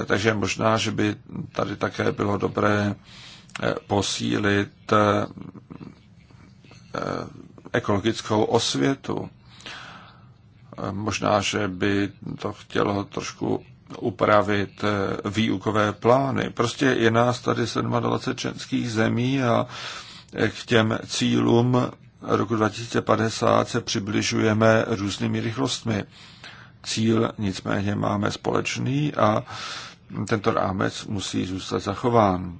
E, takže možná, že by tady také bylo dobré e, posílit ekologickou osvětu. Možná, že by to chtělo trošku upravit eh, výukové plány. Prostě je nás tady 27 členských zemí a eh, k těm cílům roku 2050 se přibližujeme různými rychlostmi. Cíl nicméně máme společný a tento rámec musí zůstat zachován.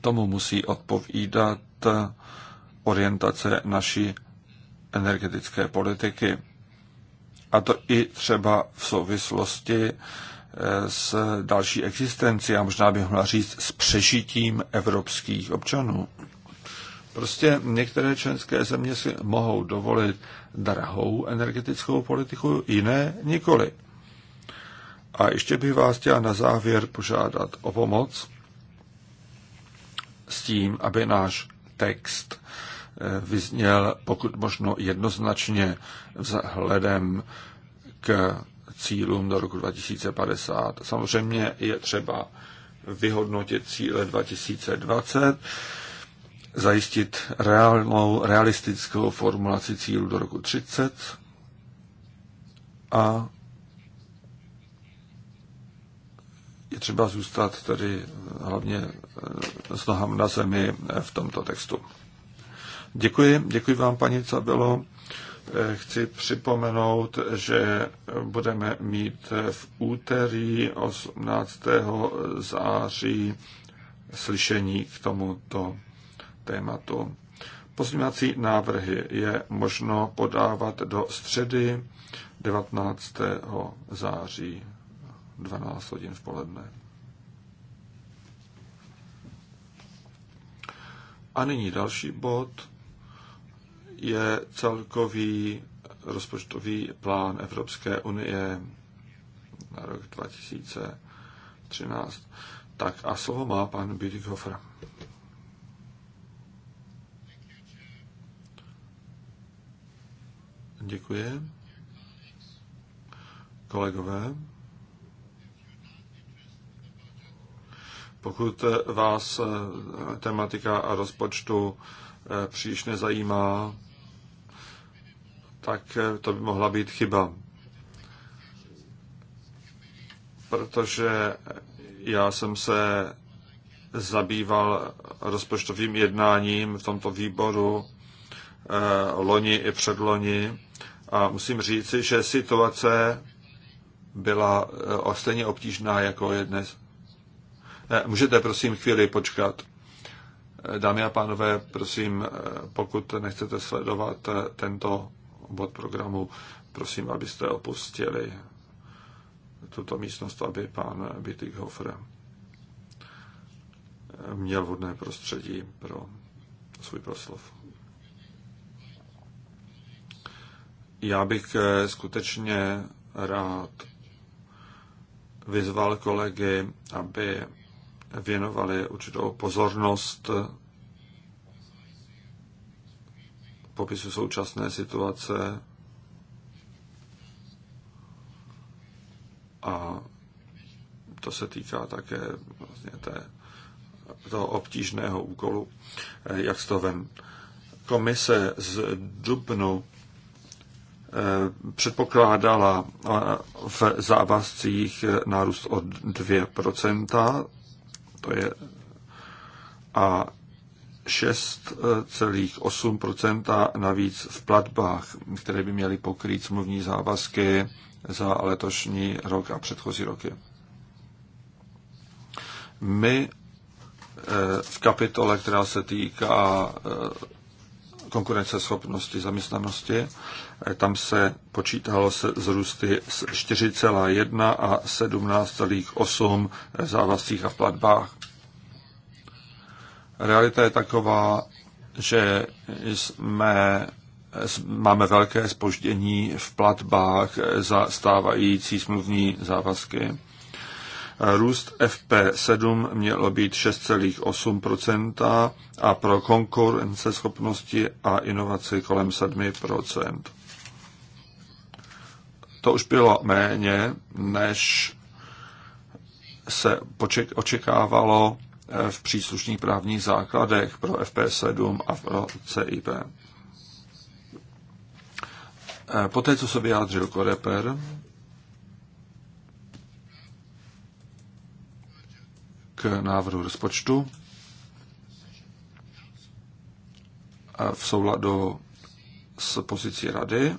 Tomu musí odpovídat eh, orientace naší energetické politiky. A to i třeba v souvislosti eh, s další existenci, a možná bych mohla říct s přežitím evropských občanů. Prostě některé členské země si mohou dovolit drahou energetickou politiku, jiné nikoli. A ještě bych vás chtěla na závěr požádat o pomoc s tím, aby náš text vyzněl pokud možno jednoznačně vzhledem k cílům do roku 2050. Samozřejmě je třeba vyhodnotit cíle 2020, zajistit reálnou, realistickou formulaci cílů do roku 30 a je třeba zůstat tedy hlavně s nohama na zemi v tomto textu. Děkuji, děkuji vám, paní Cabelo. Eh, chci připomenout, že budeme mít v úterý 18. září slyšení k tomuto tématu. Pozměňovací návrhy je možno podávat do středy 19. září 12 hodin v poledne. A nyní další bod je celkový rozpočtový plán Evropské unie na rok 2013. Tak a slovo má pan Bidighofer. Děkuji. Kolegové, pokud vás tematika rozpočtu eh, příliš nezajímá, tak eh, to by mohla být chyba. Protože já jsem se zabýval rozpočtovým jednáním v tomto výboru eh, loni i předloni a musím říci, že situace byla eh, stejně obtížná, jako je dnes. Můžete prosím chvíli počkat. Dámy a pánové, prosím, pokud nechcete sledovat tento bod programu. Prosím, abyste opustili tuto místnost, aby pan Bittighofer měl vhodné prostředí pro svůj proslov. Já bych eh, skutečně rád vyzval kolegy, aby věnovali určitou pozornost popisu současné situace a to se týká také vlastně té, toho obtížného úkolu, eh, jak to ven. Komise z Dubnu eh, předpokládala eh, v závazcích nárůst o 2%, to je a 6,8 navíc v platbách, které by měly pokrýt smluvní závazky za letošní rok a předchozí roky. My eh, v kapitole, která se týká eh, konkurenceschopnosti zaměstnanosti, eh, tam se počítalo se zrůsty z 4,1 a 17,8 závazcích a v platbách. Realita je taková, že jsme, máme velké spoždění v platbách za stávající smluvní závazky. Růst FP7 mělo být 6,8% a pro konkurenceschopnosti a inovaci kolem 7%. To už bylo méně, než se očekávalo v příslušných právních základech pro FP7 a pro CIP. Eh, poté, co se vyjádřil Koreper, k návrhu rozpočtu v souladu s pozicí rady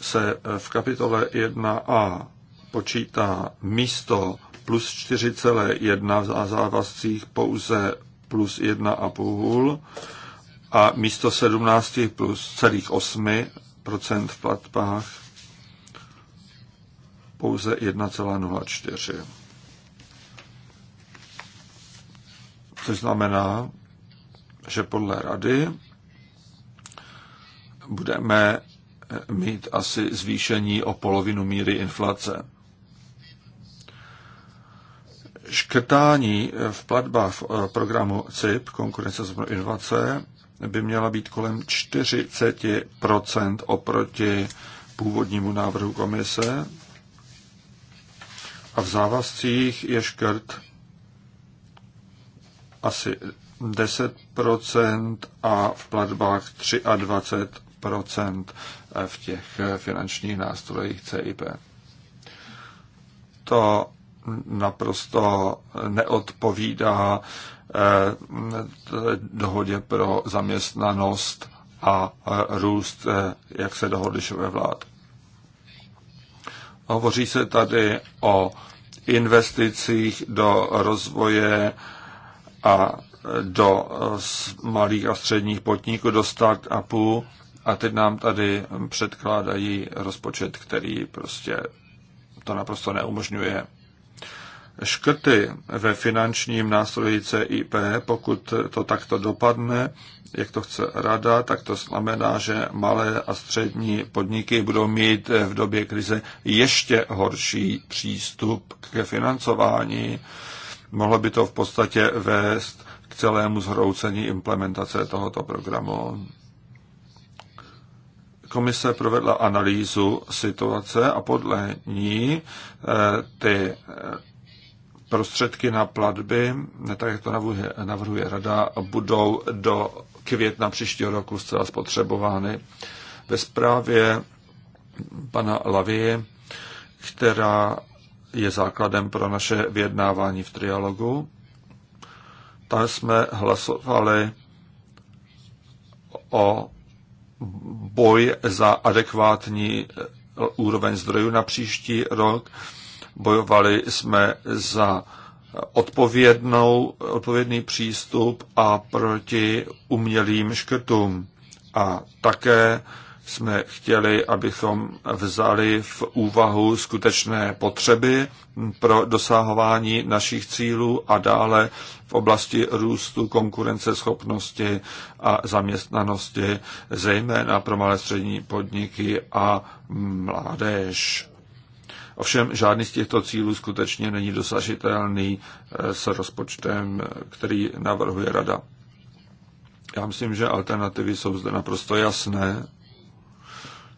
se v kapitole 1a počítá místo plus 4,1 v závazcích pouze plus 1,5 a místo 17 plus celých 8 v platbách pouze 1,04. Což znamená, že podle rady budeme mít asi zvýšení o polovinu míry inflace škrtání eh, v platbách v eh, programu CIP, konkurence z inovace, by měla být kolem 40 oproti původnímu návrhu komise a v závazcích je škrt asi 10 a v platbách 23 v těch eh, finančních nástrojích CIP. To naprosto neodpovídá eh, dohodě pro zaměstnanost a eh, růst, eh, jak se dohodli šové vlád. Hovoří se tady o investicích do rozvoje a do malých a středních podniků, do start-upů a teď nám tady předkládají rozpočet, který prostě to naprosto neumožňuje škrty ve finančním nástroji CIP, pokud to takto dopadne, jak to chce rada, tak to znamená, že malé a střední podniky budou mít v době krize ještě horší přístup ke financování. Mohlo by to v podstatě vést k celému zhroucení implementace tohoto programu. Komise provedla analýzu situace a podle ní eh, ty prostředky na platby, tak jak to navrhuje, navrhuje rada, budou do května příštího roku zcela spotřebovány. Ve zprávě pana Lavie, která je základem pro naše vyjednávání v trialogu, tam jsme hlasovali o boj za adekvátní úroveň zdrojů na příští rok Bojovali jsme za odpovědnou, odpovědný přístup a proti umělým škrtům. A také jsme chtěli, abychom vzali v úvahu skutečné potřeby pro dosahování našich cílů a dále v oblasti růstu konkurenceschopnosti a zaměstnanosti, zejména pro malé střední podniky a mládež. Ovšem žádný z těchto cílů skutečně není dosažitelný eh, s rozpočtem, který navrhuje Rada. Já myslím, že alternativy jsou zde naprosto jasné,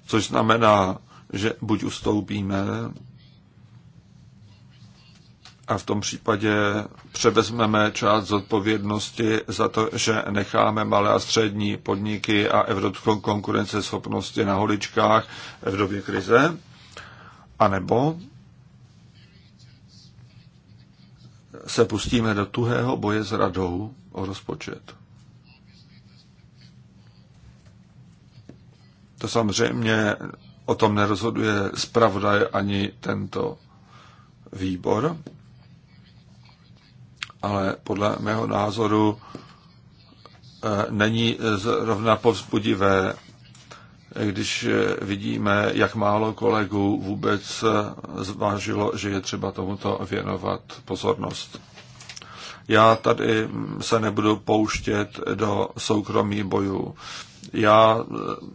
což znamená, že buď ustoupíme, a v tom případě převezmeme část zodpovědnosti za to, že necháme malé a střední podniky a evropskou konkurenceschopnosti na holičkách v době krize anebo se pustíme do tuhého boje s radou o rozpočet. To samozřejmě o tom nerozhoduje zpravodaj ani tento výbor, ale podle mého názoru eh, není zrovna povzbudivé když vidíme, jak málo kolegů vůbec zvážilo, že je třeba tomuto věnovat pozornost. Já tady se nebudu pouštět do soukromí bojů. Já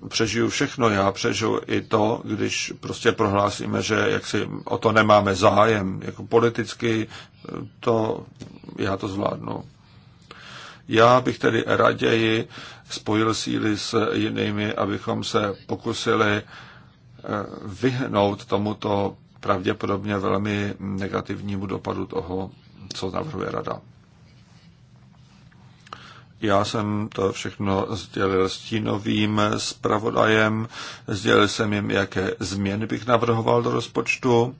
přežiju všechno, já přežiju i to, když prostě prohlásíme, že jak si o to nemáme zájem, jako politicky, to já to zvládnu. Já bych tedy raději spojil síly s jinými, abychom se pokusili eh, vyhnout tomuto pravděpodobně velmi negativnímu dopadu toho, co navrhuje rada. Já jsem to všechno sdělil tínovým zpravodajem, sdělil jsem jim, jaké změny bych navrhoval do rozpočtu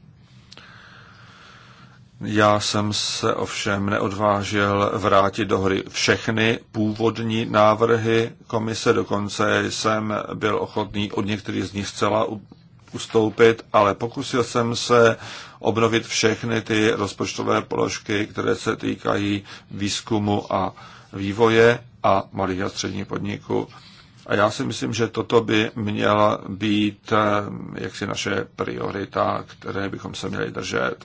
já jsem se ovšem neodvážil vrátit do hry všechny původní návrhy komise, dokonce jsem byl ochotný od některých z nich zcela ustoupit, ale pokusil jsem se obnovit všechny ty rozpočtové položky, které se týkají výzkumu a vývoje a malých a středních podniků. A já si myslím, že toto by měla být eh, jaksi naše priorita, které bychom se měli držet.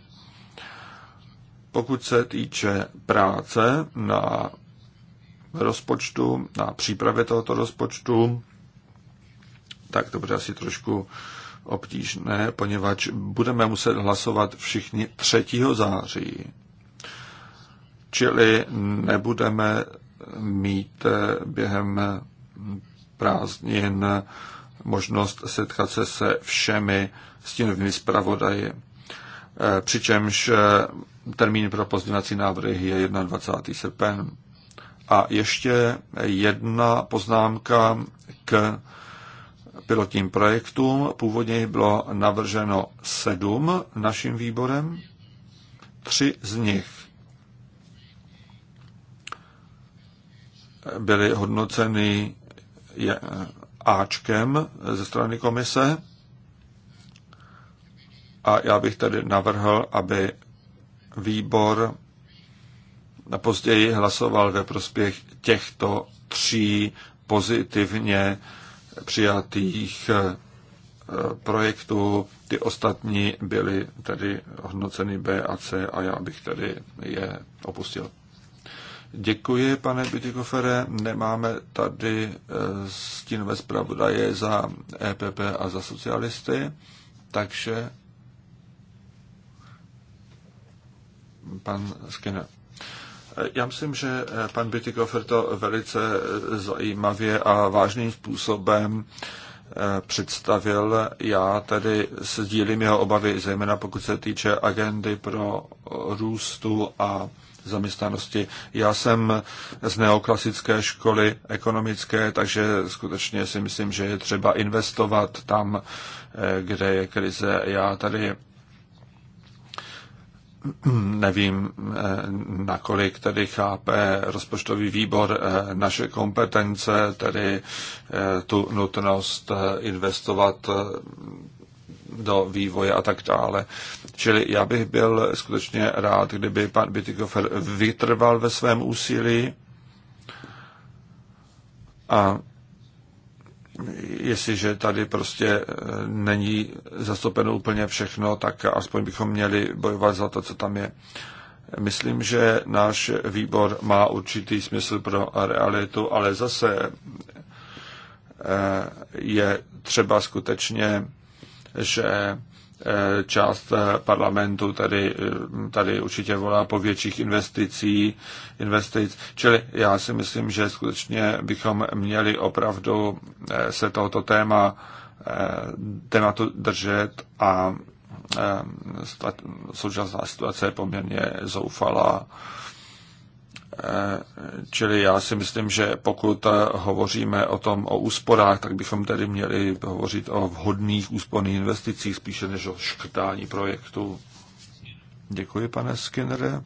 Pokud se týče práce na rozpočtu, na přípravě tohoto rozpočtu, tak to bude asi trošku obtížné, poněvadž budeme muset hlasovat všichni 3. září. Čili nebudeme mít eh, během prázdnin možnost setkat se se všemi stínovými zpravodaji. Eh, přičemž eh, Termín pro pozdňovací návrhy je 21. srpen. A ještě jedna poznámka k pilotním projektům. Původně bylo navrženo sedm naším výborem. Tři z nich byly hodnoceny Ačkem ze strany komise. A já bych tedy navrhl, aby výbor později hlasoval ve prospěch těchto tří pozitivně přijatých eh, projektů. Ty ostatní byly tedy hodnoceny B a C a já bych tedy je opustil. Děkuji, pane Bytikofere. Nemáme tady eh, stínové zpravodaje za EPP a za socialisty, takže pan Skinner. Já myslím, že eh, pan Bytikofer to velice eh, zajímavě a vážným způsobem eh, představil. Já tedy sdílím jeho obavy, zejména pokud se týče agendy pro růstu a zaměstnanosti. Já jsem z neoklasické školy ekonomické, takže skutečně si myslím, že je třeba investovat tam, kde je krize. Já tady Nevím, eh, nakolik tedy chápe rozpočtový výbor eh, naše kompetence, tedy eh, tu nutnost investovat do vývoje a tak dále. Čili já bych byl skutečně rád, kdyby pan Bitikofer vytrval ve svém úsilí a jestliže tady prostě eh, není zastoupeno úplně všechno, tak aspoň bychom měli bojovat za to, co tam je. Myslím, že náš výbor má určitý smysl pro realitu, ale zase eh, je třeba skutečně, že Eh, část eh, parlamentu tady, eh, tady určitě volá po větších investicí, investic. Čili já si myslím, že skutečně bychom měli opravdu se tohoto téma tématu držet a současná situace je poměrně zoufalá Čili já si myslím, že pokud hovoříme o tom o úsporách, tak bychom tedy měli hovořit o vhodných úsporných investicích spíše než o škrtání projektu. Děkuji, pane Skinner.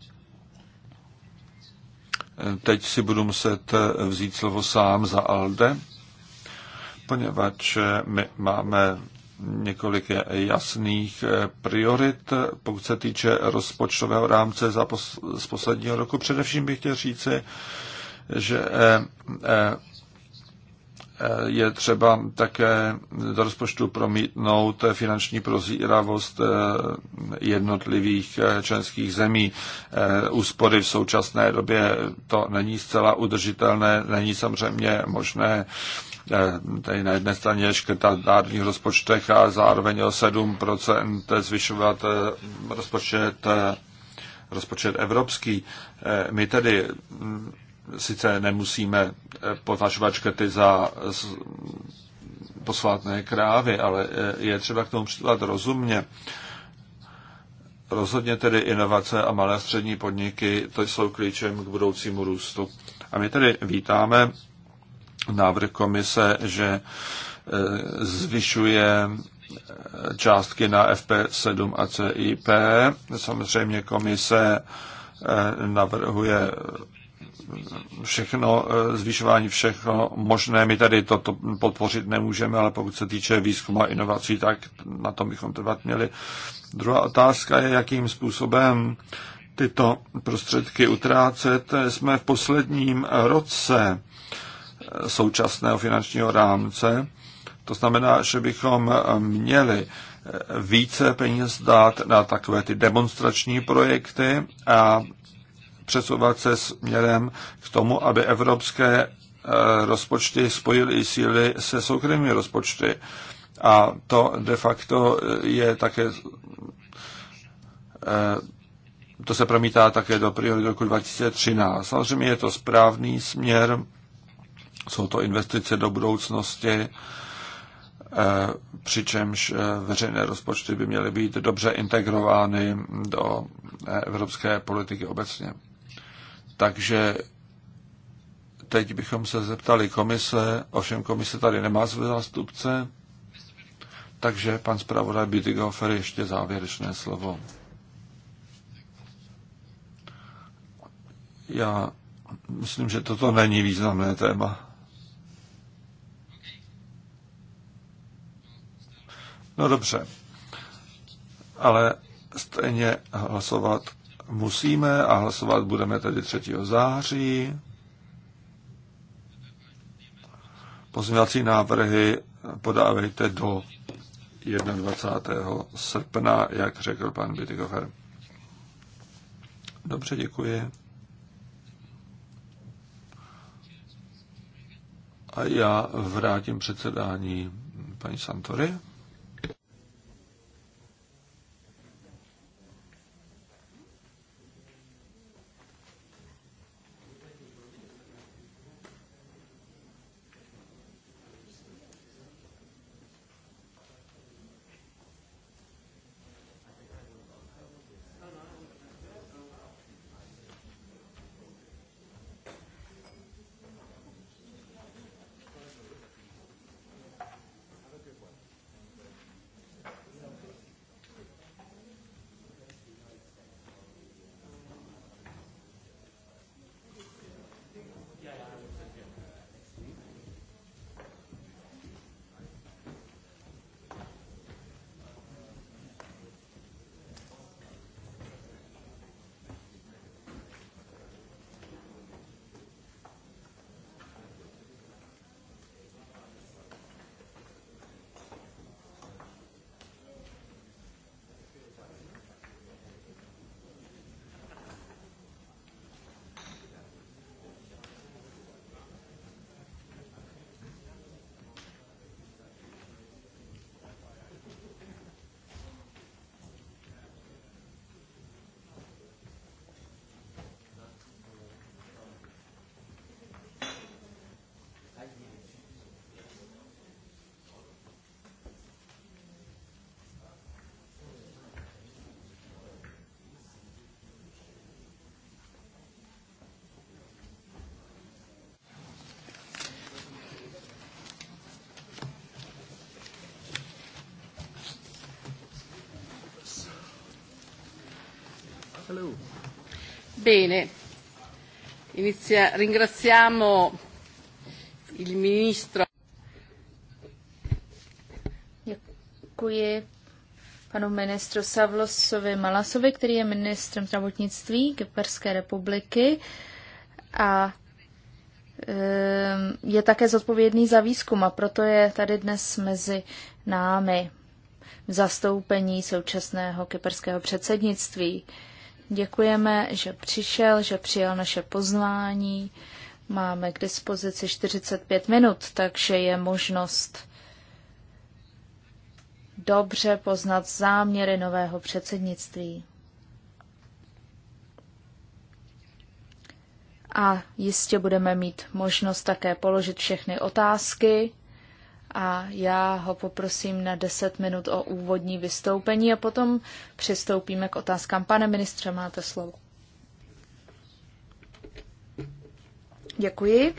Teď si budu muset vzít slovo sám za Alde, poněvadž my máme několik jasných eh, priorit. Pokud se týče rozpočtového rámce za pos- z posledního roku, především bych chtěl říci, že eh, eh, je třeba také do rozpočtu promítnout finanční prozíravost jednotlivých členských zemí. Úspory v současné době to není zcela udržitelné, není samozřejmě možné Eh, tady na jedné straně škrtat v národních rozpočtech a zároveň o 7% zvyšovat eh, rozpočet, eh, rozpočet evropský. My tedy mm, sice nemusíme považovat škrty za posvátné krávy, ale je třeba k tomu přistupovat rozumně. Rozhodně tedy inovace a malé a střední podniky, to jsou klíčem k budoucímu růstu. A my tedy vítáme návrh komise, že e, zvyšuje e, částky na FP7 a CIP. Samozřejmě komise e, navrhuje všechno, zvyšování všechno možné. My tady toto podpořit nemůžeme, ale pokud se týče výzkumu a inovací, tak na tom bychom trvat měli. Druhá otázka je, jakým způsobem tyto prostředky utrácet. Jsme v posledním roce současného finančního rámce. To znamená, že bychom měli více peněz dát na takové ty demonstrační projekty a přesouvat se směrem k tomu, aby evropské eh, rozpočty spojily síly se soukromými rozpočty. A to de facto je také eh, to se promítá také do priorit roku 2013. Samozřejmě je to správný směr, jsou to investice do budoucnosti, eh, přičemž eh, veřejné rozpočty by měly být dobře integrovány do eh, evropské politiky obecně. Takže teď bychom se zeptali komise, ovšem komise tady nemá své zástupce, takže pan zpravodaj Bidigofer ještě závěrečné slovo. Já myslím, že toto není významné téma. No dobře, ale stejně hlasovat musíme a hlasovat budeme tedy 3. září. Pozměňovací návrhy podávejte do 21. srpna, jak řekl pan Bitikofer. Dobře, děkuji. A já vrátím předsedání paní Santory. Bene, Inizia, ringraziamo il ministro. Děkuji panu ministru Savlosovi Malasovi, který je ministrem zdravotnictví Kyperské republiky a ehm, je také zodpovědný za výzkum a proto je tady dnes mezi námi v zastoupení současného kyperského předsednictví. Děkujeme, že přišel, že přijal naše pozvání. Máme k dispozici 45 minut, takže je možnost dobře poznat záměry nového předsednictví. A jistě budeme mít možnost také položit všechny otázky a já ho poprosím na 10 minut o úvodní vystoupení a potom přistoupíme k otázkám. Pane ministře, máte slovo. Děkuji.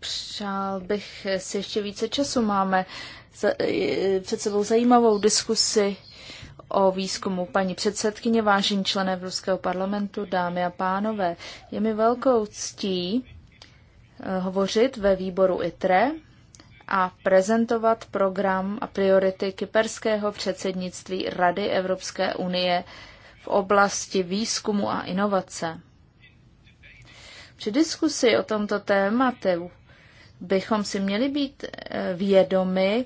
Přál bych si ještě více času. Máme před sebou zajímavou diskusi o výzkumu. Paní předsedkyně, vážení člené Evropského parlamentu, dámy a pánové, je mi velkou ctí Eh, hovořit ve výboru ITRE a prezentovat program a priority kyperského předsednictví Rady Evropské unie v oblasti výzkumu a inovace. Při diskusi o tomto tématu bychom si měli být eh, vědomi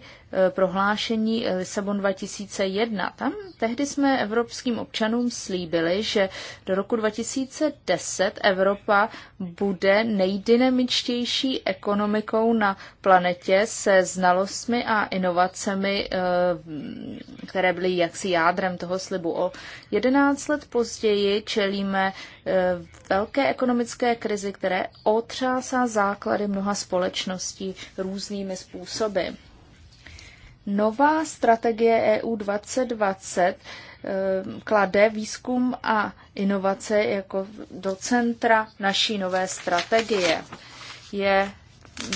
prohlášení eh, Lisabon 2001. Tam tehdy jsme evropským občanům slíbili, že do roku 2010 Evropa bude nejdynamičtější ekonomikou na planetě se znalostmi a inovacemi, eh, které byly jaksi jádrem toho slibu. O 11 let později čelíme eh, velké ekonomické krizi, které otřásá základy mnoha společností různými způsoby. Nová strategie EU 2020 eh, klade výzkum a inovace jako do centra naší nové strategie. Je,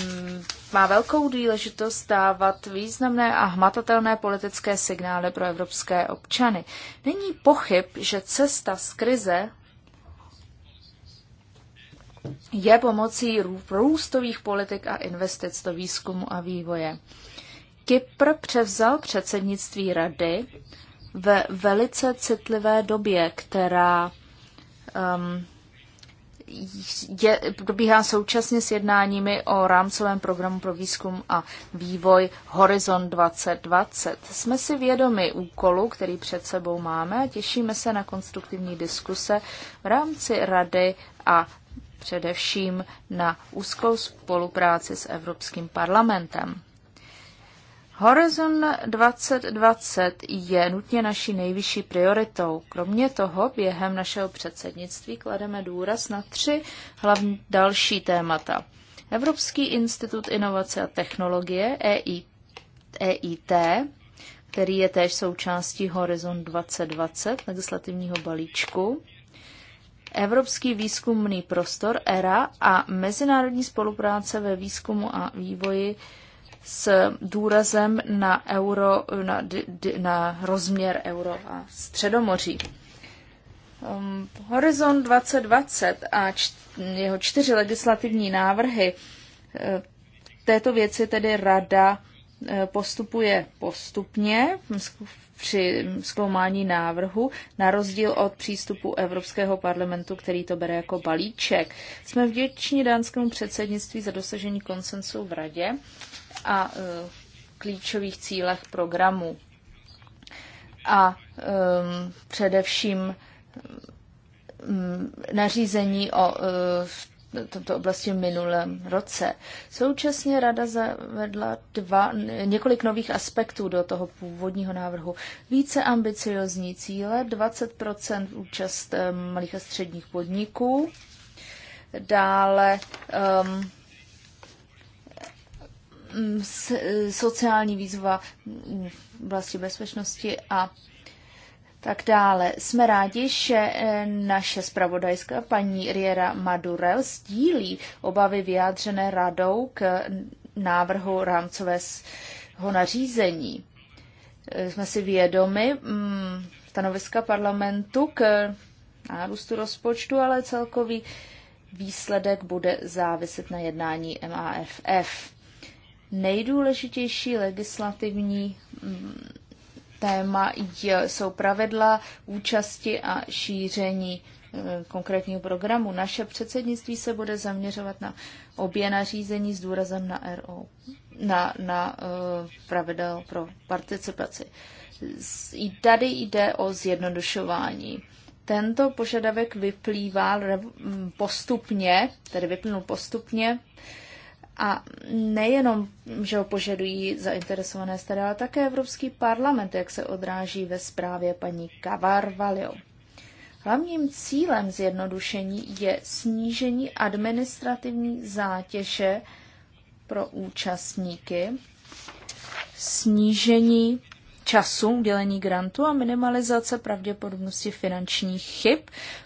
mm, má velkou důležitost dávat významné a hmatatelné politické signály pro evropské občany. Není pochyb, že cesta z krize je pomocí růstových politik a investic do výzkumu a vývoje. Kypr převzal předsednictví rady ve velice citlivé době, která um, je, probíhá současně s jednáními o rámcovém programu pro výzkum a vývoj Horizon 2020. Jsme si vědomi úkolu, který před sebou máme a těšíme se na konstruktivní diskuse v rámci Rady a především na úzkou spolupráci s Evropským parlamentem. Horizon 2020 je nutně naší nejvyšší prioritou. Kromě toho během našeho předsednictví klademe důraz na tři hlavní další témata. Evropský institut inovace a technologie EIT, e který je též součástí Horizon 2020 legislativního balíčku, Evropský výzkumný prostor ERA a mezinárodní spolupráce ve výzkumu a vývoji s důrazem na, euro, na, na rozměr euro a středomoří. Um, Horizon 2020 a č- jeho čtyři legislativní návrhy eh, v této věci tedy rada eh, postupuje postupně při zkoumání návrhu, na rozdíl od přístupu Evropského parlamentu, který to bere jako balíček. Jsme vděční dánskému předsednictví za dosažení konsensu v radě a e, klíčových cílech programu. A um, především um, nařízení o uh, v tomto oblasti v minulém roce. Současně rada zavedla dva, několik nových aspektů do toho původního návrhu. Více ambiciozní cíle, 20 účast malých a středních podniků, dále um, Mm, eh, sociální výzva mm, v oblasti bezpečnosti a tak dále. Jsme rádi, že eh, naše zpravodajská paní Riera Madurel sdílí obavy vyjádřené radou k návrhu rámcového nařízení. Eh, jsme si vědomi mm, stanoviska parlamentu k nárůstu rozpočtu, ale celkový výsledek bude záviset na jednání MAFF. Nejdůležitější legislativní mm, téma jsou pravidla účasti a šíření e, konkrétního programu. Naše předsednictví se bude zaměřovat na obě nařízení s důrazem na RO, na, na e, pravidel pro participaci. I tady jde o zjednodušování. Tento požadavek vyplývá postupně, tedy vyplnul postupně a nejenom, že ho požadují zainteresované strany, ale také Evropský parlament, jak se odráží ve zprávě paní Kavarvalio. Hlavním cílem zjednodušení je snížení administrativní zátěže pro účastníky, snížení času udělení grantu a minimalizace pravděpodobnosti finančních chyb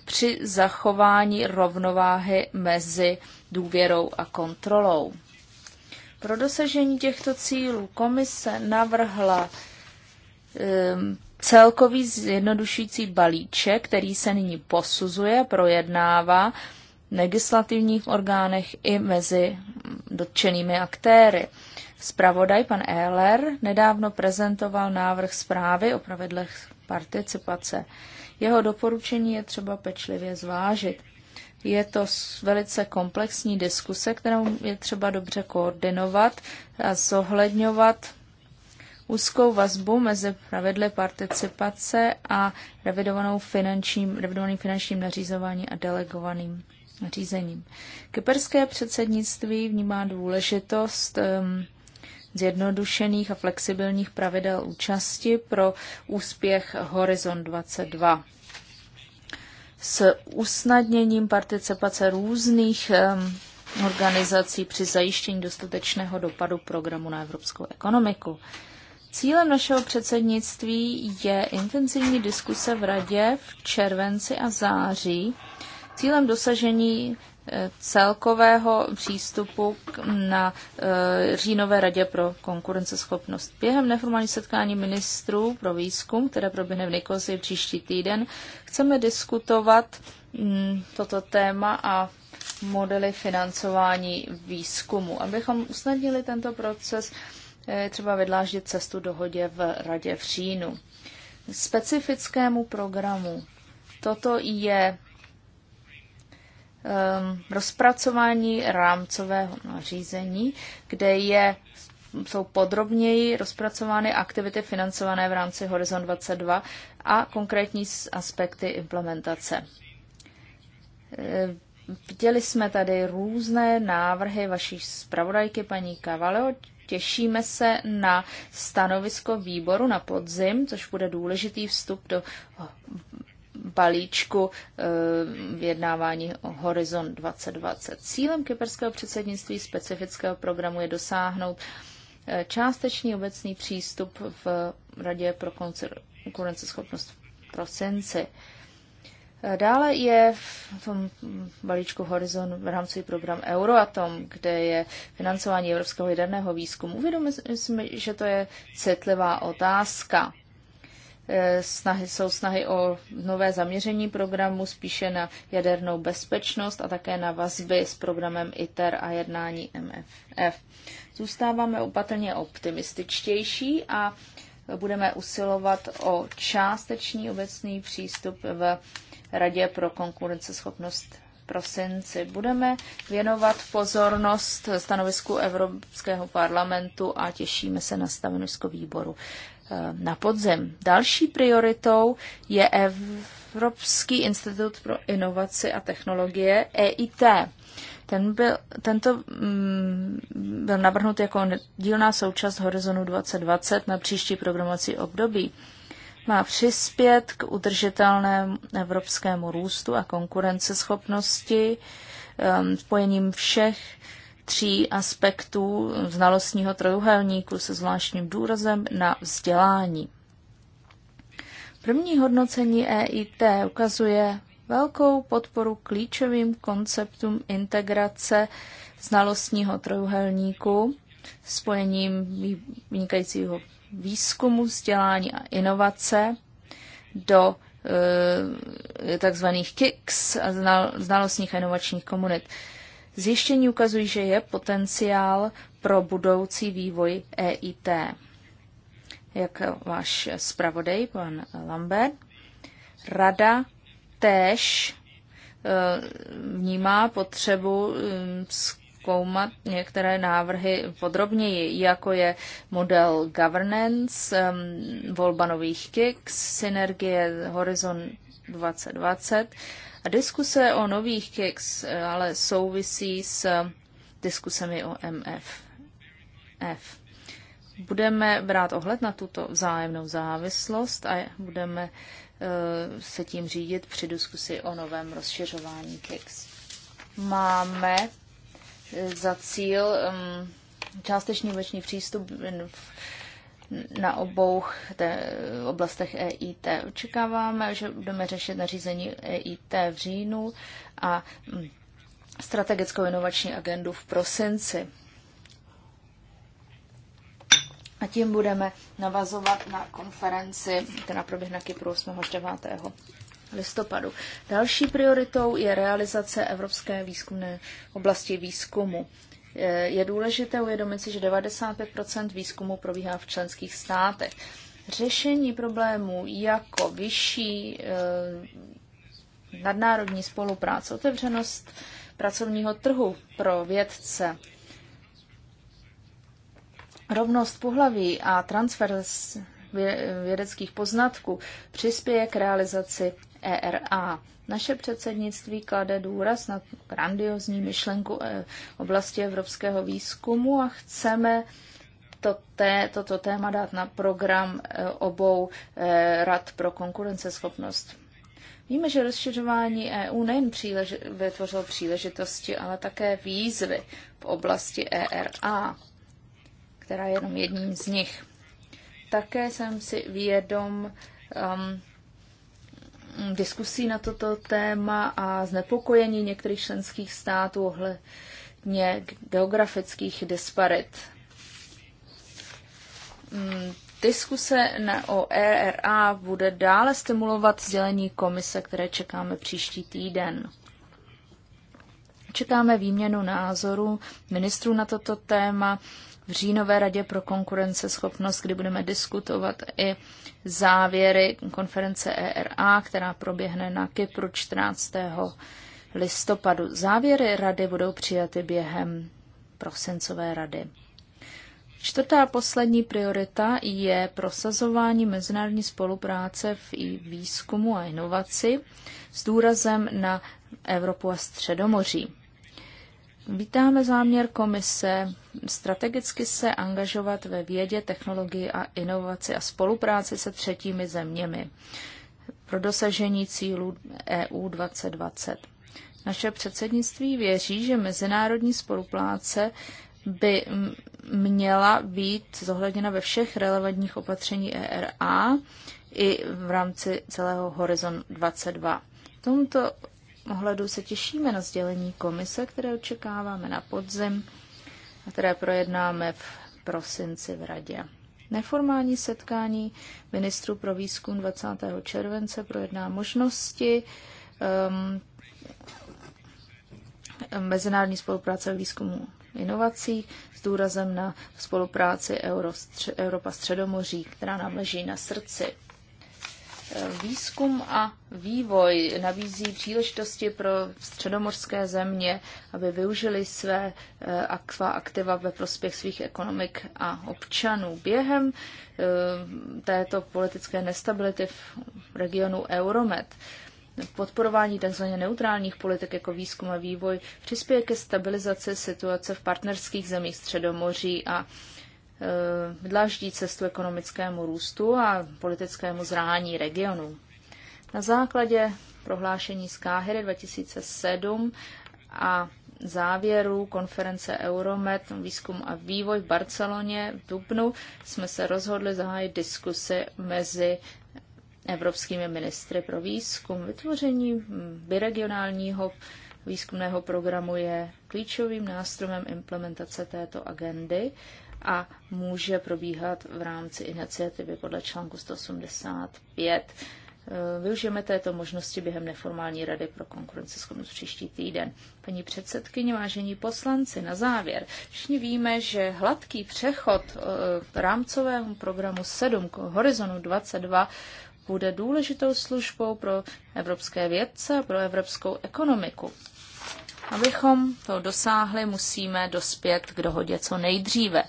při zachování rovnováhy mezi důvěrou a kontrolou. Pro dosažení těchto cílů komise navrhla um, celkový zjednodušující balíček, který se nyní posuzuje, projednává v legislativních orgánech i mezi dotčenými aktéry. Spravodaj pan Ehler nedávno prezentoval návrh zprávy o pravidlech participace. Jeho doporučení je třeba pečlivě zvážit. Je to velice komplexní diskuse, kterou je třeba dobře koordinovat a zohledňovat úzkou vazbu mezi pravidly participace a revidovanou finančním, revidovaným finančním nařízováním a delegovaným nařízením. Kyperské předsednictví vnímá důležitost um, zjednodušených a flexibilních pravidel účasti pro úspěch Horizon 22 s usnadněním participace různých organizací při zajištění dostatečného dopadu programu na evropskou ekonomiku. Cílem našeho předsednictví je intenzivní diskuse v Radě v červenci a září. Cílem dosažení celkového přístupu na eh, říjnové radě pro konkurenceschopnost. Během neformální setkání ministrů pro výzkum, které proběhne v Nikozi příští týden, chceme diskutovat mm, toto téma a modely financování výzkumu. Abychom usnadnili tento proces, eh, třeba vydláždit cestu dohodě v Radě v říjnu. Specifickému programu. Toto je Um, rozpracování rámcového nařízení, kde je, jsou podrobněji rozpracovány aktivity financované v rámci Horizon 22 a konkrétní aspekty implementace. Eh, viděli jsme tady různé návrhy vaší zpravodajky paní Kavaleo. Těšíme se na stanovisko výboru na podzim, což bude důležitý vstup do balíčku eh, vyjednávání o Horizon 2020. Cílem kyperského předsednictví specifického programu je dosáhnout eh, částečný obecný přístup v Radě pro konkurenceschopnost v prosinci. Eh, dále je v tom balíčku Horizon v rámci program Euroatom, kde je financování evropského jaderného výzkumu. Uvědomili jsme, že to je citlivá otázka. Eh, snahy, jsou snahy o nové zaměření programu spíše na jadernou bezpečnost a také na vazby s programem ITER a jednání MFF. Zůstáváme opatrně optimističtější a budeme usilovat o částečný obecný přístup v Radě pro konkurenceschopnost prosinci. Budeme věnovat pozornost stanovisku Evropského parlamentu a těšíme se na stanovisko výboru Eh, na podzem. Další prioritou je Evropský institut pro inovaci a technologie EIT. Ten byl, tento mm, byl navrhnut jako dílná součást Horizonu 2020 na příští programovací období. Má přispět k udržitelnému evropskému růstu a konkurenceschopnosti eh, spojením všech tří aspektů znalostního trojuhelníku se zvláštním důrazem na vzdělání. První hodnocení EIT ukazuje velkou podporu klíčovým konceptům integrace znalostního trojuhelníku, spojením vynikajícího výzkumu, vzdělání a inovace do e, takzvaných KICS, znal, znalostních a inovačních komunit. E, Zjištění ukazují, že je potenciál pro budoucí vývoj EIT. Jak váš zpravodaj, pan Lambert, rada též eh, vnímá potřebu eh, zkoumat některé návrhy podrobněji, jako je model governance, eh, volba nových KICS, synergie Horizon 2020 a diskuse o nových kicks ale souvisí s diskusemi o F. Budeme brát ohled na tuto vzájemnou závislost a budeme eh, se tím řídit při diskusi o novém rozšiřování KICS. Máme eh, za cíl um, částečný veční přístup v na obou oblastech EIT. Očekáváme, že budeme řešit nařízení EIT v říjnu a mm, strategickou inovační agendu v prosinci. A tím budeme navazovat na konferenci, která proběhne Kypru 8. až 9. listopadu. Další prioritou je realizace Evropské výzkumné oblasti výzkumu. Eh, je důležité uvědomit si, že 95 výzkumu probíhá v členských státech. Řešení problémů jako vyšší eh, nadnárodní spolupráce, otevřenost pracovního trhu pro vědce, rovnost pohlaví a transfer vědeckých poznatků přispěje k realizaci ERA. Naše předsednictví klade důraz na grandiozní myšlenku eh, oblasti evropského výzkumu a chceme to té, toto téma dát na program eh, obou eh, rad pro konkurenceschopnost. Víme, že rozšiřování EU nejen přílež- vytvořilo příležitosti, ale také výzvy v oblasti ERA, která je jenom jedním z nich. Také jsem si vědom um, Mm, diskusí na toto téma a znepokojení některých členských států ohledně geografických disparit. Mm, diskuse na, o ERA bude dále stimulovat sdělení komise, které čekáme příští týden. Čekáme výměnu názorů ministrů na toto téma v říjnové radě pro konkurenceschopnost, kdy budeme diskutovat i závěry konference ERA, která proběhne na Kypru 14. listopadu. Závěry rady budou přijaty během prosincové rady. Čtvrtá poslední priorita je prosazování mezinárodní spolupráce v výzkumu a inovaci s důrazem na Evropu a Středomoří. Vítáme záměr komise strategicky se angažovat ve vědě, technologii a inovaci a spolupráci se třetími zeměmi pro dosažení cílů EU 2020. Naše předsednictví věří, že mezinárodní spolupráce by měla být zohledněna ve všech relevantních opatření ERA i v rámci celého Horizon 22. V tomto ohledu se těšíme na sdělení komise, které očekáváme na podzim a které projednáme v prosinci v radě. Neformální setkání ministru pro výzkum 20. července projedná možnosti um, mezinárodní spolupráce v výzkumu inovací s důrazem na spolupráci Euro, Evropa Středomoří, která nám leží na srdci. Výzkum a vývoj nabízí příležitosti pro středomorské země, aby využili své eh, akva aktiva ve prospěch svých ekonomik a občanů. Během eh, této politické nestability v regionu Euromed podporování tzv. neutrálních politik jako výzkum a vývoj přispěje ke stabilizaci situace v partnerských zemích Středomoří a Eh, dláždí cestu ekonomickému růstu a politickému zrání regionu. Na základě prohlášení z Káhyry 2007 a závěru konference Euromed výzkum a vývoj v Barceloně v Dubnu jsme se rozhodli zahájit diskusy mezi evropskými ministry pro výzkum. Vytvoření biregionálního výzkumného programu je klíčovým nástrojem implementace této agendy a může probíhat v rámci iniciativy podle článku 185. Eh, využijeme této možnosti během neformální rady pro konkurenceschopnost příští týden. Paní předsedkyně, vážení poslanci, na závěr. Všichni víme, že hladký přechod k eh, rámcovému programu 7 k horizonu 22 bude důležitou službou pro evropské vědce a pro evropskou ekonomiku. Abychom to dosáhli, musíme dospět k dohodě co nejdříve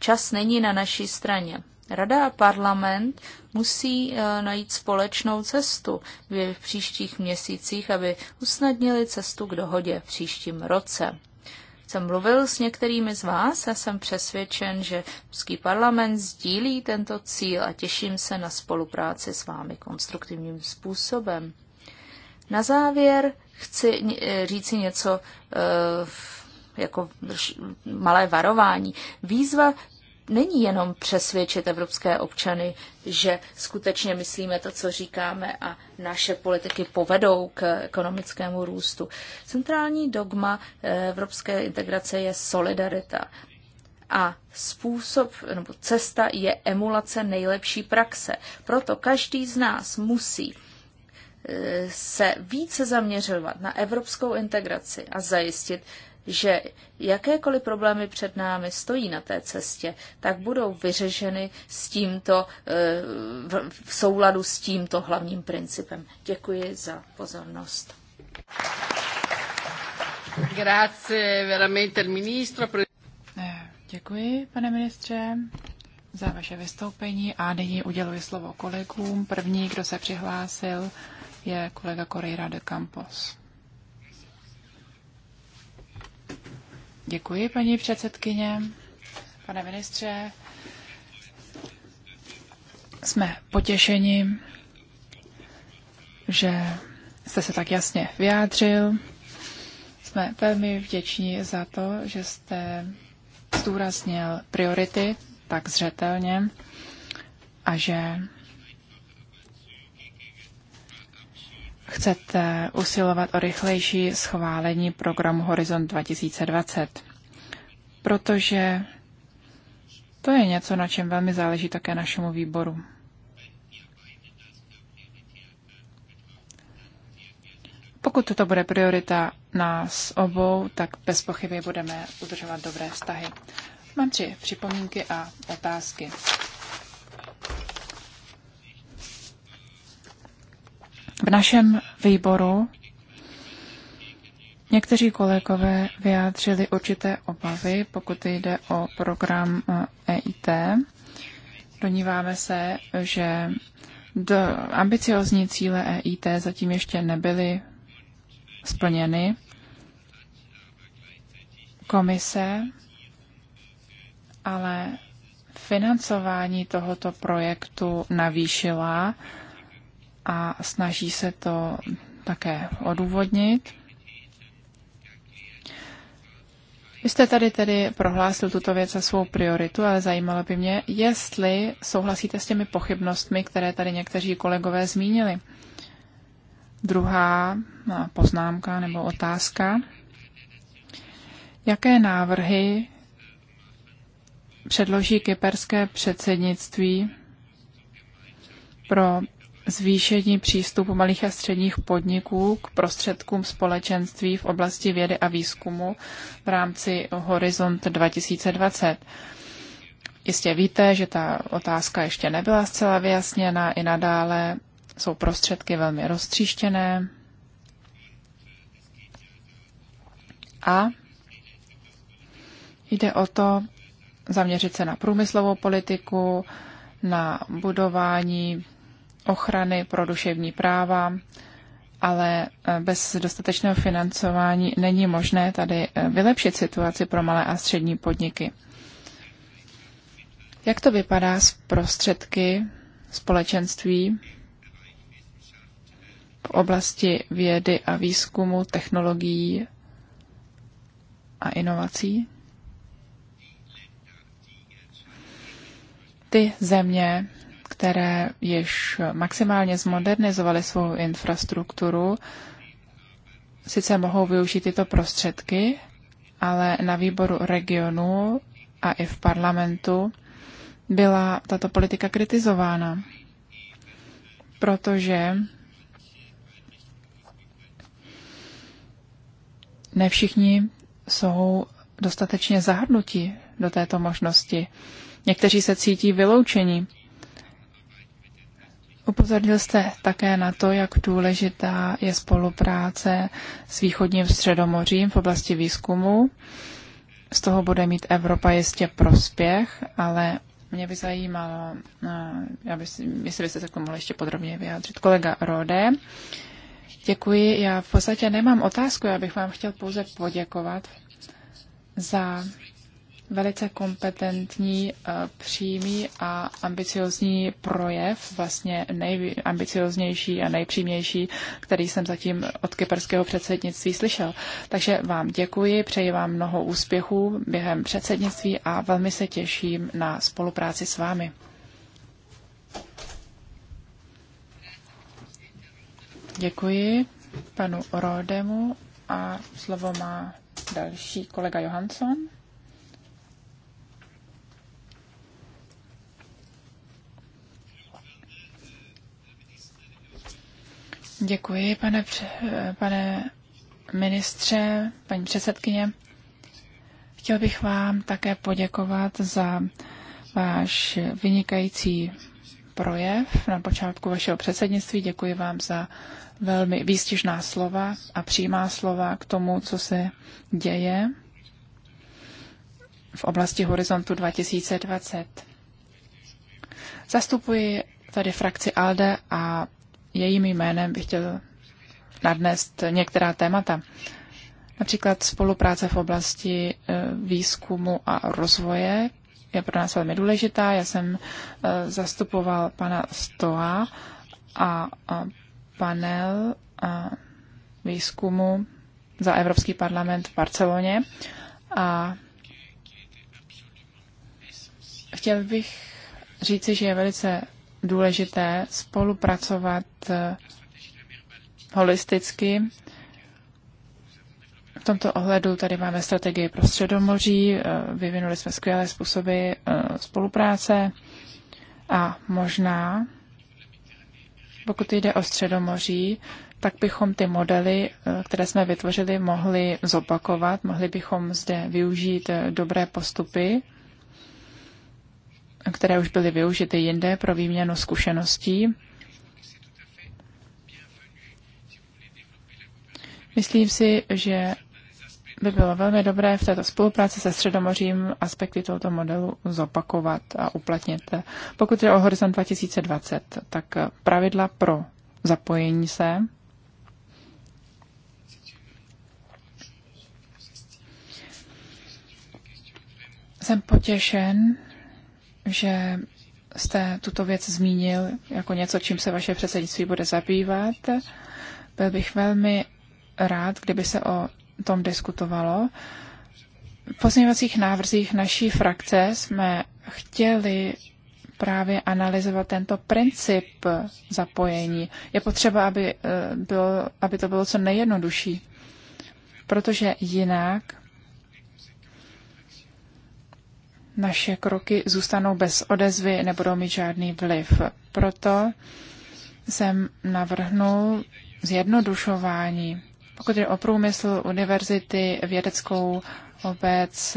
čas není na naší straně. Rada a parlament musí eh, najít společnou cestu v příštích měsících, aby usnadnili cestu k dohodě v příštím roce. Jsem mluvil s některými z vás a jsem přesvědčen, že Ruský parlament sdílí tento cíl a těším se na spolupráci s vámi konstruktivním způsobem. Na závěr chci eh, říci něco eh, jako malé varování. Výzva není jenom přesvědčit evropské občany, že skutečně myslíme to, co říkáme a naše politiky povedou k ekonomickému růstu. Centrální dogma eh, evropské integrace je solidarita. A způsob nebo cesta je emulace nejlepší praxe. Proto každý z nás musí eh, se více zaměřovat na evropskou integraci a zajistit, že jakékoliv problémy před námi stojí na té cestě, tak budou vyřešeny s tímto, eh, v souladu s tímto hlavním principem. Děkuji za pozornost. Grazie, veramente eh, Děkuji, pane ministře, za vaše vystoupení a nyní uděluji slovo kolegům. První, kdo se přihlásil, je kolega Correira de Campos. Děkuji, paní předsedkyně, pane ministře. Jsme potěšeni, že jste se tak jasně vyjádřil. Jsme velmi vděční za to, že jste zdůraznil priority tak zřetelně a že chcete usilovat o rychlejší schválení programu Horizont 2020, protože to je něco, na čem velmi záleží také našemu výboru. Pokud toto bude priorita nás obou, tak bez pochyby budeme udržovat dobré vztahy. Mám tři připomínky a otázky. V našem výboru Někteří kolegové vyjádřili určité obavy, pokud jde o program EIT. Eh, e Doníváme se, že do ambiciozní cíle EIT zatím ještě nebyly splněny. Komise ale financování tohoto projektu navýšila a snaží se to také odůvodnit. Vy jste tady tedy prohlásil tuto věc za svou prioritu, ale zajímalo by mě, jestli souhlasíte s těmi pochybnostmi, které tady někteří kolegové zmínili. Druhá no, poznámka nebo otázka. Jaké návrhy předloží kyperské předsednictví pro zvýšení přístupu malých a středních podniků k prostředkům společenství v oblasti vědy a výzkumu v rámci Horizont 2020. Jistě víte, že ta otázka ještě nebyla zcela vyjasněna, i nadále jsou prostředky velmi roztříštěné. A jde o to zaměřit se na průmyslovou politiku, na budování ochrany pro duševní práva, ale eh, bez dostatečného financování není možné tady eh, vylepšit situaci pro malé a střední podniky. Jak to vypadá s prostředky společenství v oblasti vědy a výzkumu, technologií a inovací? Ty země, které již maximálně zmodernizovaly svou infrastrukturu, sice mohou využít tyto prostředky, ale na výboru regionu a i v parlamentu byla tato politika kritizována, protože ne všichni jsou dostatečně zahrnuti do této možnosti. Někteří se cítí vyloučení Upozornil jste také na to, jak důležitá je spolupráce s východním středomořím v oblasti výzkumu. Z toho bude mít Evropa jistě prospěch, ale mě by zajímalo, eh, já by, jestli byste se k tomu mohli ještě podrobně vyjádřit. Kolega Rode, děkuji. Já v podstatě nemám otázku, já bych vám chtěl pouze poděkovat za velice kompetentní, eh, přímý a ambiciozní projev, vlastně nejambicioznější a nejpřímější, který jsem zatím od kyperského předsednictví slyšel. Takže vám děkuji, přeji vám mnoho úspěchů během předsednictví a velmi se těším na spolupráci s vámi. Děkuji panu Rodemu a slovo má další kolega Johansson. Děkuji, pane, pane ministře, paní předsedkyně. Chtěl bych vám také poděkovat za váš vynikající projev na počátku vašeho předsednictví. Děkuji vám za velmi výstižná slova a přímá slova k tomu, co se děje v oblasti Horizontu 2020. Zastupuji tady frakci ALDE a jejím jménem bych chtěl nadnést některá témata. Například spolupráce v oblasti e, výzkumu a rozvoje je pro nás velmi důležitá. Já jsem e, zastupoval pana Stoa a panel výzkumu za Evropský parlament v Barceloně a chtěl bych říci, že je velice důležité spolupracovat eh, holisticky. V tomto ohledu tady máme strategii pro středomoří, eh, vyvinuli jsme skvělé způsoby eh, spolupráce a možná, pokud jde o středomoří, tak bychom ty modely, které jsme vytvořili, mohli zopakovat, mohli bychom zde využít dobré postupy které už byly využity jinde pro výměnu zkušeností. Myslím si, že by bylo velmi dobré v této spolupráci se Středomořím aspekty tohoto modelu zopakovat a uplatnit. Pokud je o Horizont 2020, tak pravidla pro zapojení se jsem potěšen, že jste tuto věc zmínil jako něco, čím se vaše předsednictví bude zabývat. Byl bych velmi rád, kdyby se o tom diskutovalo. V pozměňovacích návrzích naší frakce jsme chtěli právě analyzovat tento princip zapojení. Je potřeba, aby, eh, bylo, aby to bylo co nejjednodušší, protože jinak naše kroky zůstanou bez odezvy, nebudou mít žádný vliv. Proto jsem navrhnul zjednodušování. Pokud je o průmysl, univerzity, vědeckou obec,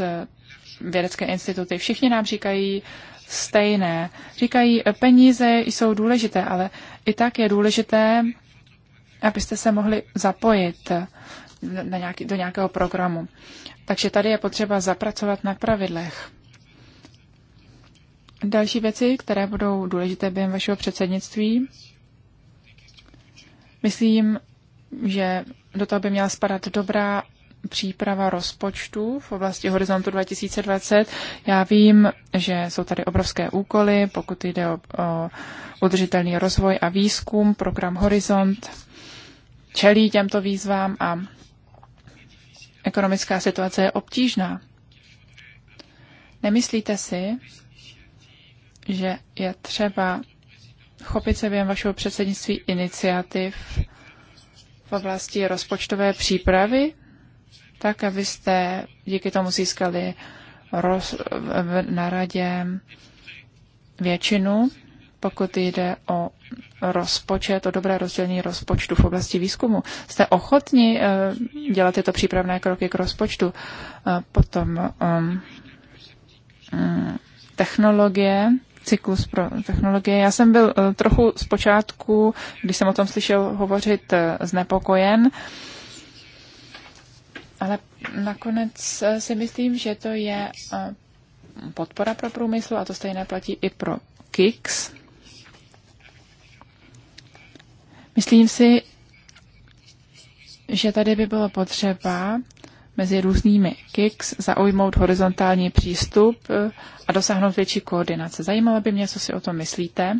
vědecké instituty, všichni nám říkají stejné. Říkají, peníze jsou důležité, ale i tak je důležité, abyste se mohli zapojit na nějaký, do nějakého programu. Takže tady je potřeba zapracovat na pravidlech. Další věci, které budou důležité během vašeho předsednictví. Myslím, že do toho by měla spadat dobrá příprava rozpočtu v oblasti Horizontu 2020. Já vím, že jsou tady obrovské úkoly, pokud jde o, o udržitelný rozvoj a výzkum, program Horizont čelí těmto výzvám a ekonomická situace je obtížná. Nemyslíte si, že je třeba chopit se během vašeho předsednictví iniciativ v oblasti rozpočtové přípravy, tak abyste díky tomu získali roz, na radě většinu, pokud jde o rozpočet, o dobré rozdělení rozpočtu v oblasti výzkumu. Jste ochotni eh, dělat tyto přípravné kroky k rozpočtu? Eh, potom um, technologie, cyklus pro technologie. Já jsem byl eh, trochu zpočátku, když jsem o tom slyšel hovořit, eh, znepokojen, ale nakonec eh, si myslím, že to je podpora pro průmysl a to stejné platí i pro KIX. Myslím si, že tady by bylo potřeba mezi různými KICS zaujmout horizontální přístup eh, a dosáhnout větší koordinace. Zajímalo by mě, co si o tom myslíte.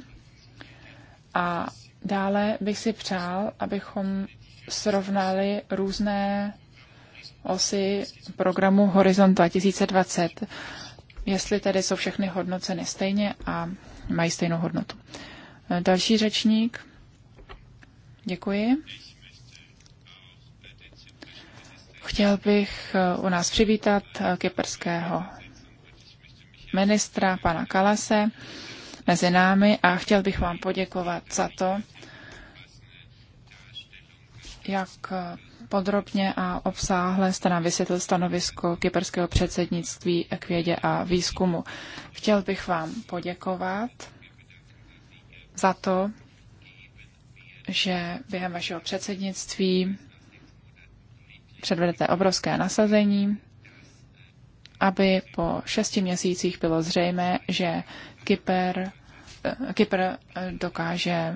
A dále bych si přál, abychom srovnali různé osy programu Horizon 2020, jestli tedy jsou všechny hodnoceny stejně a mají stejnou hodnotu. Eh, další řečník. Děkuji. Chtěl bych eh, u nás přivítat eh, kyperského ministra, pana Kalase, mezi námi a chtěl bych vám poděkovat za to, jak eh, podrobně a obsáhle jste nám vysvětlil stanovisko kyperského předsednictví k vědě a výzkumu. Chtěl bych vám poděkovat za to, že během vašeho předsednictví předvedete obrovské nasazení, aby po šesti měsících bylo zřejmé, že Kyper, eh, Kypr eh, dokáže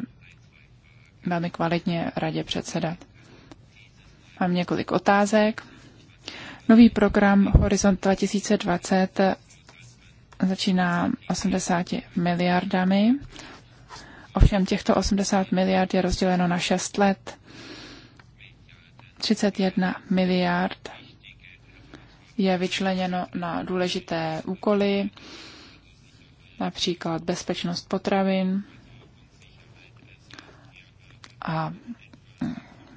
velmi kvalitně radě předsedat. Mám několik otázek. Nový program Horizont 2020 začíná 80 miliardami. Ovšem těchto 80 miliard je rozděleno na 6 let. 31 miliard je vyčleněno na důležité úkoly, například bezpečnost potravin a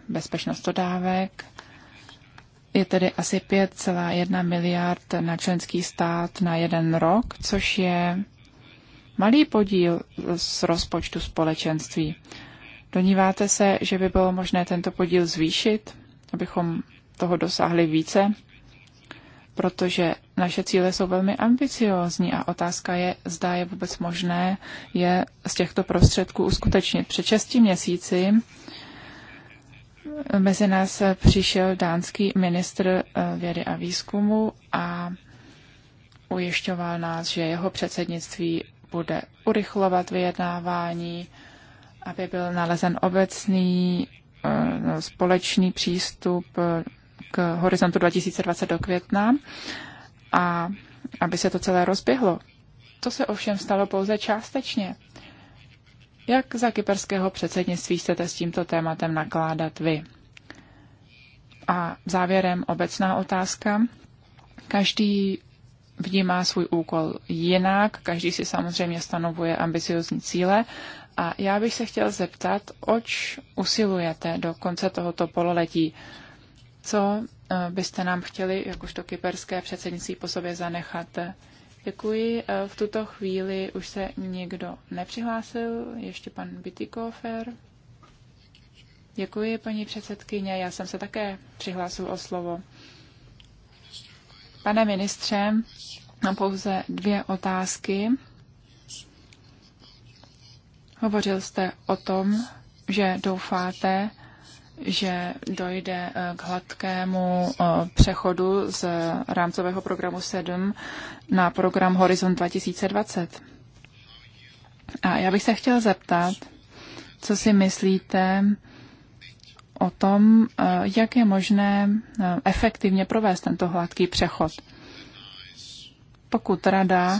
bezpečnost dodávek. Je tedy asi 5,1 miliard na členský stát na jeden rok, což je malý podíl z rozpočtu společenství. Doníváte se, že by bylo možné tento podíl zvýšit? abychom toho dosáhli více, protože naše cíle jsou velmi ambiciózní a otázka je, zda je vůbec možné je z těchto prostředků uskutečnit. Před 6 měsíci mezi nás přišel dánský ministr eh, vědy a výzkumu a ujišťoval nás, že jeho předsednictví bude urychlovat vyjednávání, aby byl nalezen obecný Eh, společný přístup eh, k horizontu 2020 do května a aby se to celé rozběhlo. To se ovšem stalo pouze částečně. Jak za kyperského předsednictví chcete s tímto tématem nakládat vy? A závěrem obecná otázka. Každý vnímá svůj úkol jinak, každý si samozřejmě stanovuje ambiciozní cíle a já bych se chtěl zeptat, oč usilujete do konce tohoto pololetí? Co eh, byste nám chtěli, jakožto kyperské předsednictví, po sobě zanechat? Děkuji. Eh, v tuto chvíli už se někdo nepřihlásil, ještě pan Bitykofer. Děkuji, paní předsedkyně. Já jsem se také přihlásil o slovo. Pane ministře, mám pouze dvě otázky. Hovořil jste o tom, že doufáte, že dojde eh, k hladkému eh, přechodu z rámcového programu 7 na program Horizon 2020. A já bych se chtěl zeptat, co si myslíte o tom, eh, jak je možné efektivně provést tento hladký přechod. Pokud rada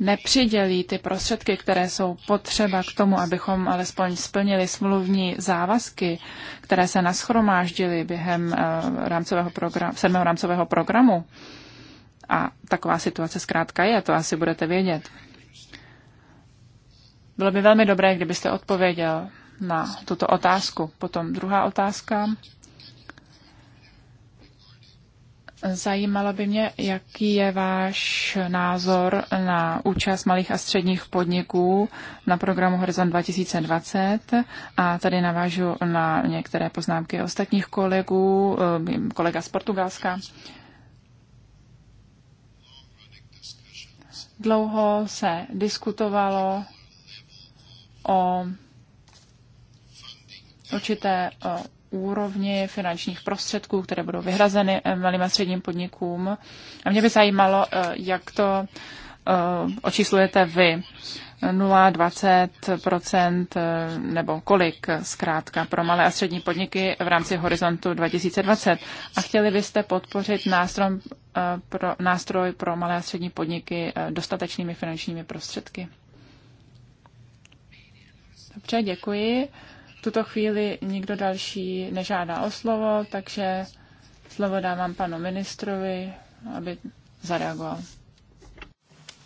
nepřidělí ty prostředky, které jsou potřeba k tomu, abychom alespoň splnili smluvní závazky, které se naschromáždily během eh, rámcového program, sedmého rámcového programu, a taková situace zkrátka je, to asi budete vědět. Bylo by velmi dobré, kdybyste odpověděl na tuto otázku. Potom druhá otázka. Zajímalo by mě, jaký je váš názor na účast malých a středních podniků na programu Horizon 2020 a tady navážu na některé poznámky ostatních kolegů, eh, kolega z Portugalska. Dlouho se diskutovalo o určité o úrovni finančních prostředků, které budou vyhrazeny eh, malým a středním podnikům. A mě by zajímalo, eh, jak to eh, očíslujete vy. 0,20% nebo kolik zkrátka pro malé a střední podniky v rámci horizontu 2020. A chtěli byste podpořit nástroj pro, nástroj pro malé a střední podniky dostatečnými finančními prostředky. Dobře, děkuji tuto chvíli nikdo další nežádá o slovo, takže slovo dávám panu ministrovi, aby zareagoval.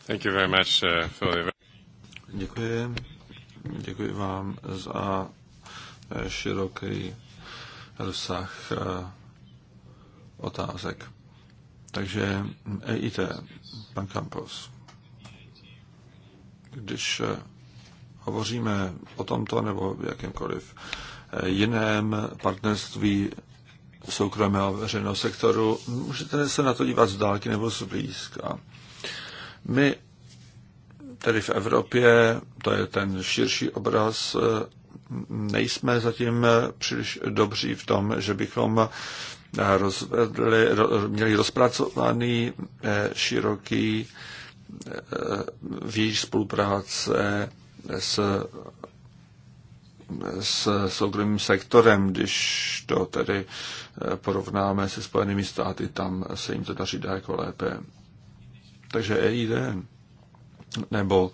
Thank you very much, uh, for... Děkuji. Děkuji vám za eh, široký rozsah eh, otázek. Takže EIT, pan Campos, když eh, hovoříme o tomto nebo jakémkoliv eh, jiném partnerství soukromého veřejného sektoru, můžete se na to dívat z dálky nebo z blízka. My tedy v Evropě, to je ten širší obraz, eh, nejsme zatím eh, příliš dobří v tom, že bychom rozvedli, měli rozpracovaný široký výš spolupráce s, s soukromým sektorem, když to tedy eh, porovnáme se Spojenými státy, tam se jim to daří daleko lépe. Takže EID nebo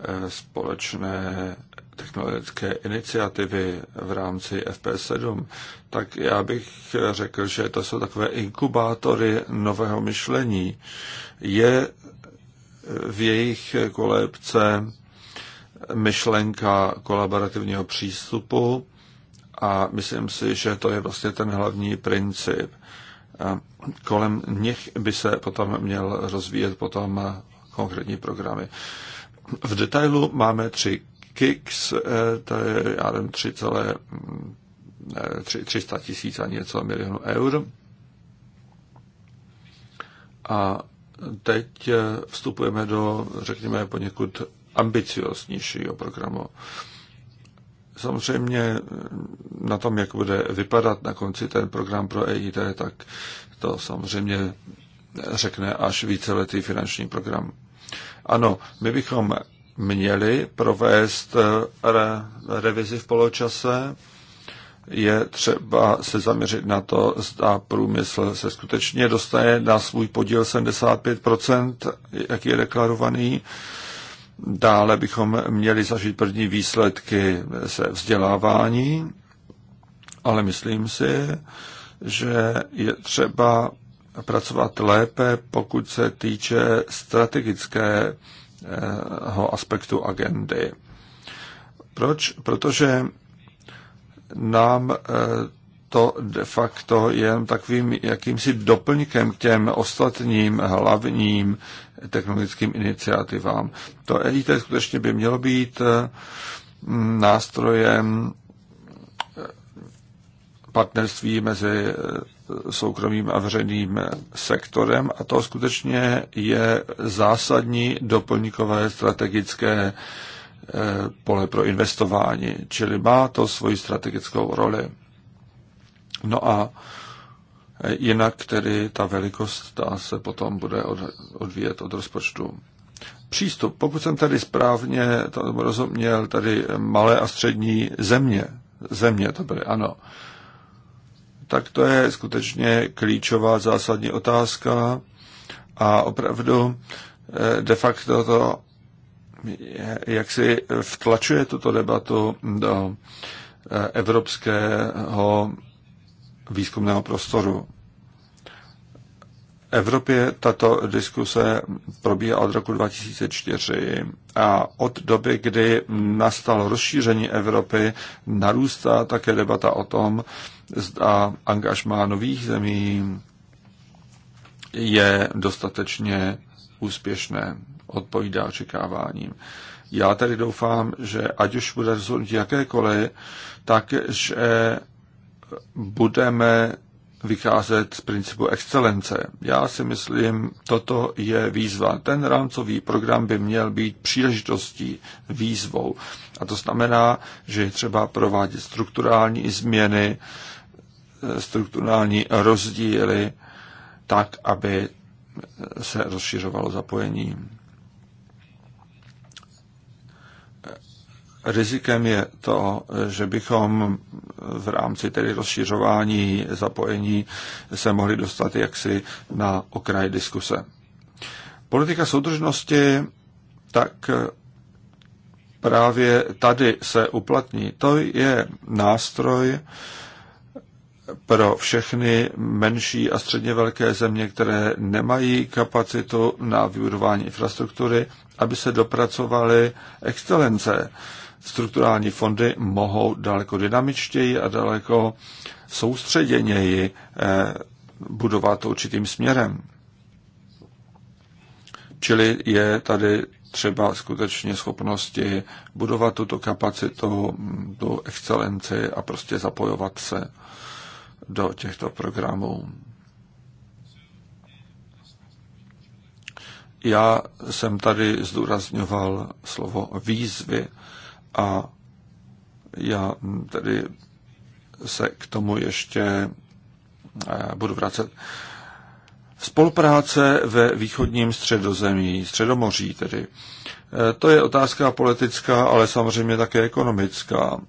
eh, společné technologické iniciativy v rámci FP7, tak já bych řekl, že to jsou takové inkubátory nového myšlení. Je v jejich kolébce myšlenka kolaborativního přístupu a myslím si, že to je vlastně ten hlavní princip. Kolem nich by se potom měl rozvíjet potom konkrétní programy. V detailu máme tři kicks, eh, to je já nevím, 3, 300 eh, tisíc a něco milionů eur. A teď eh, vstupujeme do, řekněme, poněkud ambicioznějšího programu. Samozřejmě na tom, jak bude vypadat na konci ten program pro EIT, tak to samozřejmě řekne až víceletý finanční program. Ano, my bychom měli provést re, revizi v poločase. Je třeba se zaměřit na to, zda průmysl se skutečně dostane na svůj podíl 75%, jak je deklarovaný, Dále bychom měli zažít první výsledky se vzdělávání, ale myslím si, že je třeba pracovat lépe, pokud se týče strategického aspektu agendy. Proč? Protože nám eh, to de facto jen takovým jakýmsi doplňkem k těm ostatním hlavním technologickým iniciativám. To EIT skutečně by mělo být eh, nástrojem eh, partnerství mezi eh, soukromým a veřejným sektorem a to skutečně je zásadní doplňkové strategické pole pro investování, čili má to svoji strategickou roli. No a e, jinak tedy ta velikost ta se potom bude odvíjet od rozpočtu. Přístup, pokud jsem tady správně to rozuměl, tady malé a střední země, země to byly, ano, tak to je skutečně klíčová zásadní otázka a opravdu e, de facto to jak si vtlačuje tuto debatu do e, evropského výzkumného prostoru. V Evropě tato diskuse probíhá od roku 2004 a od doby, kdy nastalo rozšíření Evropy, narůstá také debata o tom, zda angažmá nových zemí je dostatečně úspěšné, odpovídá očekáváním. Já tedy doufám, že ať už bude rozhodnutí jakékoliv, tak, že budeme vycházet z principu excelence. Já si myslím, toto je výzva. Ten rámcový program by měl být příležitostí, výzvou. A to znamená, že je třeba provádět strukturální změny, strukturální rozdíly, tak, aby se rozšiřovalo zapojení. Rizikem je to, že bychom v rámci tedy rozšiřování zapojení se mohli dostat jaksi na okraj diskuse. Politika soudržnosti tak právě tady se uplatní. To je nástroj pro všechny menší a středně velké země, které nemají kapacitu na vybudování infrastruktury, aby se dopracovaly excelence strukturální fondy mohou daleko dynamičtěji a daleko soustředěněji eh, budovat určitým směrem. Čili je tady třeba skutečně schopnosti budovat tuto kapacitu, tu excelenci a prostě zapojovat se do těchto programů. Já jsem tady zdůrazňoval slovo výzvy. A já tedy se k tomu ještě eh, budu vracet. Spolupráce ve východním středozemí, středomoří tedy. Eh, to je otázka politická, ale samozřejmě také ekonomická.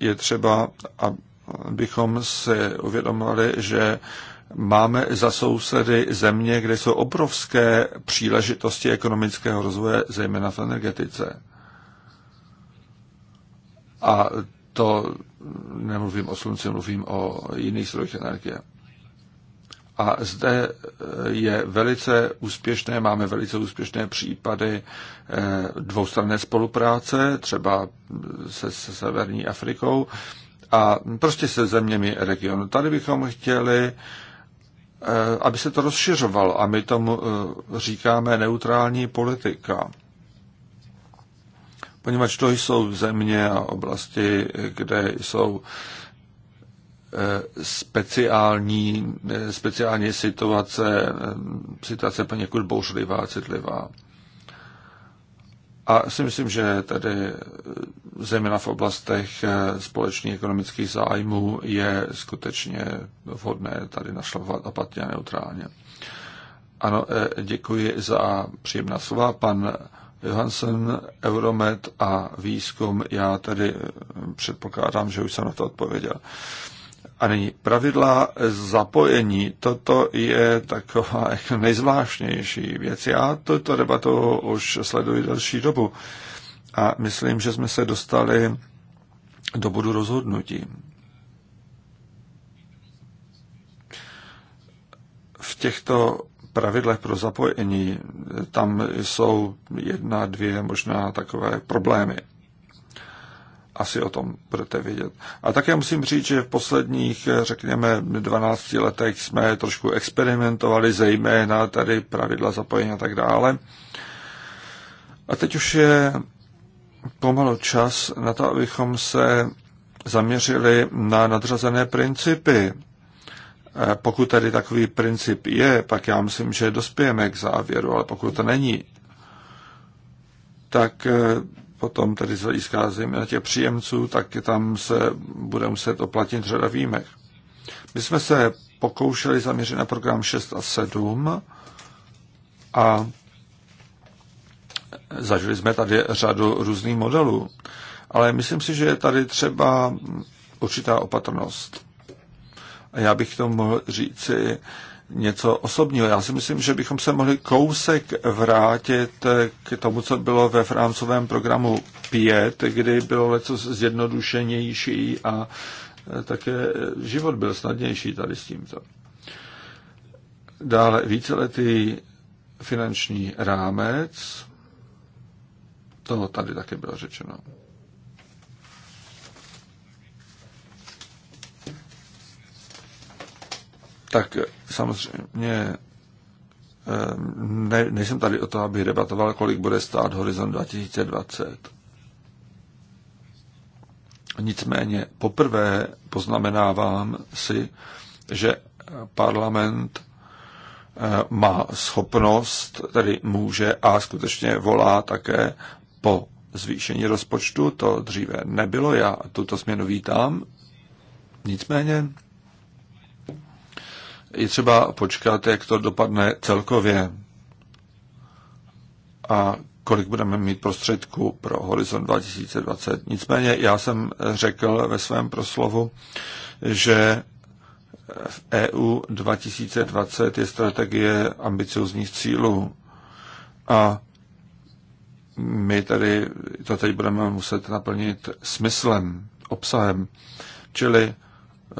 Je třeba, abychom se uvědomili, že máme za sousedy země, kde jsou obrovské příležitosti ekonomického rozvoje, zejména v energetice. A to nemluvím o slunci, mluvím o jiných zdrojích energie. A zde eh, je velice úspěšné, máme velice úspěšné případy eh, dvoustranné spolupráce, třeba se, se Severní Afrikou a prostě se zeměmi regionu. Tady bychom chtěli, eh, aby se to rozšiřovalo a my tomu říkáme neutrální politika poněvadž to jsou země a oblasti, kde jsou eh, speciální, eh, speciální situace, eh, situace poněkud bouřlivá, citlivá. A si myslím, že tedy zejména v oblastech společných ekonomických zájmů je skutečně vhodné tady našlovat opatně a neutrálně. Ano, děkuji za příjemná slova. Pan Johansen, Euromed a výzkum. Já tedy eh, předpokládám, že už jsem na to odpověděl. A nyní pravidla zapojení. Toto je taková jako nejzvláštnější věc. Já tuto debatu už sleduji delší dobu a myslím, že jsme se dostali do bodu rozhodnutí. V těchto pravidlech pro zapojení, tam jsou jedna, dvě možná takové problémy. Asi o tom budete vědět. A také musím říct, že v posledních, řekněme, 12 letech jsme trošku experimentovali, zejména tady pravidla zapojení a tak dále. A teď už je pomalu čas na to, abychom se zaměřili na nadřazené principy Eh, pokud tady takový princip je, pak já myslím, že dospějeme k závěru, ale pokud to není, tak eh, potom tedy z hlediska na těch příjemců, tak tam se bude muset oplatit řada výjimek. My jsme se pokoušeli zaměřit na program 6 a 7 a zažili jsme tady řadu různých modelů. Ale myslím si, že je tady třeba určitá opatrnost. A já bych to mohl říci něco osobního. Já si myslím, že bychom se mohli kousek vrátit k tomu, co bylo ve francovém programu 5, kdy bylo něco zjednodušenější a také život byl snadnější tady s tímto. Dále víceletý finanční rámec, to tady také bylo řečeno. tak eh, samozřejmě eh, ne, nejsem tady o to, abych debatoval, kolik bude stát Horizon 2020. Nicméně poprvé poznamenávám si, že parlament eh, má schopnost, tedy může a skutečně volá také po zvýšení rozpočtu. To dříve nebylo, já tuto změnu vítám. Nicméně je třeba počkat, jak to dopadne celkově a kolik budeme mít prostředků pro Horizon 2020. Nicméně já jsem řekl ve svém proslovu, že v EU 2020 je strategie ambiciozních cílů a my tady to teď budeme muset naplnit smyslem, obsahem. Čili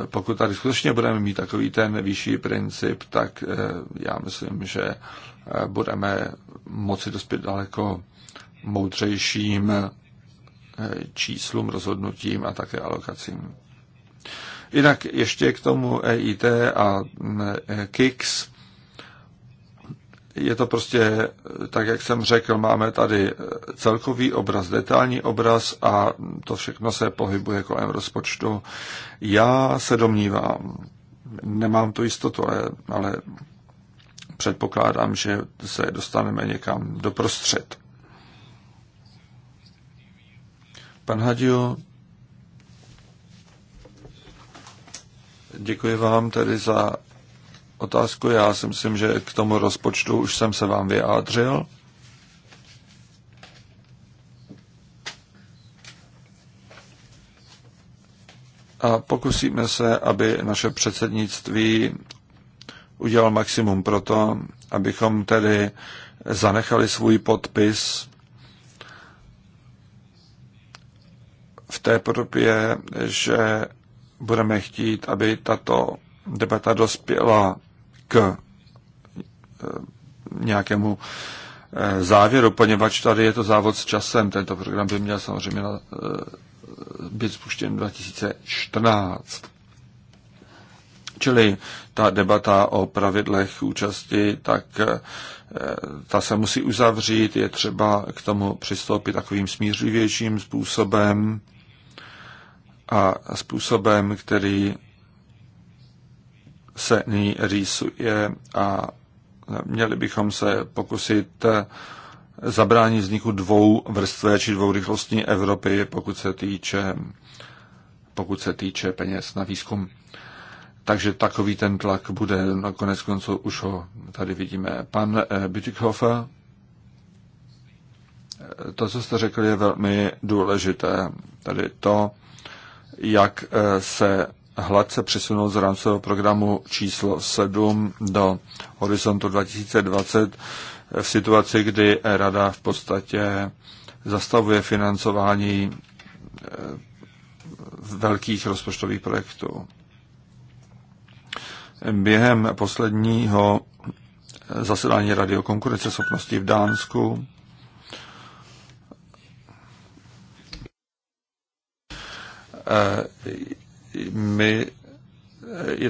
pokud tady skutečně budeme mít takový ten vyšší princip, tak eh, já myslím, že eh, budeme moci dospět daleko moudřejším eh, číslům, rozhodnutím a také alokacím. Jinak ještě k tomu EIT a mm, KIX je to prostě, tak jak jsem řekl, máme tady celkový obraz, detailní obraz a to všechno se pohybuje kolem rozpočtu. Já se domnívám, nemám tu jistotu, ale, ale předpokládám, že se dostaneme někam do prostřed. Pan Hadio, děkuji vám tedy za otázku. Já si myslím, že k tomu rozpočtu už jsem se vám vyjádřil. A pokusíme se, aby naše předsednictví udělal maximum pro to, abychom tedy zanechali svůj podpis v té podobě, že budeme chtít, aby tato debata dospěla k eh, nějakému eh, závěru, poněvadž tady je to závod s časem. Tento program by měl samozřejmě eh, být spuštěn 2014. Čili ta debata o pravidlech účasti, tak ta se musí uzavřít, je třeba k tomu přistoupit takovým smířivějším způsobem a způsobem, který se nyní rýsuje a měli bychom se pokusit zabránit vzniku dvou vrstvé či dvou rychlostní Evropy, pokud se týče, pokud se týče peněz na výzkum. Takže takový ten tlak bude, na no, konec konců už ho tady vidíme. Pan eh, Bütikofer, to, co jste řekl, je velmi důležité. Tady to, jak eh, se hladce přesunul z rámcového programu číslo 7 do horizontu 2020 v situaci, kdy Rada v podstatě zastavuje financování eh, velkých rozpočtových projektů. Během posledního zasedání Rady o konkurenceschopnosti v Dánsku eh, my,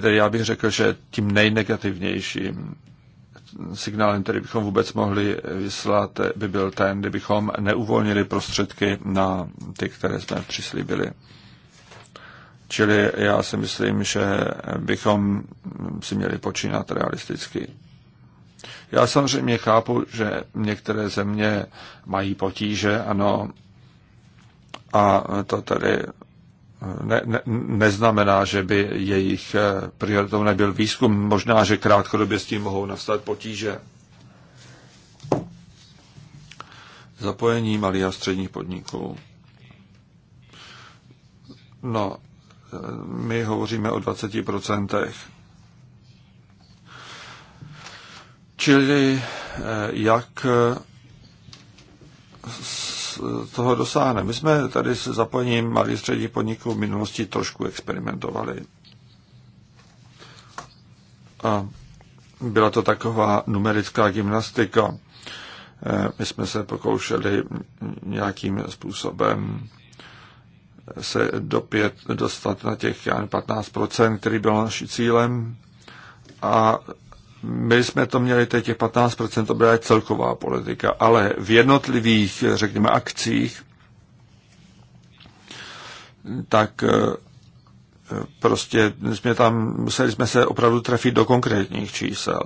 já bych řekl, že tím nejnegativnějším signálem, který bychom vůbec mohli vyslat, by byl ten, kdybychom neuvolnili prostředky na ty, které jsme přislíbili. Čili já si myslím, že bychom si měli počínat realisticky. Já samozřejmě chápu, že některé země mají potíže, ano, a to tady ne, ne, neznamená, že by jejich eh, prioritou nebyl výzkum. Možná, že krátkodobě s tím mohou nastat potíže. Zapojení malých a středních podniků. No, eh, my hovoříme o 20%. Čili eh, jak s toho dosáhne. My jsme tady s zapojením malých středních podniků v minulosti trošku experimentovali. A byla to taková numerická gymnastika. Eh, my jsme se pokoušeli nějakým způsobem se dopět, dostat na těch 15%, který byl naším cílem a my jsme to měli teď těch 15%, to byla celková politika, ale v jednotlivých, řekněme, akcích, tak eh, prostě jsme tam, museli jsme se opravdu trefit do konkrétních čísel.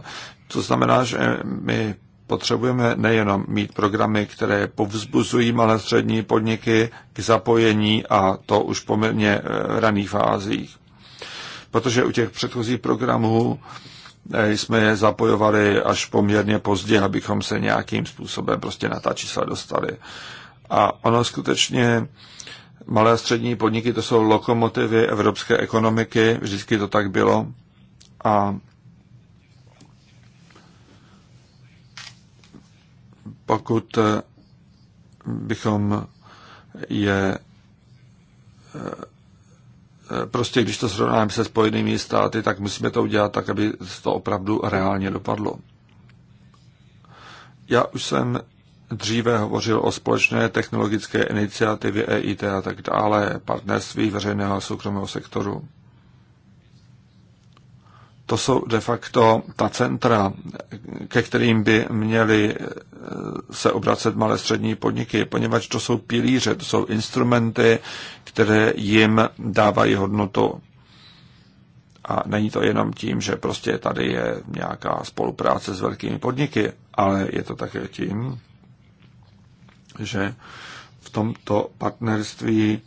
To znamená, že my potřebujeme nejenom mít programy, které povzbuzují malé střední podniky k zapojení a to už poměrně eh, raných fázích. Protože u těch předchozích programů Eh, jsme je zapojovali až poměrně pozdě, abychom se nějakým způsobem prostě na ta čísla dostali. A ono skutečně malé a střední podniky, to jsou lokomotivy evropské ekonomiky, vždycky to tak bylo. A pokud eh, bychom je eh, prostě když to srovnáme se Spojenými státy, tak musíme to udělat tak, aby to opravdu reálně dopadlo. Já už jsem dříve hovořil o společné technologické iniciativě EIT a tak dále, partnerství veřejného a soukromého sektoru. To jsou de facto ta centra, ke kterým by měly eh, se obracet malé střední podniky, poněvadž to jsou pilíře, to jsou instrumenty, které jim dávají hodnotu. A není to jenom tím, že prostě tady je nějaká spolupráce s velkými podniky, ale je to také tím, že v tomto partnerství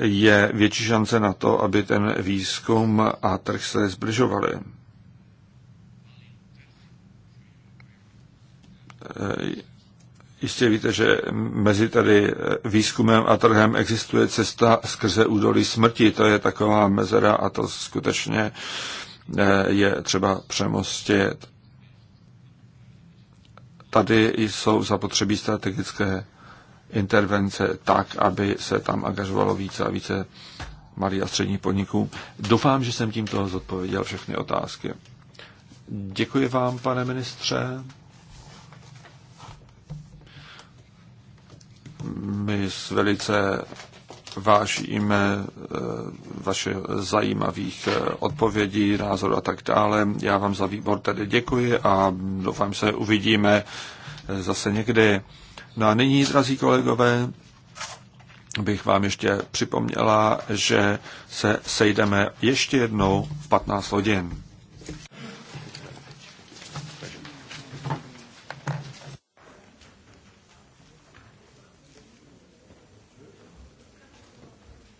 je větší šance na to, aby ten výzkum a trh se zbližovaly. Jistě víte, že mezi tady výzkumem a trhem existuje cesta skrze údolí smrti. To je taková mezera a to skutečně eh, je třeba přemostit. Tady jsou zapotřebí strategické intervence tak, aby se tam angažovalo více a více malých a středních podniků. Doufám, že jsem tímto zodpověděl všechny otázky. Děkuji vám, pane ministře. my velice vážíme e, vaše zajímavých e, odpovědí, názorů a tak dále. Já vám za výbor tedy děkuji a doufám, se uvidíme e, zase někdy. No a nyní, drazí kolegové, bych vám ještě připomněla, že se sejdeme ještě jednou v 15 hodin.